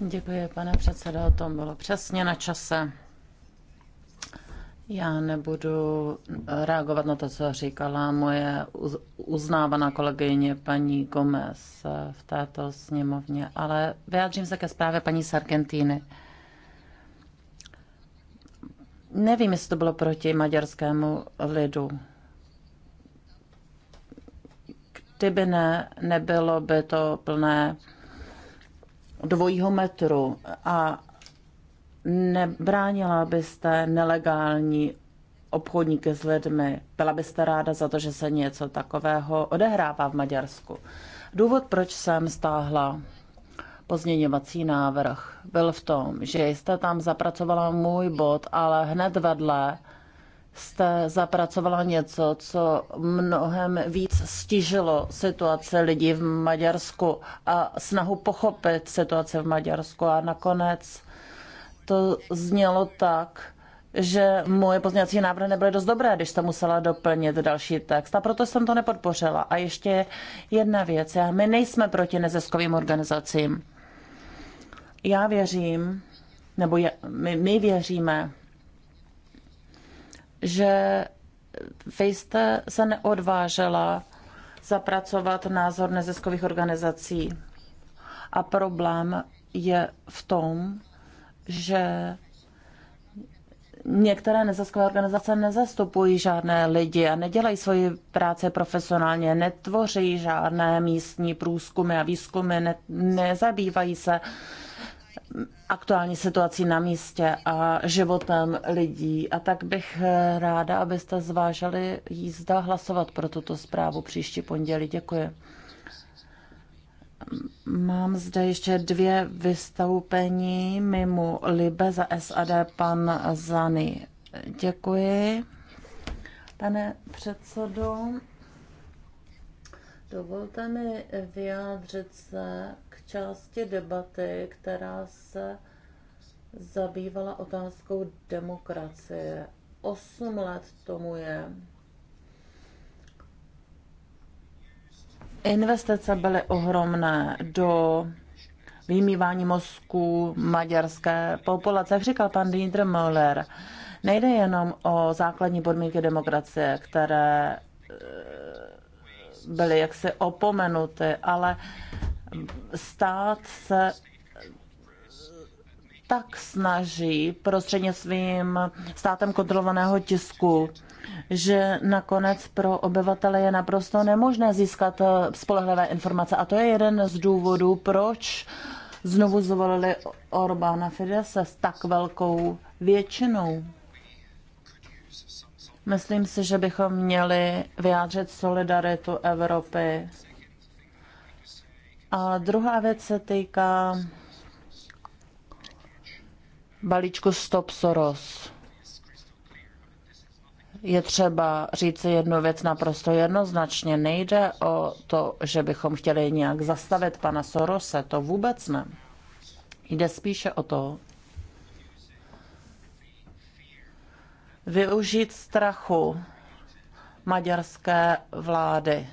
Děkuji, pane předsedo, to bylo přesně na čase. Já nebudu reagovat na to, co říkala moje uznávaná kolegyně paní Gomez v této sněmovně, ale vyjádřím se ke zprávě paní Sargentiny. Nevím, jestli to bylo proti maďarskému lidu. Kdyby ne, nebylo by to plné dvojího metru a nebránila byste nelegální obchodníky s lidmi? Byla byste ráda za to, že se něco takového odehrává v Maďarsku? Důvod, proč jsem stáhla pozměňovací návrh, byl v tom, že jste tam zapracovala můj bod, ale hned vedle jste zapracovala něco, co mnohem víc stižilo situace lidí v Maďarsku a snahu pochopit situaci v Maďarsku. A nakonec to znělo tak, že moje pozměňovací návrhy nebyly dost dobré, když jsem musela doplnit další text a proto jsem to nepodpořila. A ještě jedna věc. My nejsme proti neziskovým organizacím. Já věřím, nebo je, my, my věříme že vy jste se neodvážela zapracovat názor neziskových organizací. A problém je v tom, že některé neziskové organizace nezastupují žádné lidi a nedělají svoji práci profesionálně, netvoří žádné místní průzkumy a výzkumy, ne, nezabývají se aktuální situací na místě a životem lidí. A tak bych eh, ráda, abyste zvážili jízda hlasovat pro tuto zprávu příští pondělí. Děkuji. Mám zde ještě dvě vystoupení mimo Libe za SAD pan Zany. Děkuji. Pane předsedo, dovolte mi vyjádřit se části debaty, která se zabývala otázkou demokracie. Osm let tomu je. Investice byly ohromné do vymývání mozku maďarské populace. Jak říkal pan Dieter Müller, nejde jenom o základní podmínky demokracie, které eh, byly jaksi opomenuty, ale stát se tak snaží prostřednictvím státem kontrolovaného tisku, že nakonec pro obyvatele je naprosto nemožné získat eh, spolehlivé informace. A to je jeden z důvodů, proč znovu zvolili Orbána Fidese s tak velkou většinou. Myslím si, že bychom měli vyjádřit solidaritu Evropy a druhá věc se týká balíčku Stop Soros. Je třeba říci jednu věc naprosto jednoznačně. Nejde o to, že bychom chtěli nějak zastavit pana Sorose, to vůbec ne. Jde spíše o to, využít strachu maďarské vlády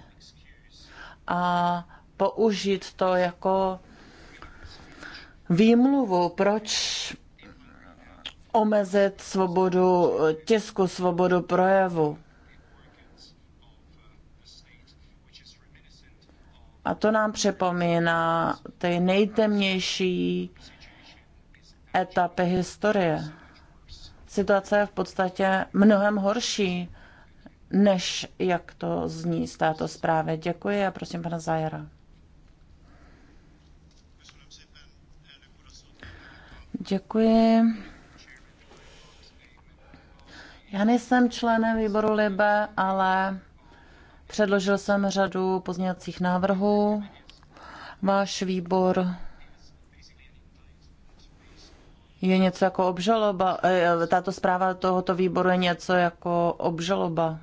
a použít to jako výmluvu, proč omezit svobodu tisku, svobodu projevu. A to nám připomíná ty nejtemnější etapy historie. Situace je v podstatě mnohem horší, než jak to zní z této zprávy. Děkuji a prosím pana Zajera. Děkuji. Já nejsem členem výboru Libe, ale předložil jsem řadu pozměňovacích návrhů. Váš výbor je něco jako obžaloba. Eh, tato zpráva tohoto výboru je něco jako obžaloba.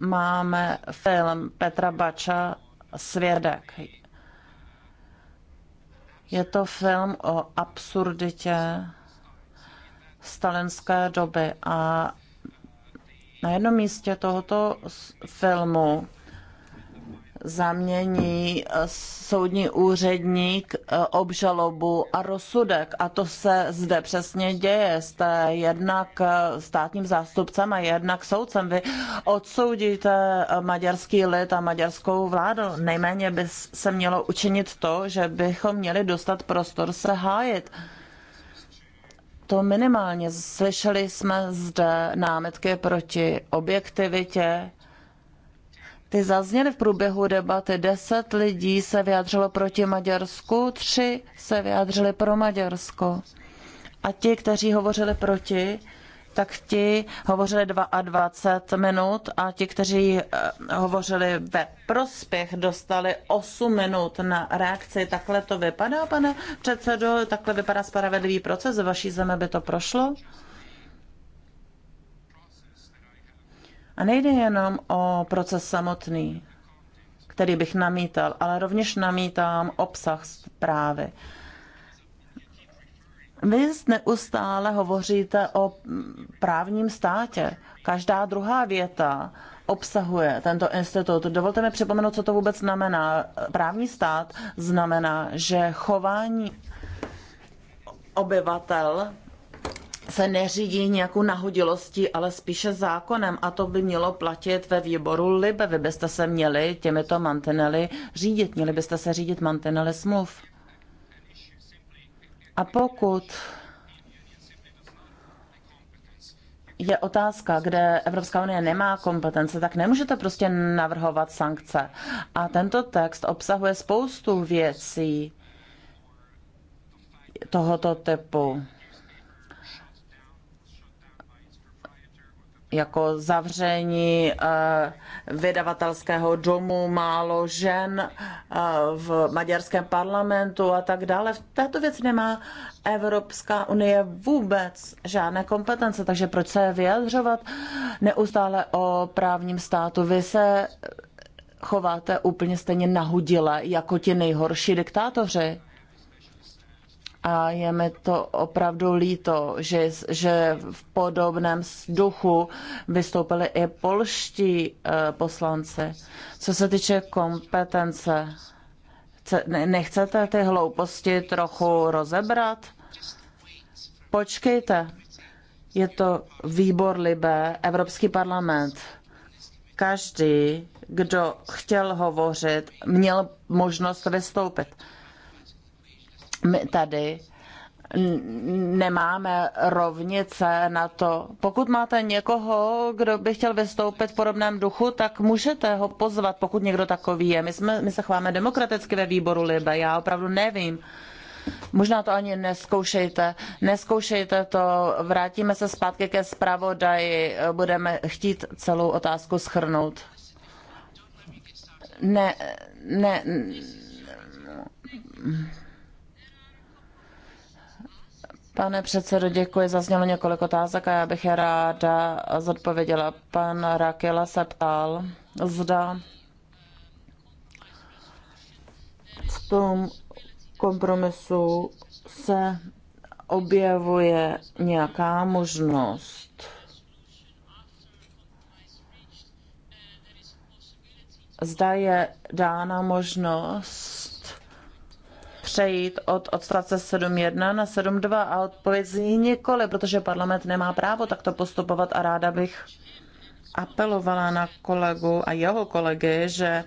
Máme film Petra Bača Svědek je to film o absurditě stalinské doby a na jednom místě tohoto filmu zamění eh, soudní úředník eh, obžalobu a rozsudek. A to se zde přesně děje. Jste jednak eh, státním zástupcem a jednak soudcem. Vy odsoudíte maďarský lid a maďarskou vládu. Nejméně by se mělo učinit to, že bychom měli dostat prostor se hájit. To minimálně. Slyšeli jsme zde námitky proti objektivitě ty zazněly v průběhu debaty. Deset lidí se vyjádřilo proti Maďarsku, tři se vyjádřili pro Maďarsko. A ti, kteří hovořili proti, tak ti hovořili 22 minut a ti, kteří eh, hovořili ve prospěch, dostali 8 minut na reakci. Takhle to vypadá, pane předsedo? Takhle vypadá spravedlivý proces? Ve vaší zemi by to prošlo? A nejde jenom o proces samotný, který bych namítal, ale rovněž namítám obsah zprávy. Vy neustále hovoříte o právním státě. Každá druhá věta obsahuje tento institut. Dovolte mi připomenout, co to vůbec znamená. Právní stát znamená, že chování obyvatel se neřídí nějakou nahodilostí, ale spíše zákonem a to by mělo platit ve výboru Libe. Vy byste se měli těmito mantinely řídit, měli byste se řídit mantinely smluv. A pokud je otázka, kde Evropská unie nemá kompetence, tak nemůžete prostě navrhovat sankce. A tento text obsahuje spoustu věcí tohoto typu jako zavření eh, vydavatelského domu, málo žen eh, v maďarském parlamentu a tak dále. V této věci nemá Evropská unie vůbec žádné kompetence, takže proč se vyjadřovat neustále o právním státu? Vy se chováte úplně stejně nahudile jako ti nejhorší diktátoři a je mi to opravdu líto, že, že v podobném duchu vystoupili i polští eh, poslanci. Co se týče kompetence, nechcete ty hlouposti trochu rozebrat? Počkejte, je to výbor Libé, Evropský parlament. Každý, kdo chtěl hovořit, měl možnost vystoupit my tady nemáme rovnice na to. Pokud máte někoho, kdo by chtěl vystoupit v podobném duchu, tak můžete ho pozvat, pokud někdo takový je. My, jsme, my se chováme demokraticky ve výboru Libe, já opravdu nevím. Možná to ani neskoušejte. Neskoušejte to, vrátíme se zpátky ke zpravodaji, budeme chtít celou otázku schrnout. Ne, ne, ne Pane předsedo, děkuji. Zaznělo několik otázek a já bych je ráda zodpověděla. Pan Rakela se ptal, zda v tom kompromisu se objevuje nějaká možnost zda je dána možnost přejít od odstavce 7.1 na 7.2 a odpověď zní nikoli, protože parlament nemá právo takto postupovat a ráda bych apelovala na kolegu a jeho kolegy, že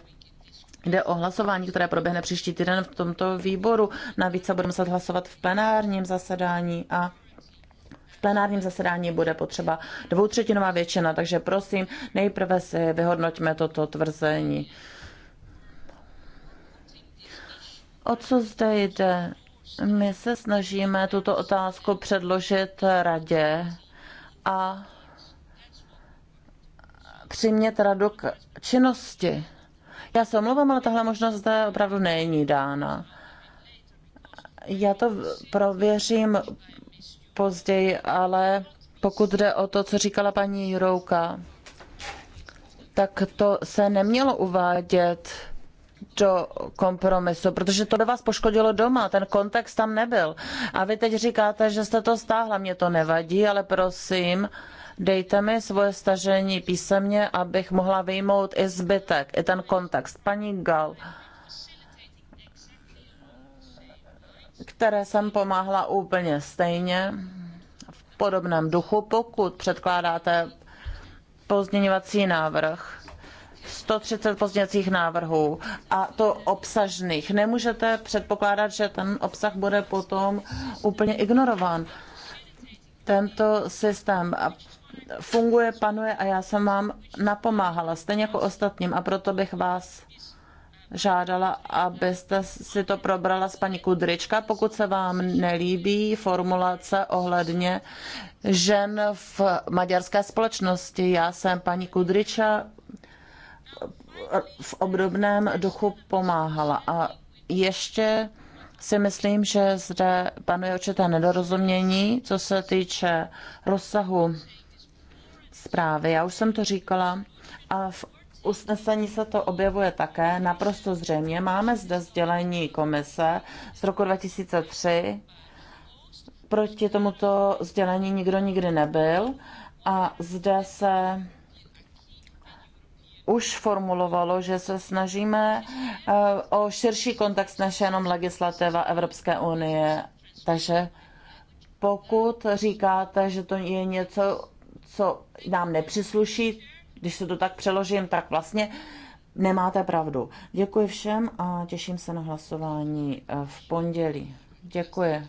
Jde o hlasování, které proběhne příští týden v tomto výboru. Navíc se budeme muset hlasovat v plenárním zasedání a v plenárním zasedání bude potřeba dvoutřetinová většina, takže prosím, nejprve si vyhodnoťme toto tvrzení. O co zde jde? My se snažíme tuto otázku předložit radě a přimět radu k činnosti. Já se omlouvám, ale tahle možnost zde opravdu není dána. Já to prověřím později, ale pokud jde o to, co říkala paní Jurouka, tak to se nemělo uvádět do kompromisu, protože to vás poškodilo doma, ten kontext tam nebyl. A vy teď říkáte, že jste to stáhla, mě to nevadí, ale prosím, dejte mi svoje stažení písemně, abych mohla vyjmout i zbytek, i ten kontext. Paní Gal, které jsem pomáhla úplně stejně, v podobném duchu, pokud předkládáte pozměňovací návrh, 130 pozněcích návrhů a to obsažných. Nemůžete předpokládat, že ten obsah bude potom úplně ignorován. Tento systém funguje, panuje a já jsem vám napomáhala, stejně jako ostatním a proto bych vás žádala, abyste si to probrala s paní Kudrička, pokud se vám nelíbí formulace ohledně žen v maďarské společnosti. Já jsem paní Kudriča v obdobném duchu pomáhala. A ještě si myslím, že zde panuje určité nedorozumění, co se týče rozsahu zprávy. Já už jsem to říkala a v usnesení se to objevuje také naprosto zřejmě. Máme zde sdělení komise z roku 2003. Proti tomuto sdělení nikdo nikdy nebyl a zde se už formulovalo, že se snažíme eh, o širší kontext než jenom legislativa Evropské unie. Takže pokud říkáte, že to je něco, co nám nepřisluší, když se to tak přeložím, tak vlastně nemáte pravdu. Děkuji všem a těším se na hlasování eh, v pondělí. Děkuji.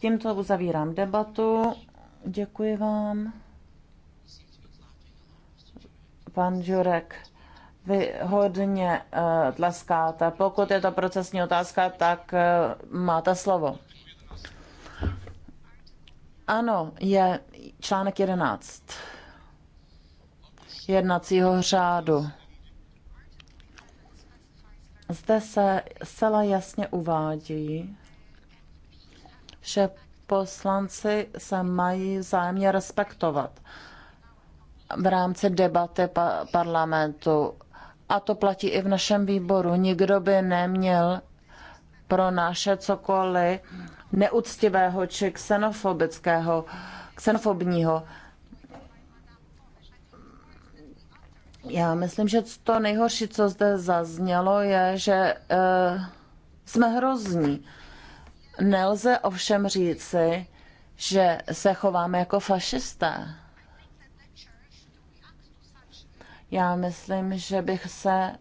Tímto uzavírám debatu. Děkuji vám. Pan Žurek, vy hodně uh, tleskáte. Pokud je to procesní otázka, tak uh, máte slovo. Ano, je článek 11 jednacího řádu. Zde se zcela jasně uvádí, že poslanci se mají vzájemně respektovat v rámci debaty parlamentu. A to platí i v našem výboru. Nikdo by neměl pronášet cokoliv neúctivého či xenofobického, xenofobního. Já myslím, že to nejhorší, co zde zaznělo, je, že e, jsme hrozní. Nelze ovšem říci, že se chováme jako fašisté. Já myslím, že bych se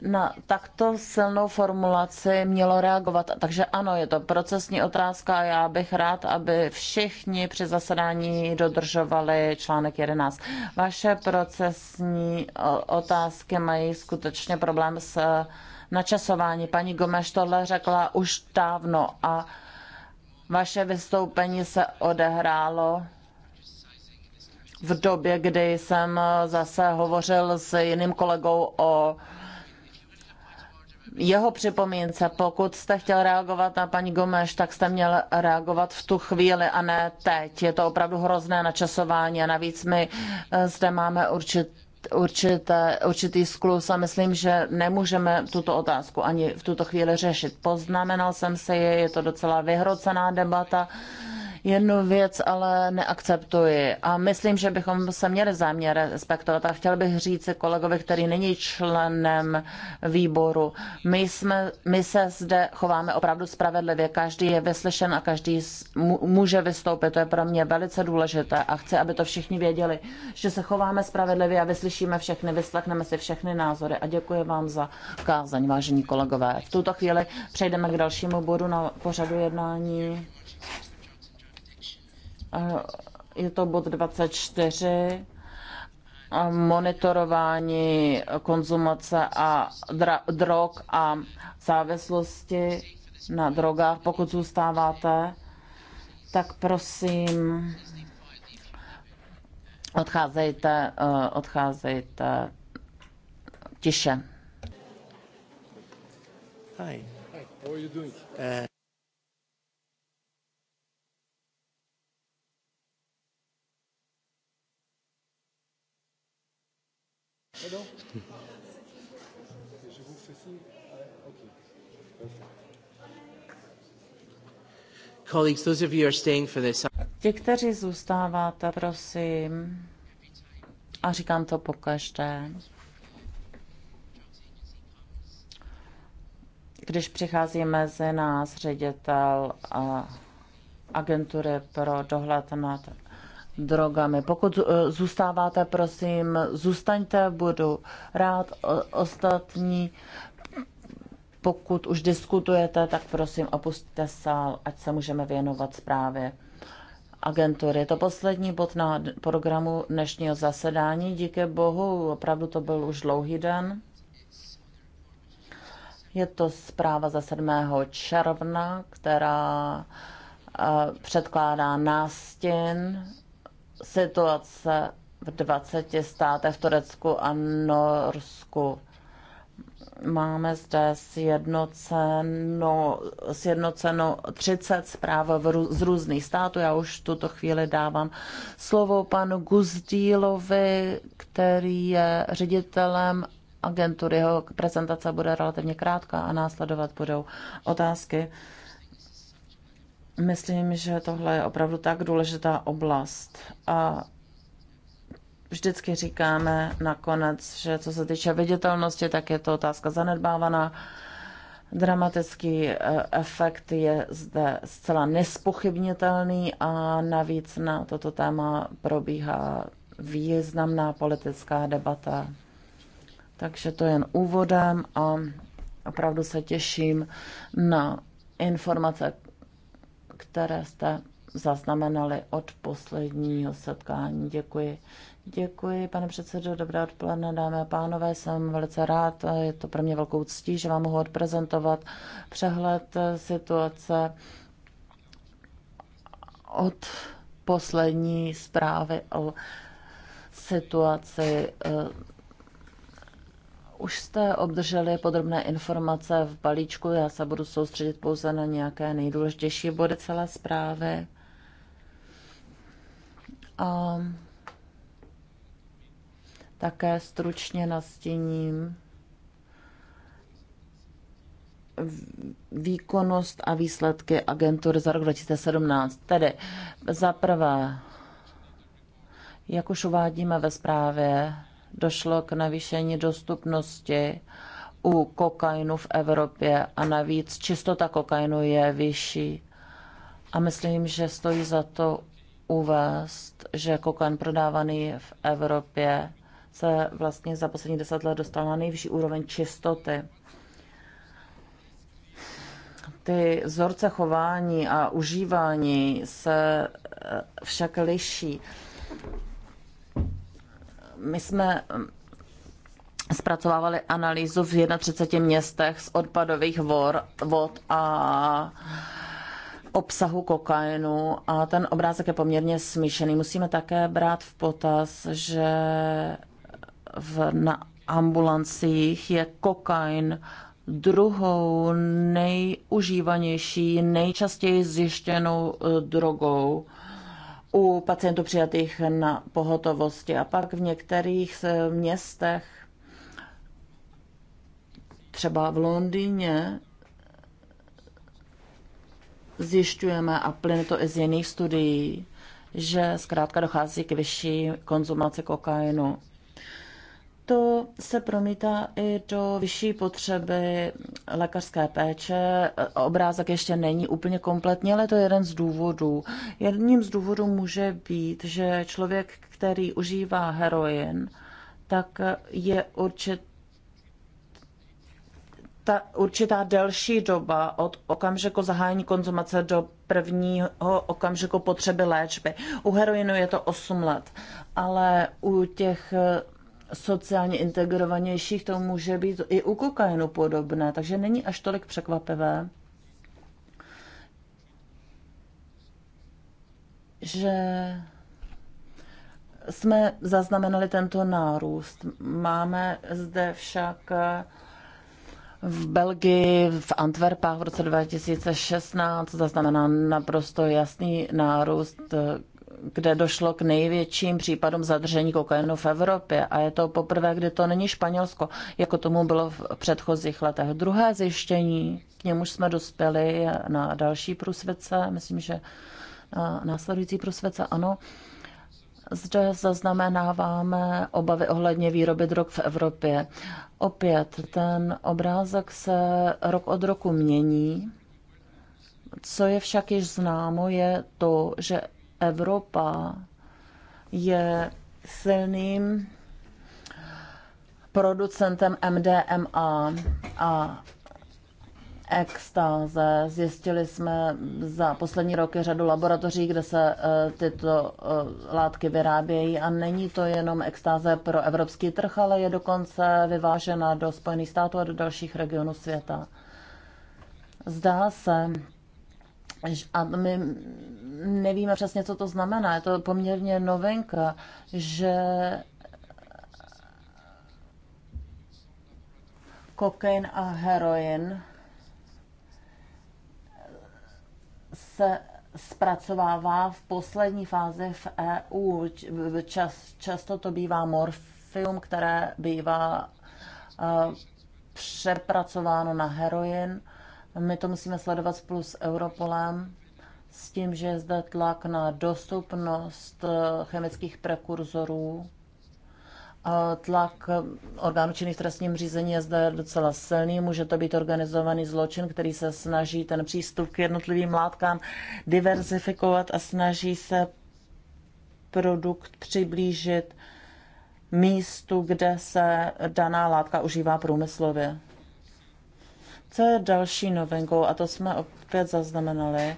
na takto silnou formulaci mělo reagovat. Takže ano, je to procesní otázka a já bych rád, aby všichni při zasedání dodržovali článek 11. Vaše procesní otázky mají skutečně problém s eh, načasováním. Paní Gomeš tohle řekla už dávno a vaše vystoupení se odehrálo v době, kdy jsem eh, zase hovořil s jiným kolegou o jeho připomínce, pokud jste chtěl reagovat na paní Gomeš, tak jste měl reagovat v tu chvíli a ne teď. Je to opravdu hrozné načasování a navíc my eh, zde máme určit, určité, určitý sklus a myslím, že nemůžeme tuto otázku ani v tuto chvíli řešit. Poznamenal jsem si, je to docela vyhrocená debata. Uh, jednu věc ale neakceptuji a myslím, že bychom se měli zájemně respektovat a chtěl bych říct kolegovi, který není členem výboru. My, jsme, my se zde chováme opravdu spravedlivě, každý je vyslyšen a každý může vystoupit, to je pro mě velice důležité a chci, aby to všichni věděli, že se chováme spravedlivě a vyslyšíme všechny, vyslechneme si všechny názory a děkuji vám za kázaň, vážení kolegové. V tuto chvíli přejdeme k dalšímu bodu na pořadu jednání. Eh, je to bod 24 eh, monitorování konzumace a dra- drog a závislosti na drogách, pokud zůstáváte, tak prosím odcházejte, eh, odcházejte tiše. Hi. Hi. How are you doing? Uh... Ti, kteří zůstáváte, prosím, a říkám to pokaždé, když přichází mezi nás ředitel agentury pro dohled nad drogami. Pokud eh, zůstáváte, prosím, zůstaňte, budu rád. Ostatní, pokud už diskutujete, tak prosím opustíte sál, ať se můžeme věnovat zprávě agentury. To poslední bod na programu dnešního zasedání. Díky bohu, opravdu to byl už dlouhý den. Je to zpráva za 7. června, která eh, předkládá nástěn situace v 20 státech v Turecku a Norsku. Máme zde sjednocenou 30 zpráv z různých států. Já už tuto chvíli dávám slovo panu Guzdílovi, který je ředitelem agentury. Jeho prezentace bude relativně krátká a následovat budou otázky. Myslím, že tohle je opravdu tak důležitá oblast a vždycky říkáme nakonec, že co se týče viditelnosti, tak je to otázka zanedbávaná. Dramatický eh, efekt je zde zcela nespochybnitelný a navíc na toto téma probíhá významná politická debata. Takže to jen úvodem a opravdu se těším na informace, které jste zaznamenali od posledního setkání. Děkuji. Děkuji, pane předsedo, dobré odpoledne, dámy a pánové. Jsem velice rád, je to pro mě velkou ctí, že vám mohu odprezentovat přehled situace od poslední zprávy o situaci eh, už jste obdrželi podrobné informace v balíčku, já se budu soustředit pouze na nějaké nejdůležitější body celé zprávy. A také stručně nastíním výkonnost a výsledky agentury za rok 2017. Tedy za prvé, jak už uvádíme ve zprávě, došlo k navýšení dostupnosti u kokainu v Evropě a navíc čistota kokainu je vyšší. A myslím, že stojí za to uvést, že kokain prodávaný v Evropě se vlastně za poslední deset let dostal na nejvyšší úroveň čistoty. Ty vzorce chování a užívání se eh, však liší. My jsme mm, zpracovávali analýzu v 31 městech z odpadových vor, vod a obsahu kokainu a ten obrázek je poměrně smíšený. Musíme také brát v potaz, že v, na ambulancích je kokain druhou nejužívanější, nejčastěji zjištěnou eh, drogou u pacientů přijatých na pohotovosti. A pak v některých městech, třeba v Londýně, zjišťujeme, a plyne to i z jiných studií, že zkrátka dochází k vyšší konzumaci kokainu to se promítá i do vyšší potřeby lékařské péče. Obrázek ještě není úplně kompletní, ale to je jeden z důvodů. Jedním z důvodů může být, že člověk, který užívá heroin, tak je určit ta určitá delší doba od okamžiku zahájení konzumace do prvního okamžiku potřeby léčby. U heroinu je to 8 let, ale u těch sociálně integrovanějších, to může být i u kokainu podobné, takže není až tolik překvapivé, že jsme zaznamenali tento nárůst. Máme zde však v Belgii, v Antwerpách v roce 2016 zaznamená naprosto jasný nárůst kde došlo k největším případům zadržení kokainu v Evropě. A je to poprvé, kdy to není Španělsko, jako tomu bylo v předchozích letech. Druhé zjištění, k němuž jsme dospěli na další průsvědce, myslím, že na následující průsvědce, ano, zde zaznamenáváme obavy ohledně výroby drog v Evropě. Opět ten obrázek se rok od roku mění. Co je však již známo, je to, že Evropa je silným producentem MDMA a extáze. Zjistili jsme za poslední roky řadu laboratoří, kde se eh, tyto eh, látky vyrábějí a není to jenom extáze pro evropský trh, ale je dokonce vyvážena do Spojených států a do dalších regionů světa. Zdá se, a my nevíme přesně, co to znamená. Je to poměrně novinka, že kokain a heroin se zpracovává v poslední fázi v EU. Čas, často to bývá morfium, které bývá uh, přepracováno na heroin. My to musíme sledovat spolu s Europolem s tím, že je zde tlak na dostupnost eh, chemických prekurzorů. Tlak orgánů činných v trestním řízení je zde docela silný. Může to být organizovaný zločin, který se snaží ten přístup k jednotlivým látkám diverzifikovat a snaží se produkt přiblížit místu, kde se daná látka užívá průmyslově. Co je další novinkou, a to jsme opět zaznamenali,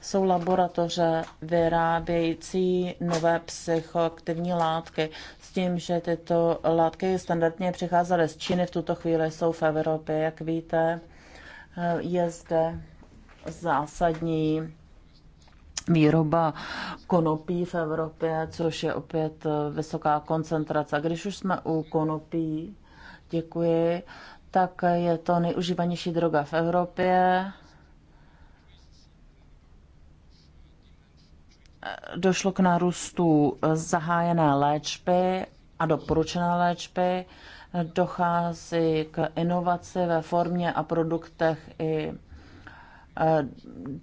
jsou laboratoře vyrábějící nové psychoaktivní látky s tím, že tyto látky standardně přicházely z Číny, v tuto chvíli jsou v Evropě, jak víte. Je zde zásadní výroba konopí v Evropě, což je opět vysoká koncentrace. Když už jsme u konopí, děkuji, tak je to nejužívanější droga v Evropě došlo k nárůstu zahájené léčby a doporučené léčby, dochází k inovaci ve formě a produktech i e,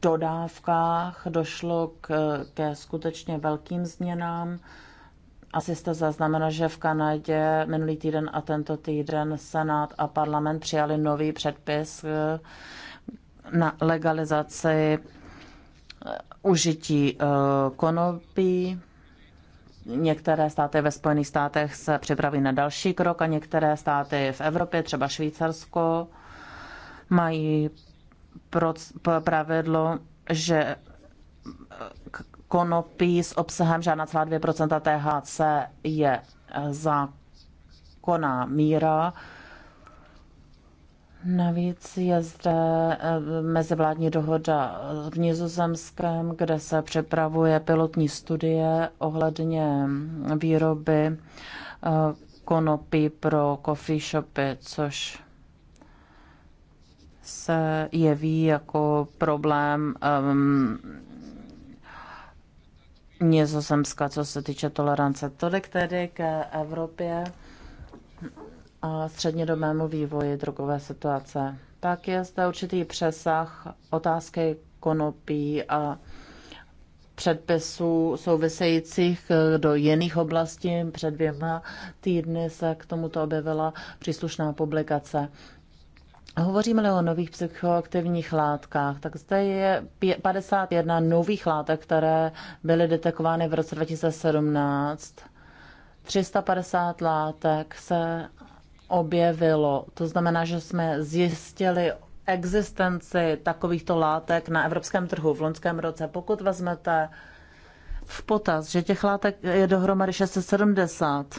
dodávkách, došlo k, ke skutečně velkým změnám. Asi jste zaznamenali, že v Kanadě minulý týden a tento týden Senát a parlament přijali nový předpis e, na legalizaci užití eh, konopí. Některé státy ve Spojených státech se připraví na další krok a některé státy v Evropě, třeba Švýcarsko, mají pravidlo, že eh, konopí s obsahem žádná celá 2% THC je eh, zákonná míra. Navíc je zde eh, mezivládní dohoda v Nizozemském, kde se připravuje pilotní studie ohledně výroby eh, konopí pro coffee shopy, což se jeví jako problém um, Nizozemska, co se týče tolerance. Tolik tedy k Evropě střednědobému vývoji drogové situace. Pak je zde určitý přesah otázky konopí a předpisů souvisejících do jiných oblastí. Před dvěma týdny se k tomuto objevila příslušná publikace. Hovoříme-li o nových psychoaktivních látkách, tak zde je 51 nových látek, které byly detekovány v roce 2017. 350 látek se objevilo. To znamená, že jsme zjistili existenci takovýchto látek na evropském trhu v loňském roce. Pokud vezmete v potaz, že těch látek je dohromady 670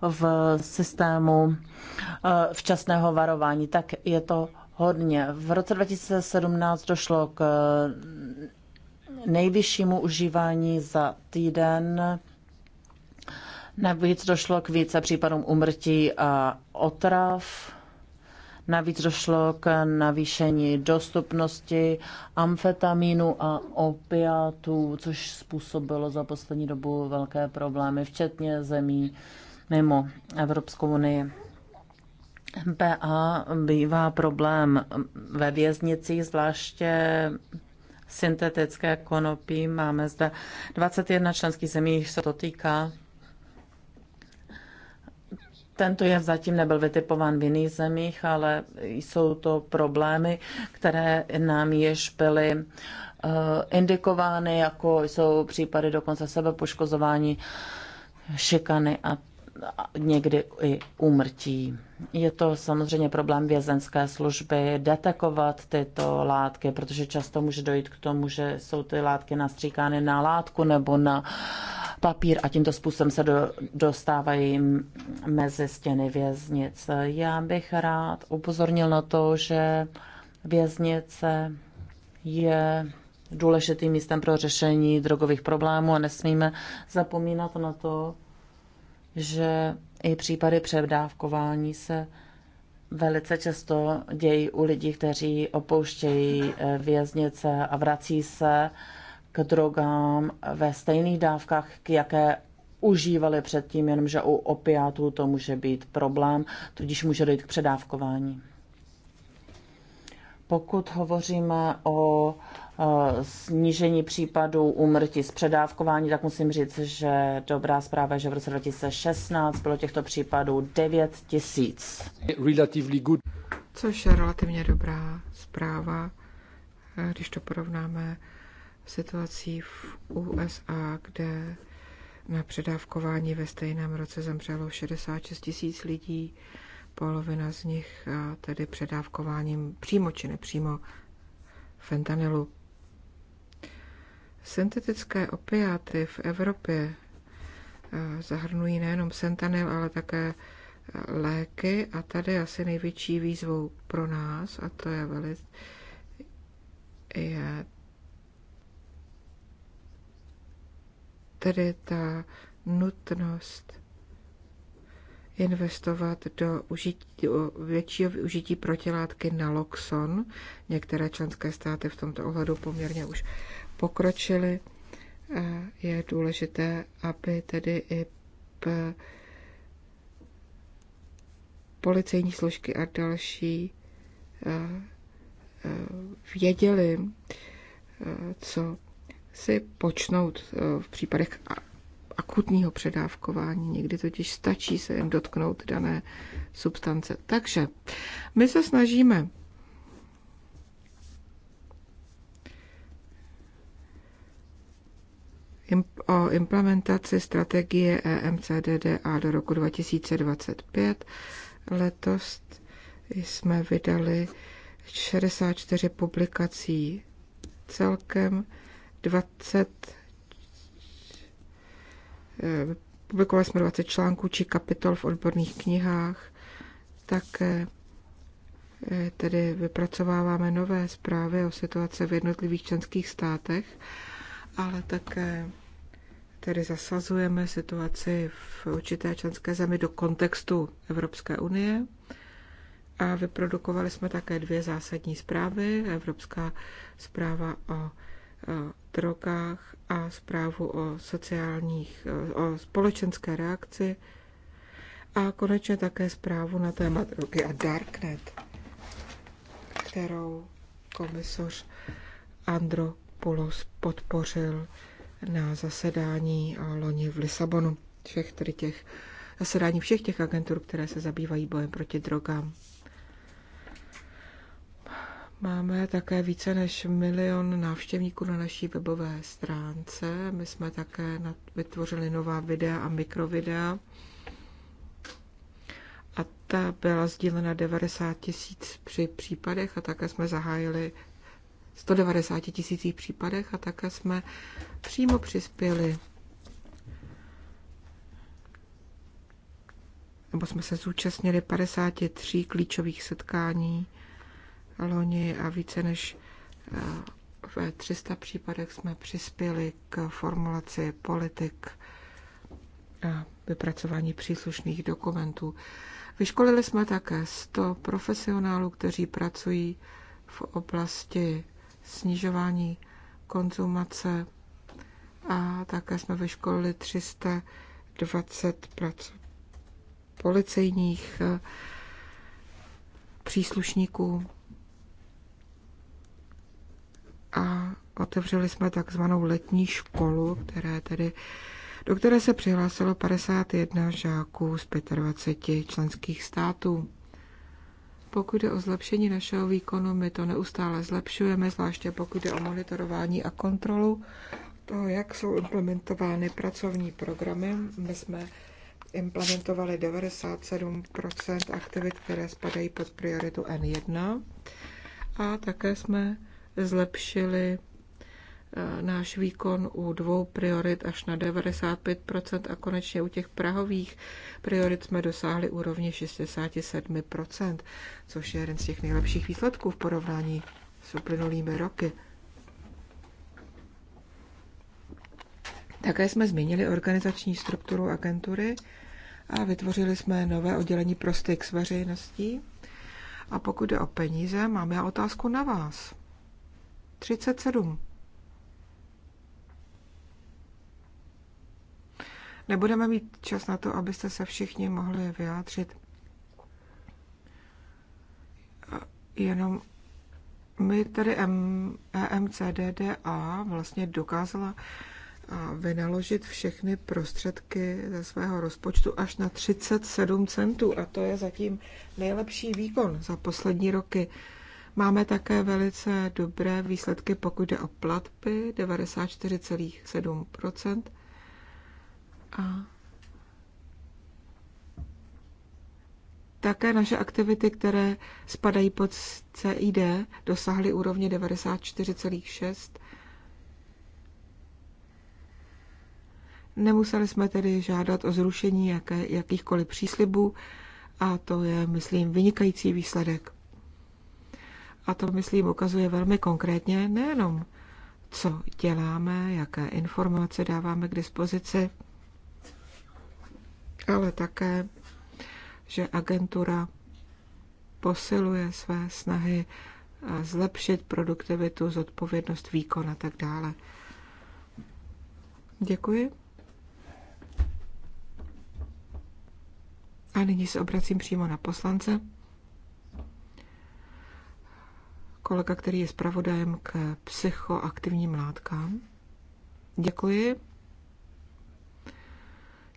v systému eh, včasného varování, tak je to hodně. V roce 2017 došlo k eh, nejvyššímu užívání za týden Navíc došlo k více případům umrtí a otrav. Navíc došlo k navýšení dostupnosti amfetamínu a opiátů, což způsobilo za poslední dobu velké problémy, včetně zemí mimo Evropskou unii. MPA bývá problém ve věznicích, zvláště syntetické konopí. Máme zde 21 členských zemí, se to týká. Tento jev zatím nebyl vytipován v jiných zemích, ale jsou to problémy, které nám již byly eh, indikovány, jako jsou případy dokonce sebepoškozování, šikany a někdy i úmrtí. Je to samozřejmě problém vězenské služby detekovat tyto látky, protože často může dojít k tomu, že jsou ty látky nastříkány na látku nebo na papír a tímto způsobem se do, dostávají mezi stěny věznic. Já bych rád upozornil na to, že věznice je důležitým místem pro řešení drogových problémů a nesmíme zapomínat na to, že i případy předávkování se velice často dějí u lidí, kteří opouštějí eh, věznice a vrací se k drogám ve stejných dávkách, k jaké užívali předtím, jenomže u opiátů to může být problém, tudíž může dojít k předávkování. Pokud hovoříme o Eh, snížení případů úmrtí z předávkování, tak musím říct, že dobrá zpráva je, že v roce 2016 bylo těchto případů 9 tisíc. Což je relativně dobrá zpráva, eh, když to porovnáme situací v USA, kde na předávkování ve stejném roce zemřelo 66 tisíc lidí, polovina z nich eh, tedy předávkováním přímo či nepřímo fentanylu. Syntetické opiáty v Evropě eh, zahrnují nejenom sentanyl, ale také eh, léky a tady asi největší výzvou pro nás, a to je velice, je tedy ta nutnost investovat do, užití, do většího využití protilátky naloxon. Některé členské státy v tomto ohledu poměrně už pokročili. Je důležité, aby tedy i policejní složky a další věděli, co si počnout v případech akutního předávkování. Někdy totiž stačí se jen dotknout dané substance. Takže my se snažíme o implementaci strategie EMCDDA do roku 2025. Letos jsme vydali 64 publikací celkem, 20 eh, publikovali jsme 20 článků či kapitol v odborných knihách, také eh, tedy vypracováváme nové zprávy o situace v jednotlivých členských státech ale také tedy zasazujeme situaci v určité členské zemi do kontextu Evropské unie. A vyprodukovali jsme také dvě zásadní zprávy. Evropská zpráva o drogách a zprávu o sociálních, o společenské reakci a konečně také zprávu na téma drogy a Darknet, kterou komisař Andro Papadopoulos podpořil na zasedání loni v Lisabonu. Všech tedy těch zasedání všech těch agentur, které se zabývají bojem proti drogám. Máme také více než milion návštěvníků na naší webové stránce. My jsme také vytvořili nová videa a mikrovidea. A ta byla sdílena 90 tisíc při případech a také jsme zahájili 190 tisících případech a také jsme přímo přispěli nebo jsme se zúčastnili 53 klíčových setkání loni a více než eh, ve 300 případech jsme přispěli k formulaci politik a vypracování příslušných dokumentů. Vyškolili jsme také 100 profesionálů, kteří pracují v oblasti snižování konzumace a také jsme vyškolili 320 prac policejních eh, příslušníků a otevřeli jsme takzvanou letní školu, které tedy, do které se přihlásilo 51 žáků z 25 členských států. Pokud je o zlepšení našeho výkonu, my to neustále zlepšujeme, zvláště pokud je o monitorování a kontrolu toho, jak jsou implementovány pracovní programy. My jsme implementovali 97 aktivit, které spadají pod prioritu N1 a také jsme zlepšili Eh, náš výkon u dvou priorit až na 95% a konečně u těch prahových priorit jsme dosáhli úrovně 67%, což je jeden z těch nejlepších výsledků v porovnání s uplynulými roky. Také jsme změnili organizační strukturu agentury a vytvořili jsme nové oddělení pro styk s veřejností. A pokud jde o peníze, mám já otázku na vás. 37 nebudeme mít čas na to, abyste se všichni mohli vyjádřit. Jenom my tady EMCDDA vlastně dokázala vynaložit všechny prostředky ze svého rozpočtu až na 37 centů a to je zatím nejlepší výkon za poslední roky. Máme také velice dobré výsledky, pokud jde o platby, 94,7%. A také naše aktivity, které spadají pod CID, dosáhly úrovně 94,6. Nemuseli jsme tedy žádat o zrušení jaké, jakýchkoliv příslibů a to je, myslím, vynikající výsledek. A to, myslím, ukazuje velmi konkrétně nejenom, co děláme, jaké informace dáváme k dispozici, ale také, že agentura posiluje své snahy eh, zlepšit produktivitu, zodpovědnost, výkon a tak dále. Děkuji. A nyní se obracím přímo na poslance. Kolega, který je zpravodajem k psychoaktivním látkám. Děkuji.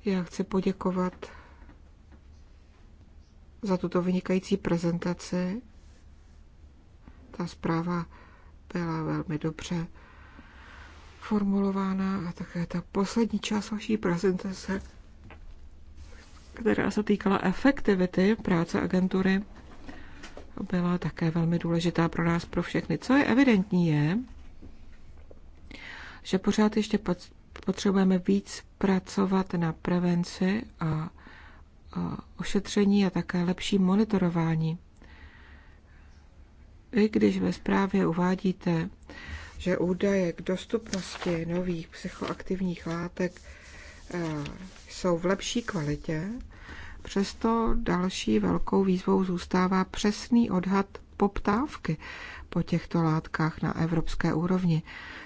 Já chci poděkovat za tuto vynikající prezentaci. Ta zpráva byla velmi dobře formulována a také ta poslední část vaší prezentace, která se týkala efektivity práce agentury, byla také velmi důležitá pro nás, pro všechny. Co je evidentní je, že pořád ještě Potřebujeme víc pracovat na prevenci a ošetření a také lepší monitorování. Vy, když ve zprávě uvádíte, že údaje k dostupnosti nových psychoaktivních látek e, jsou v lepší kvalitě, přesto další velkou výzvou zůstává přesný odhad poptávky po těchto látkách na evropské úrovni.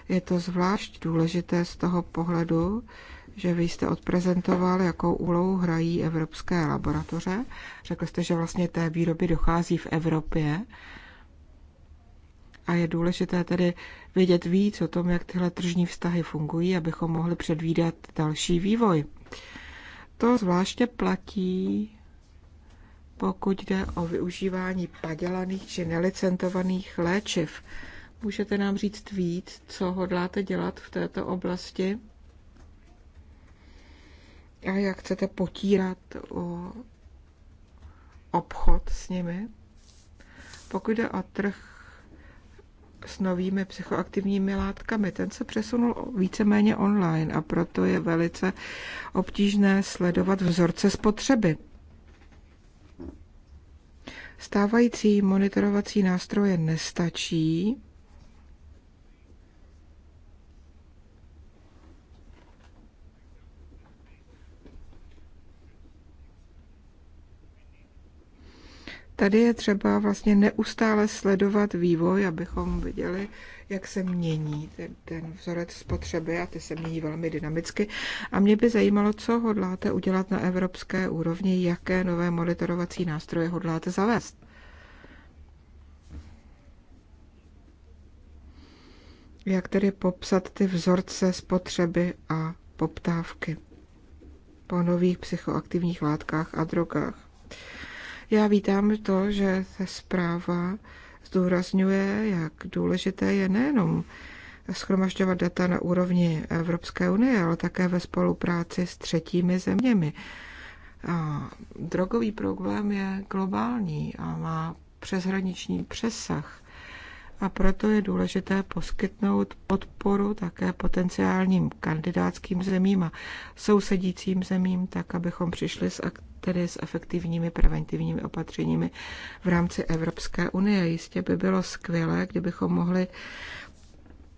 Je to zvlášť důležité z toho pohledu, že vy jste odprezentoval, jakou úlohu hrají evropské laboratoře. Řekl jste, že vlastně té výroby dochází v Evropě. A je důležité tedy vědět víc o tom, jak tyhle tržní vztahy fungují, abychom mohli předvídat další vývoj. To zvláště platí pokud jde o využívání padělaných či nelicentovaných léčiv. Můžete nám říct víc, co hodláte dělat v této oblasti a jak chcete potírat o obchod s nimi? Pokud jde o trh s novými psychoaktivními látkami. Ten se přesunul víceméně online a proto je velice obtížné sledovat vzorce spotřeby. Stávající monitorovací nástroje nestačí Tady je třeba vlastně neustále sledovat vývoj, abychom viděli, jak se mění ten, ten vzorec spotřeby a ty se mění velmi dynamicky. A mě by zajímalo, co hodláte udělat na evropské úrovni, jaké nové monitorovací nástroje hodláte zavést. Jak tedy popsat ty vzorce spotřeby a poptávky po nových psychoaktivních látkách a drogách? Já vítám to, že ta zpráva zdůrazňuje, jak důležité je nejenom schromažďovat data na úrovni Evropské unie, ale také ve spolupráci s třetími zeměmi. A drogový problém je globální a má přeshraniční přesah. A proto je důležité poskytnout podporu také potenciálním kandidátským zemím a sousedícím zemím, tak abychom přišli s, tedy s efektivními preventivními opatřeními v rámci Evropské unie. Jistě by bylo skvělé, kdybychom mohli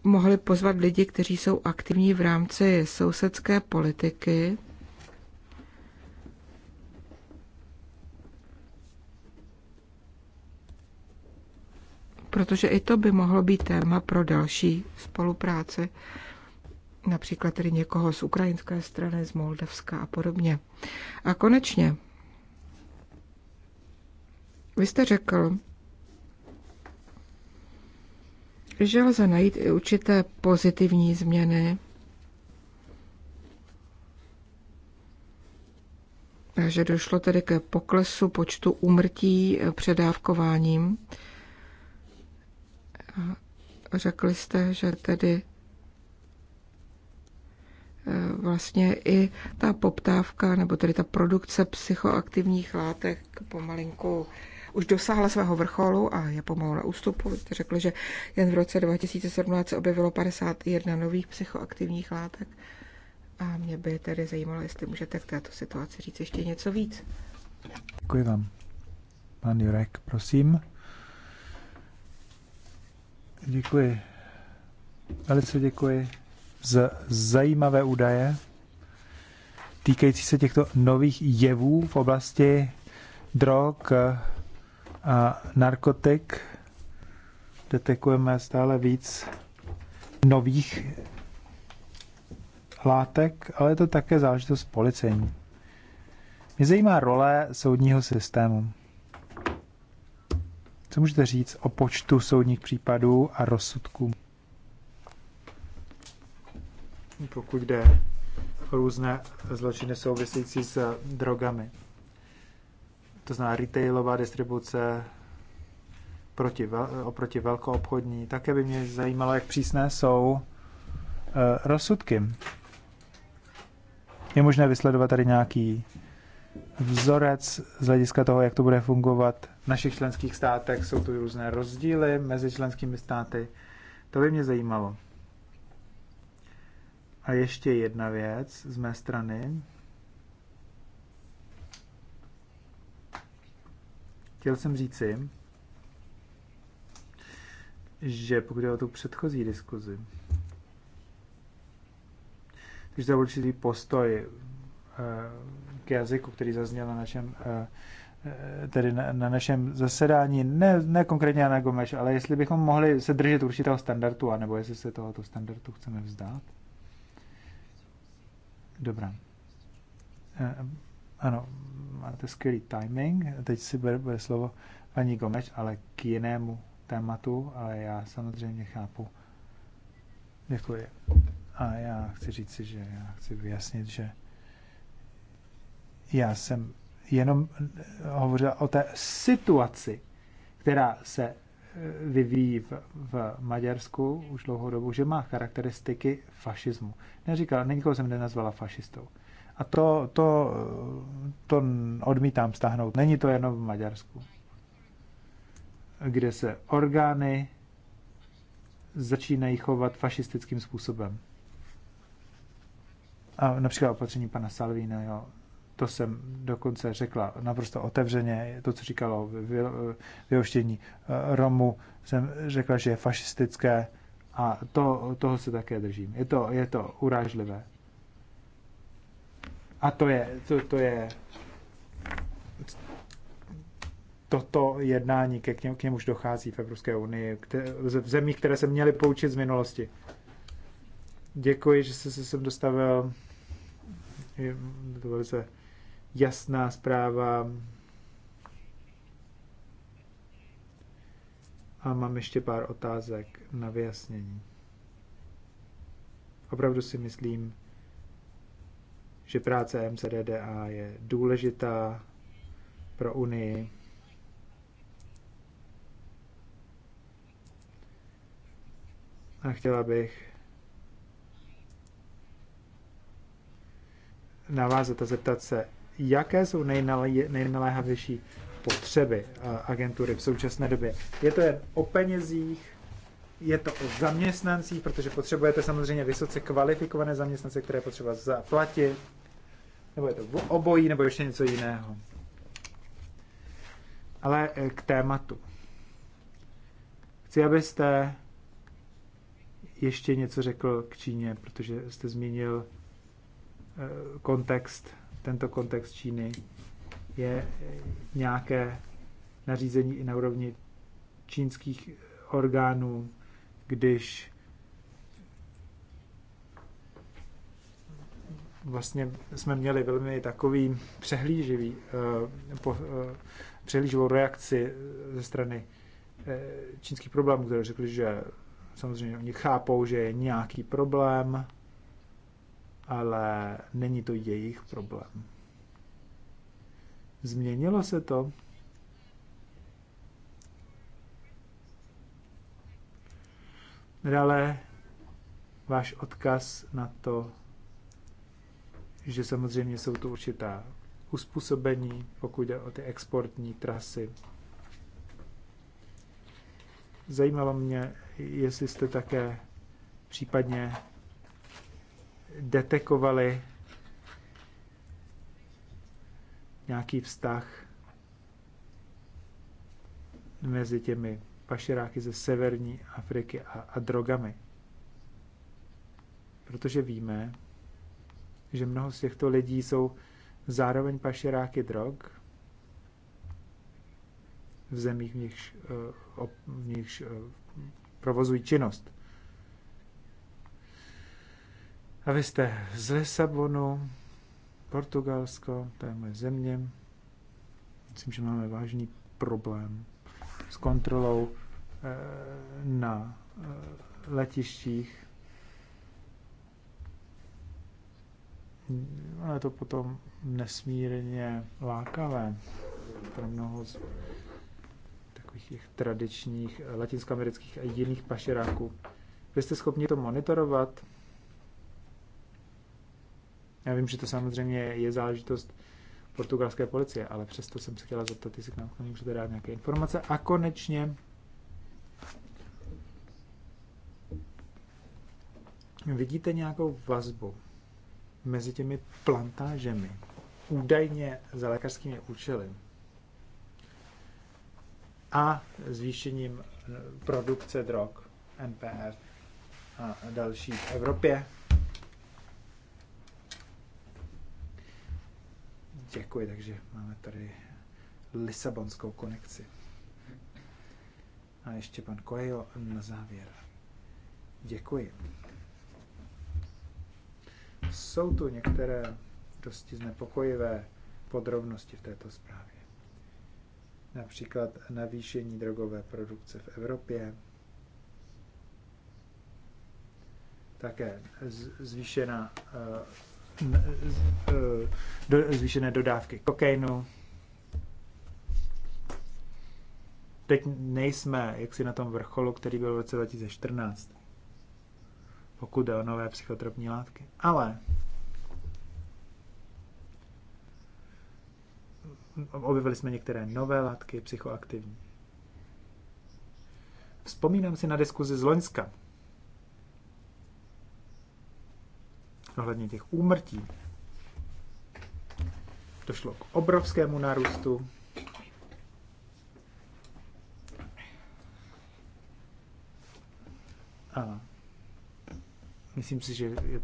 mohli pozvat lidi, kteří jsou aktivní v rámci sousedské politiky. Protože i to by mohlo být téma pro další spolupráci například tedy někoho z ukrajinské strany, z Moldavska a podobně. A konečně, vy jste řekl, že lze najít i určité pozitivní změny, že došlo tedy ke poklesu počtu úmrtí předávkováním. Řekli jste, že tedy vlastně i ta poptávka, nebo tedy ta produkce psychoaktivních látek pomalinku už dosáhla svého vrcholu a je pomalu na ústupu. Řekl řekli, že jen v roce 2017 se objevilo 51 nových psychoaktivních látek. A mě by tedy zajímalo, jestli můžete k této situaci říct ještě něco víc. Děkuji vám. Pan Jurek, prosím. Děkuji. Velice děkuji z zajímavé údaje týkající se těchto nových jevů v oblasti drog a narkotik. Detekujeme stále víc nových látek, ale je to také záležitost policejní. Mě zajímá role soudního systému. Co můžete říct o počtu soudních případů a rozsudků? pokud jde různé zločiny související s drogami. To znamená retailová distribuce proti, oproti velkoobchodní. Také by mě zajímalo, jak přísné jsou eh, rozsudky. Je možné vysledovat tady nějaký vzorec z hlediska toho, jak to bude fungovat v našich členských státech. Jsou tu různé rozdíly mezi členskými státy. To by mě zajímalo. A ještě jedna věc z mé strany. Chtěl jsem říci, že pokud je o tu předchozí diskuzi, když za určitý postoj eh, k jazyku, který zazněl na našem, eh, eh, tedy na, na našem zasedání, ne, ne konkrétně na Gomeš, ale jestli bychom mohli se držet určitého standardu, anebo jestli se tohoto standardu chceme vzdát. Dobrá. Eh, ano, máte skvělý timing. Teď si bude, bude slovo paní Gomeč, ale k jinému tématu, ale já samozřejmě chápu. Děkuji. A já chci říct, si, že já chci vyjasnit, že já jsem jenom eh, hovořil o té situaci, která se vyvíjí v, v Maďarsku už dlouhou dobu, že má charakteristiky fašismu. Neříkal, nikoho jsem nenazvala fašistou. A to, to, to odmítám stáhnout. Není to jenom v Maďarsku, kde se orgány začínají chovat fašistickým způsobem. A například opatření pana Salvina, jo, to jsem dokonce řekla naprosto otevřeně, to, co říkalo vyhoštění eh, Romu, jsem řekla, že je fašistické a to, toho se také držím. Je to, je to urážlivé. A to je, to, to je toto jednání, ke k, němu, němuž dochází v Evropské unii, které, v zemích, které se měly poučit z minulosti. Děkuji, že jste se sem dostavil. Je to velice jasná zpráva. A mám ještě pár otázek na vyjasnění. Opravdu si myslím, že práce MCDDA je důležitá pro Unii. A chtěla bych navázat a zeptat se, jaké jsou nejnaléhavější potřeby eh, agentury v současné době. Je to jen o penězích, je to o zaměstnancích, protože potřebujete samozřejmě vysoce kvalifikované zaměstnance, které potřeba zaplatit, nebo je to obojí, nebo ještě něco jiného. Ale eh, k tématu. Chci, abyste ještě něco řekl k Číně, protože jste zmínil eh, kontext tento kontext Číny je nějaké nařízení i na úrovni čínských orgánů, když vlastně jsme měli velmi takový přehlíživý, eh, po, eh, přehlíživou reakci eh, ze strany čínských problémů, které řekli, že samozřejmě oni chápou, že je nějaký problém, ale není to jejich problém. Změnilo se to? Dále váš odkaz na to, že samozřejmě jsou tu určitá uspůsobení, pokud jde o ty exportní trasy. Zajímalo mě, jestli jste také případně detekovali nějaký vztah mezi těmi pašeráky ze severní Afriky a, a drogami. Protože víme, že mnoho z těchto lidí jsou zároveň pašeráky drog v zemích, v nichž, eh, v nichž eh, provozují činnost. A vy jste z Lisabonu, Portugalsko, to je moje země. Myslím, že máme vážný problém s kontrolou eh, na eh, letištích. Ale to potom nesmírně lákavé pro mnoho z takových těch tradičních eh, latinskoamerických a jiných pašeráků. Vy jste schopni to monitorovat? Já vím, že to samozřejmě je záležitost portugalské policie, ale přesto jsem se chtěla zeptat, jestli k nám můžete dát nějaké informace. A konečně vidíte nějakou vazbu mezi těmi plantážemi, údajně za lékařskými účely, a zvýšením produkce drog, NPR a další v Evropě. Děkuji, takže máme tady Lisabonskou konekci. A ještě pan Coelho na závěr. Děkuji. Jsou tu některé dosti znepokojivé podrobnosti v této zprávě. Například navýšení drogové produkce v Evropě, také zvýšená eh, E, do, zvýšené dodávky kokainu. Teď nejsme jaksi na tom vrcholu, který byl v roce 2014, pokud jde o nové psychotropní látky. Ale objevili jsme některé nové látky psychoaktivní. Vzpomínám si na diskuzi z Loňska, ohledně těch úmrtí. Došlo k obrovskému nárůstu. A myslím si, že je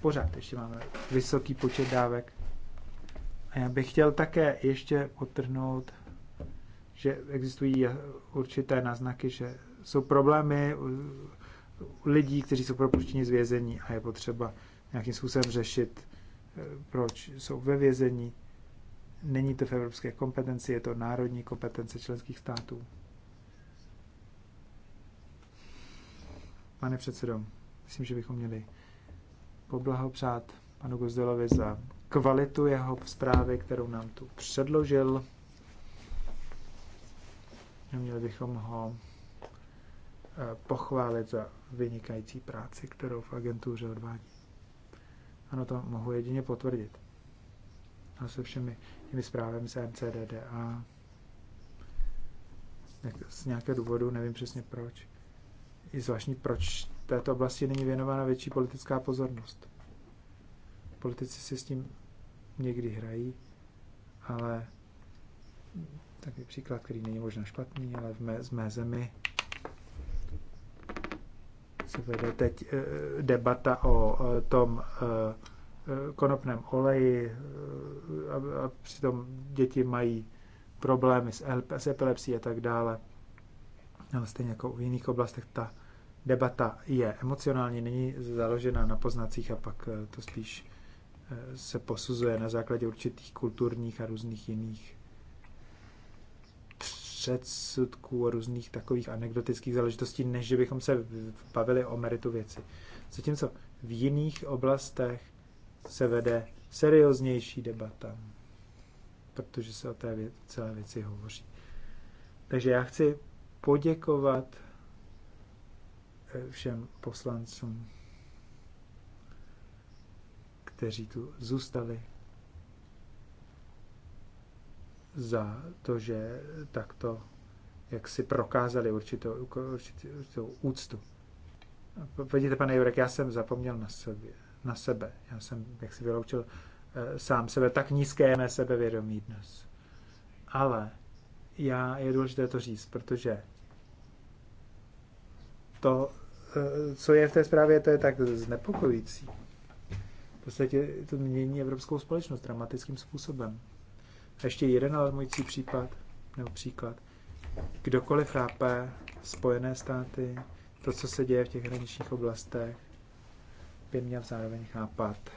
pořád ještě máme vysoký počet dávek. A já bych chtěl také ještě potrhnout, že existují určité náznaky, že jsou problémy lidí, kteří jsou propuštěni z vězení a je potřeba nějakým způsobem řešit, eh, proč jsou ve vězení. Není to v evropské kompetenci, je to národní kompetence členských států. Pane předsedo, myslím, že bychom měli poblahopřát panu Gozdelovi za kvalitu jeho zprávy, kterou nám tu předložil. Měli bychom ho Eh, pochválit za vynikající práci, kterou v agentuře odvádí. Ano, to mohu jedině potvrdit. A se všemi těmi zprávami z MCDD a z nějakého důvodu, nevím přesně proč, i zvláštní, proč této oblasti není věnována větší politická pozornost. Politici si s tím někdy hrají, ale takový příklad, který není možná špatný, ale v mé, z mé zemi se vede teď eh, debata o eh, tom eh, konopném oleji a přitom děti mají problémy s epilepsií a tak dále. Ale stejně jako v jiných oblastech ta debata je emocionální, není založena na poznacích a pak to spíš se posuzuje na základě určitých kulturních a různých jiných předsudků a různých takových anekdotických záležitostí, než že bychom se bavili o meritu věci. Zatímco v jiných oblastech se vede serióznější debata, protože se o té vě- celé věci hovoří. Takže já chci poděkovat eh, všem poslancům, kteří tu zůstali za to, že takto jak si prokázali určitou, určitou, určitou úctu. Vidíte, pane Jurek, já jsem zapomněl na sebe. Na sebe. Já jsem, jak si vyloučil eh, sám sebe, tak nízké mé sebevědomí dnes. Ale já, je důležité to říct, protože to, eh, co je v té zprávě, to je tak znepokojící. V podstatě to mění evropskou společnost dramatickým způsobem. A Ještě jeden alarmující případ, nebo příklad. Kdokoliv chápe Spojené státy, to, co se děje v těch hraničních oblastech, by měl zároveň chápat,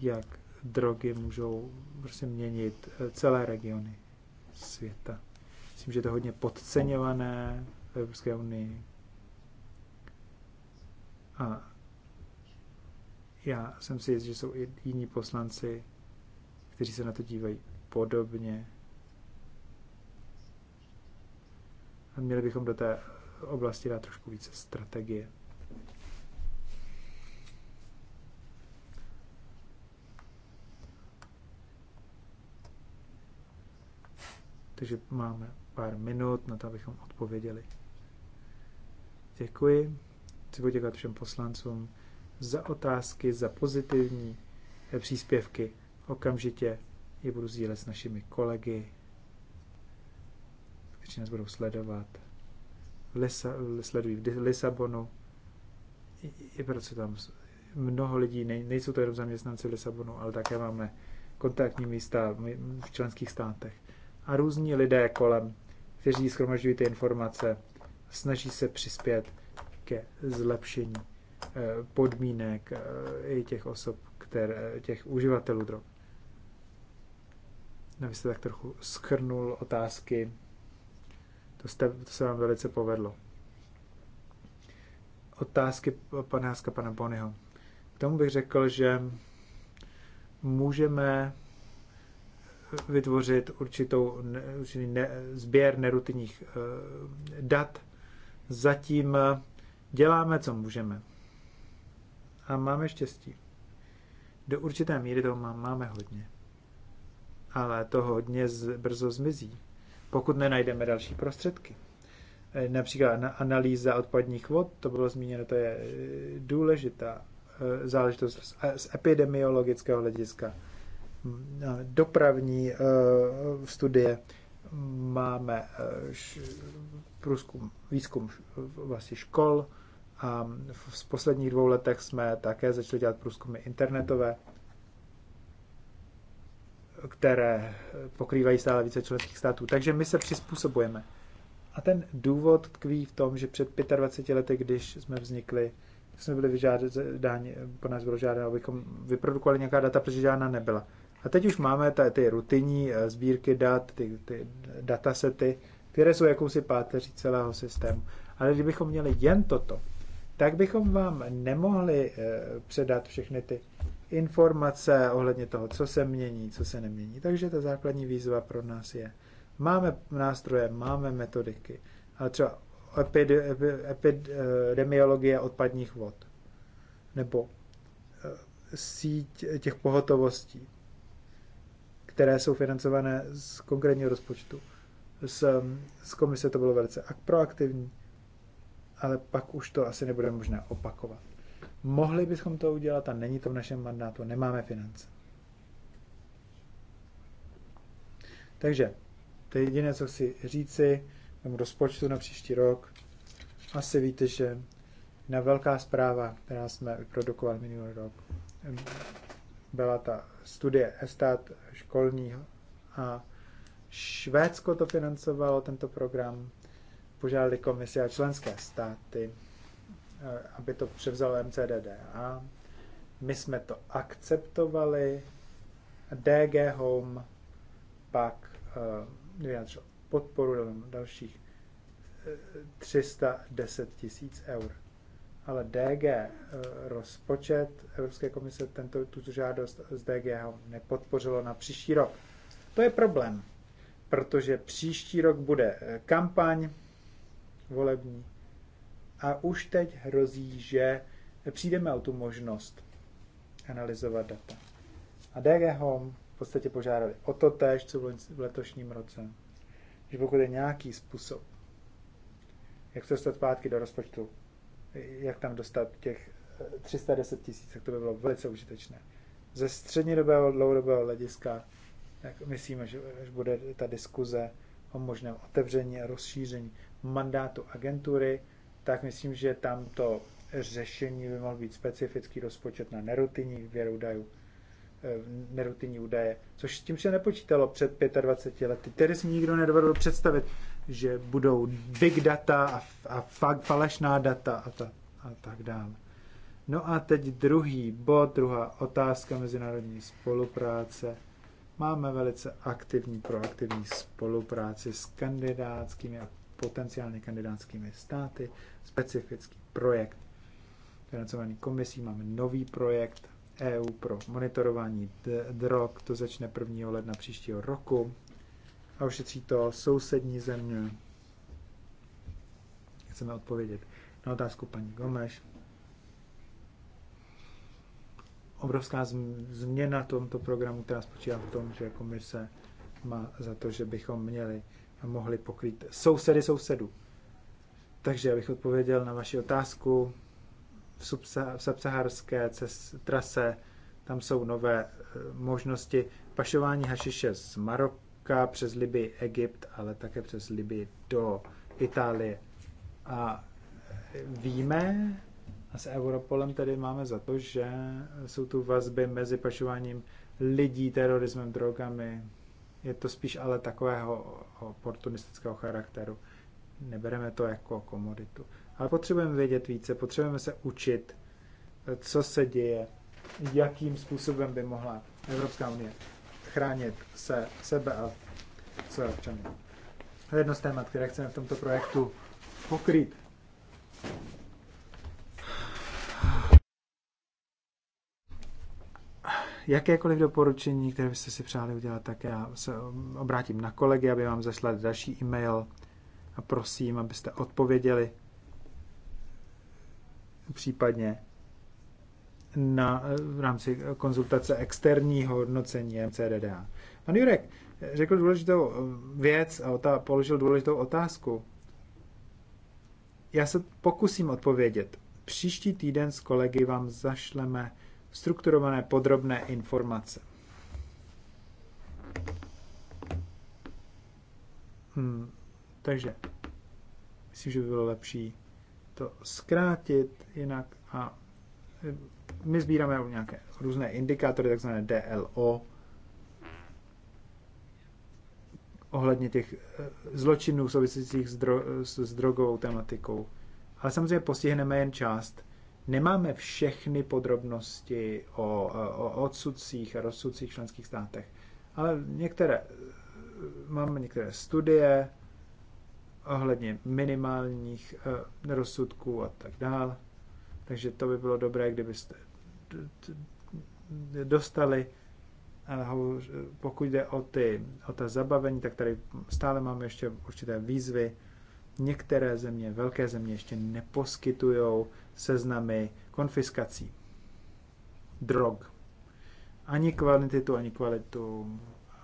jak drogy můžou prostě měnit eh, celé regiony světa. Myslím, že to je hodně podceňované v Evropské unii. A já jsem si jist, že jsou i jiní poslanci, kteří se na to dívají podobně. A měli bychom do té oblasti dát trošku více strategie. Takže máme pár minut na to, abychom odpověděli. Děkuji. Chci poděkovat všem poslancům za otázky, za pozitivní eh, příspěvky. Okamžitě je budu sdílet s našimi kolegy, kteří nás budou sledovat. Lisa, sledují v Lisabonu, i proto tam mnoho lidí, ne, nejsou to jenom zaměstnanci v Lisabonu, ale také máme kontaktní místa v členských státech. A různí lidé kolem, kteří schromažďují ty informace, snaží se přispět ke zlepšení eh, podmínek eh, i těch osob, které, těch uživatelů drog. No, vy jste tak trochu schrnul otázky. To, jste, to se vám velice povedlo. Otázky pana Haska, pana Bonyho. K tomu bych řekl, že můžeme vytvořit určitou, určitý ne, sběr nerutinních uh, dat. Zatím eh, děláme, co můžeme. A máme štěstí. Do určité míry toho máme hodně ale to hodně z, brzo zmizí, pokud nenajdeme další prostředky. E, například analýza odpadních vod, to bylo zmíněno, to je e, důležitá e, záležitost z epidemiologického hlediska. Dopravní studie, máme průzkum, výzkum vlastně škol a v posledních dvou letech jsme také začali dělat průzkumy internetové které pokrývají stále více členských států. Takže my se přizpůsobujeme. A ten důvod tkví v tom, že před 25 lety, když jsme vznikli, jsme byli vyžádáni, po nás bylo žádáno, abychom vyprodukovali nějaká data, protože žádná nebyla. A teď už máme ta, ty rutinní eh, sbírky dat, ty, ty datasety, které jsou jakousi páteří celého systému. Ale kdybychom měli jen toto, tak bychom vám nemohli eh, předat všechny ty informace ohledně toho, co se mění, co se nemění. Takže ta základní výzva pro nás je, máme nástroje, máme metodiky, ale třeba epidemiologie odpadních vod nebo eh, síť těch pohotovostí, které jsou financované z konkrétního rozpočtu. Z, z komise to bylo velice proaktivní, ale pak už to asi nebude možné opakovat. Mohli bychom to udělat a není to v našem mandátu, nemáme finance. Takže to je jediné, co chci říci tomu rozpočtu na příští rok. Asi víte, že na velká zpráva, která jsme produkovali minulý rok, byla ta studie Estat školního a Švédsko to financovalo, tento program, požádali komisi a členské státy. Eh, aby to převzal MCDDA. My jsme to akceptovali. DG Home pak eh, vyjádřil podporu dalších 310 eh, tisíc eur. Ale DG rozpočet Evropské komise tento, tuto žádost z DG Home nepodpořilo na příští rok. To je problém, protože příští rok bude kampaň volební a už teď hrozí, že přijdeme o tu možnost analyzovat data. A DG Home v podstatě požádali o to též, co v letošním roce. Že pokud je nějaký způsob, jak se dostat zpátky do rozpočtu, jak tam dostat těch 310 eh, tisíc, tak to by bylo velice užitečné. Ze střednědobého dlouhodobého hlediska tak myslíme, že až bude ta diskuze o možném otevření a rozšíření mandátu agentury, tak myslím, že tam to řešení by mohl být specifický rozpočet na nerutinní výběr údajů, eh, nerutinní údaje, což s tím se nepočítalo před 25 lety. Tedy si nikdo nedovedl představit, že budou big data a, a fakt falešná data a, ta, a tak dále. No a teď druhý bod, druhá otázka mezinárodní spolupráce. Máme velice aktivní, proaktivní spolupráci s kandidátskými a potenciálně kandidátskými státy, specifický projekt financovaný komisí. Máme nový projekt EU pro monitorování drog, to začne 1. ledna příštího roku a ošetří to sousední země. Chceme odpovědět na otázku paní Gomeš. Obrovská změna tomto programu, která spočívá v tom, že komise má za to, že bychom měli mohli pokrýt sousedy sousedů. Takže abych odpověděl na vaši otázku, v, subsa, v subsaharské cest, trase tam jsou nové eh, možnosti pašování hašiše z Maroka přes Libii, Egypt, ale také přes Libii do Itálie. A eh, víme, a s Europolem tedy máme za to, že jsou tu vazby mezi pašováním lidí, terorismem, drogami, je to spíš ale takového oportunistického charakteru. Nebereme to jako komoditu. Ale potřebujeme vědět více, potřebujeme se učit, co se děje, jakým způsobem by mohla Evropská unie chránit se, sebe a své občany. To je jedno z témat, které chceme v tomto projektu pokrýt. jakékoliv doporučení, které byste si přáli udělat, tak já se obrátím na kolegy, aby vám zaslali další e-mail a prosím, abyste odpověděli případně na, v rámci konzultace externího hodnocení MCDDA. Pan Jurek řekl důležitou eh, věc a otá- položil důležitou otázku. Já se pokusím odpovědět. Příští týden s kolegy vám zašleme strukturované podrobné informace. Hmm, takže myslím, že by bylo lepší to zkrátit jinak a eh, my sbíráme nějaké různé indikátory, takzvané DLO, ohledně těch eh, zločinů souvisících s, dro- s drogovou tematikou. Ale samozřejmě postihneme jen část Nemáme všechny podrobnosti o, o odsudcích a rozsudcích členských státech, ale některé, máme některé studie ohledně minimálních eh, rozsudků a tak dále. Takže to by bylo dobré, kdybyste dostali, pokud jde o, ty, o ta zabavení, tak tady stále máme ještě určité výzvy. Některé země, velké země ještě neposkytují seznamy konfiskací drog. Ani kvantitu, ani kvalitu,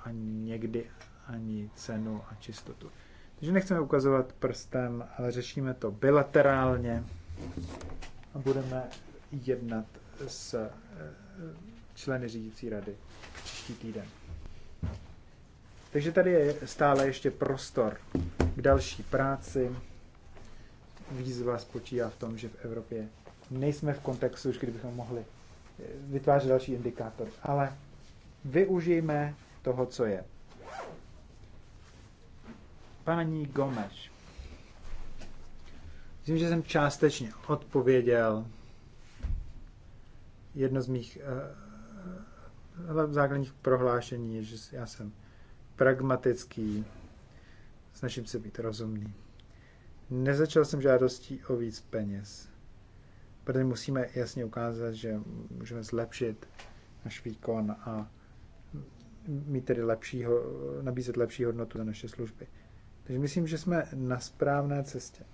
ani někdy ani cenu a čistotu. Takže nechceme ukazovat prstem, ale řešíme to bilaterálně a budeme jednat s eh, členy řídící rady příští týden. Takže tady je stále ještě prostor k další práci výzva spočívá v tom, že v Evropě nejsme v kontextu, už kdybychom mohli eh, vytvářet další indikátor, ale využijme toho, co je. Paní Gomeš. Myslím, že jsem částečně odpověděl jedno z mých uh, základních prohlášení, že já jsem pragmatický, snažím se být rozumný. Nezačal jsem žádostí o víc peněz, protože musíme jasně ukázat, že můžeme zlepšit náš výkon a mít tedy lepšího, nabízet lepší hodnotu za naše služby. Takže myslím, že jsme na správné cestě.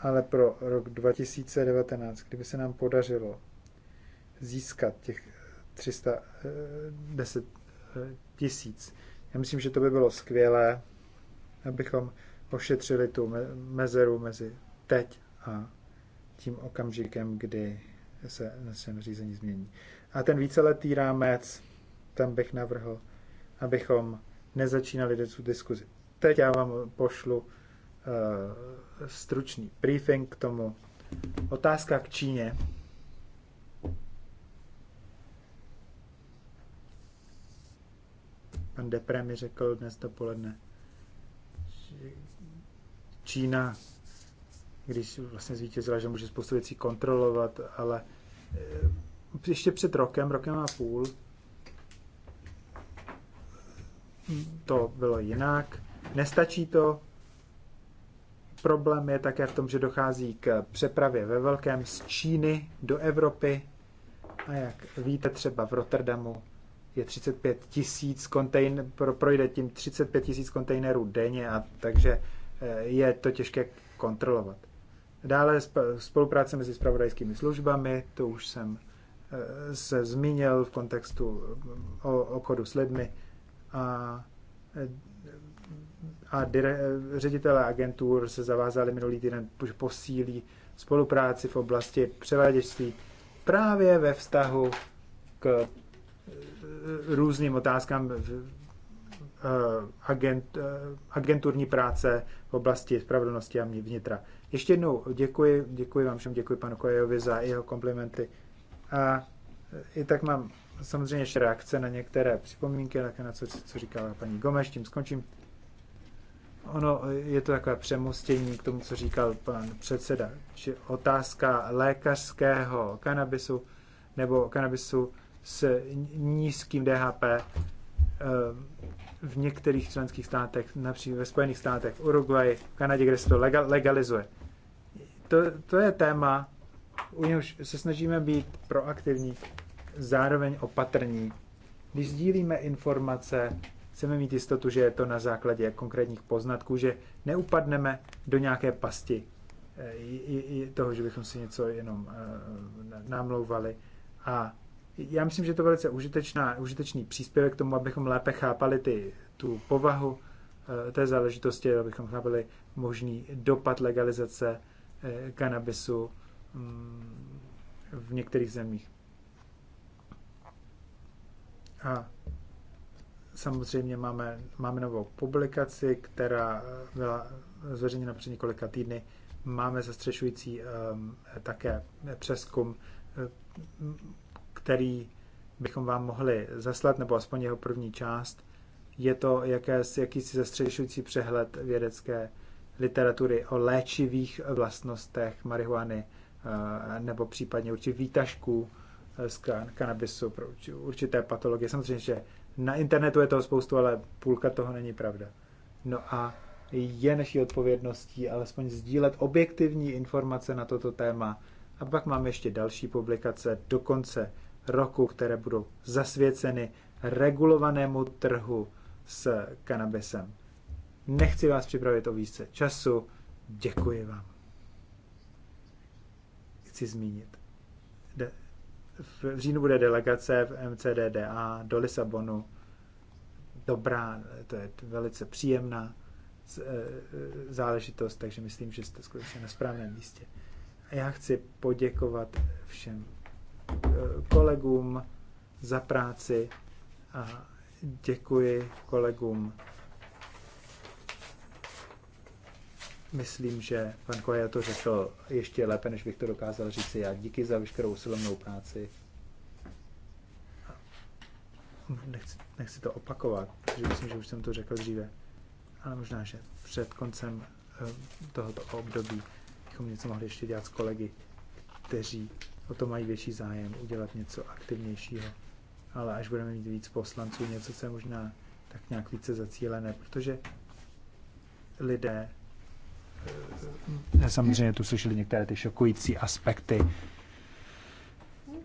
Ale pro rok 2019, kdyby se nám podařilo získat těch 310 eh, eh, tisíc, já myslím, že to by bylo skvělé, abychom ošetřili tu mezeru mezi teď a tím okamžikem, kdy se naše nařízení změní. A ten víceletý rámec, tam bych navrhl, abychom nezačínali diskuzi. Teď já vám pošlu uh, stručný briefing k tomu. Otázka k Číně. Pan Deprem mi řekl dnes dopoledne, Čína, když vlastně zvítězila, že může spoustu věcí kontrolovat, ale eh, ještě před rokem, rokem a půl, to bylo jinak. Nestačí to. Problém je také v tom, že dochází k přepravě ve velkém z Číny do Evropy. A jak víte, třeba v Rotterdamu je 35 tisíc kontejnerů, projde tím 35 tisíc kontejnerů denně, a takže Eh, je to těžké kontrolovat. Dále spolupráce mezi spravodajskými službami, to už jsem eh, se zmínil v kontextu mm, o obchodu s lidmi a, eh, a dire, ředitelé agentur se zavázali minulý týden, že posílí spolupráci v oblasti převaděčství právě ve vztahu k různým otázkám Eh, agent, eh, agenturní práce v oblasti spravedlnosti a vnitra. Ještě jednou děkuji, děkuji vám všem, děkuji panu Kojejovi za jeho komplimenty. A eh, i tak mám samozřejmě ještě reakce na některé připomínky, také na co, co říkala paní Gomeš, tím skončím. Ono je to takové přemostění k tomu, co říkal pan předseda, či otázka lékařského kanabisu nebo kanabisu s nízkým DHP v některých členských státech, například ve Spojených státech, Uruguay, v Kanadě, kde se to legalizuje. To, to je téma, u něhož se snažíme být proaktivní, zároveň opatrní. Když sdílíme informace, chceme mít jistotu, že je to na základě konkrétních poznatků, že neupadneme do nějaké pasti eh, toho, že bychom si něco jenom eh, namlouvali a já myslím, že to je velice užitečná, užitečný příspěvek k tomu, abychom lépe chápali ty, tu povahu eh, té záležitosti, abychom chápali možný dopad legalizace eh, kanabisu mm, v některých zemích. A samozřejmě máme, máme novou publikaci, která byla zveřejněna před několika týdny. Máme zastřešující um, také přeskum eh, který bychom vám mohli zaslat, nebo aspoň jeho první část, je to jakési, jakýsi zastřešující přehled vědecké literatury o léčivých vlastnostech marihuany eh, nebo případně určitých výtažků eh, z kanabisu pro určité patologie. Samozřejmě, že na internetu je toho spoustu, ale půlka toho není pravda. No a je naší odpovědností alespoň sdílet objektivní informace na toto téma. A pak máme ještě další publikace do konce roku, které budou zasvěceny regulovanému trhu s kanabisem. Nechci vás připravit o více času. Děkuji vám. Chci zmínit. De- v říjnu bude delegace v MCDDA do Lisabonu. Dobrá, to je velice příjemná e, e, záležitost, takže myslím, že jste skutečně na správném místě. A já chci poděkovat všem Eh, kolegům za práci a děkuji kolegům. Myslím, že pan Koja to řekl ještě lépe, než bych to dokázal říct já. Díky za veškerou silnou práci. Nechci, nechci to opakovat, protože myslím, že už jsem to řekl dříve, ale možná, že před koncem eh, tohoto období bychom něco mohli ještě dělat s kolegy, kteří o to mají větší zájem udělat něco aktivnějšího. Ale až budeme mít víc poslanců, něco, se je možná tak nějak více zacílené, protože lidé eh, samozřejmě tu slyšeli některé ty šokující aspekty. Uh,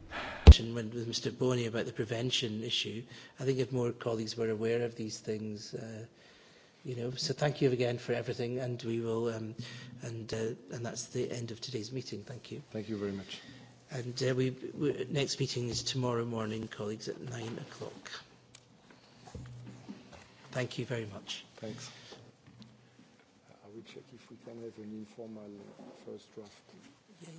you know. So thank you again for everything, and we will, um, and uh, and that's the end of today's meeting. Thank you. Thank you very much. And uh, we, we, next meeting is tomorrow morning, colleagues, at nine o'clock. Thank you very much. Thanks. Uh, I will check if we can have an informal first draft.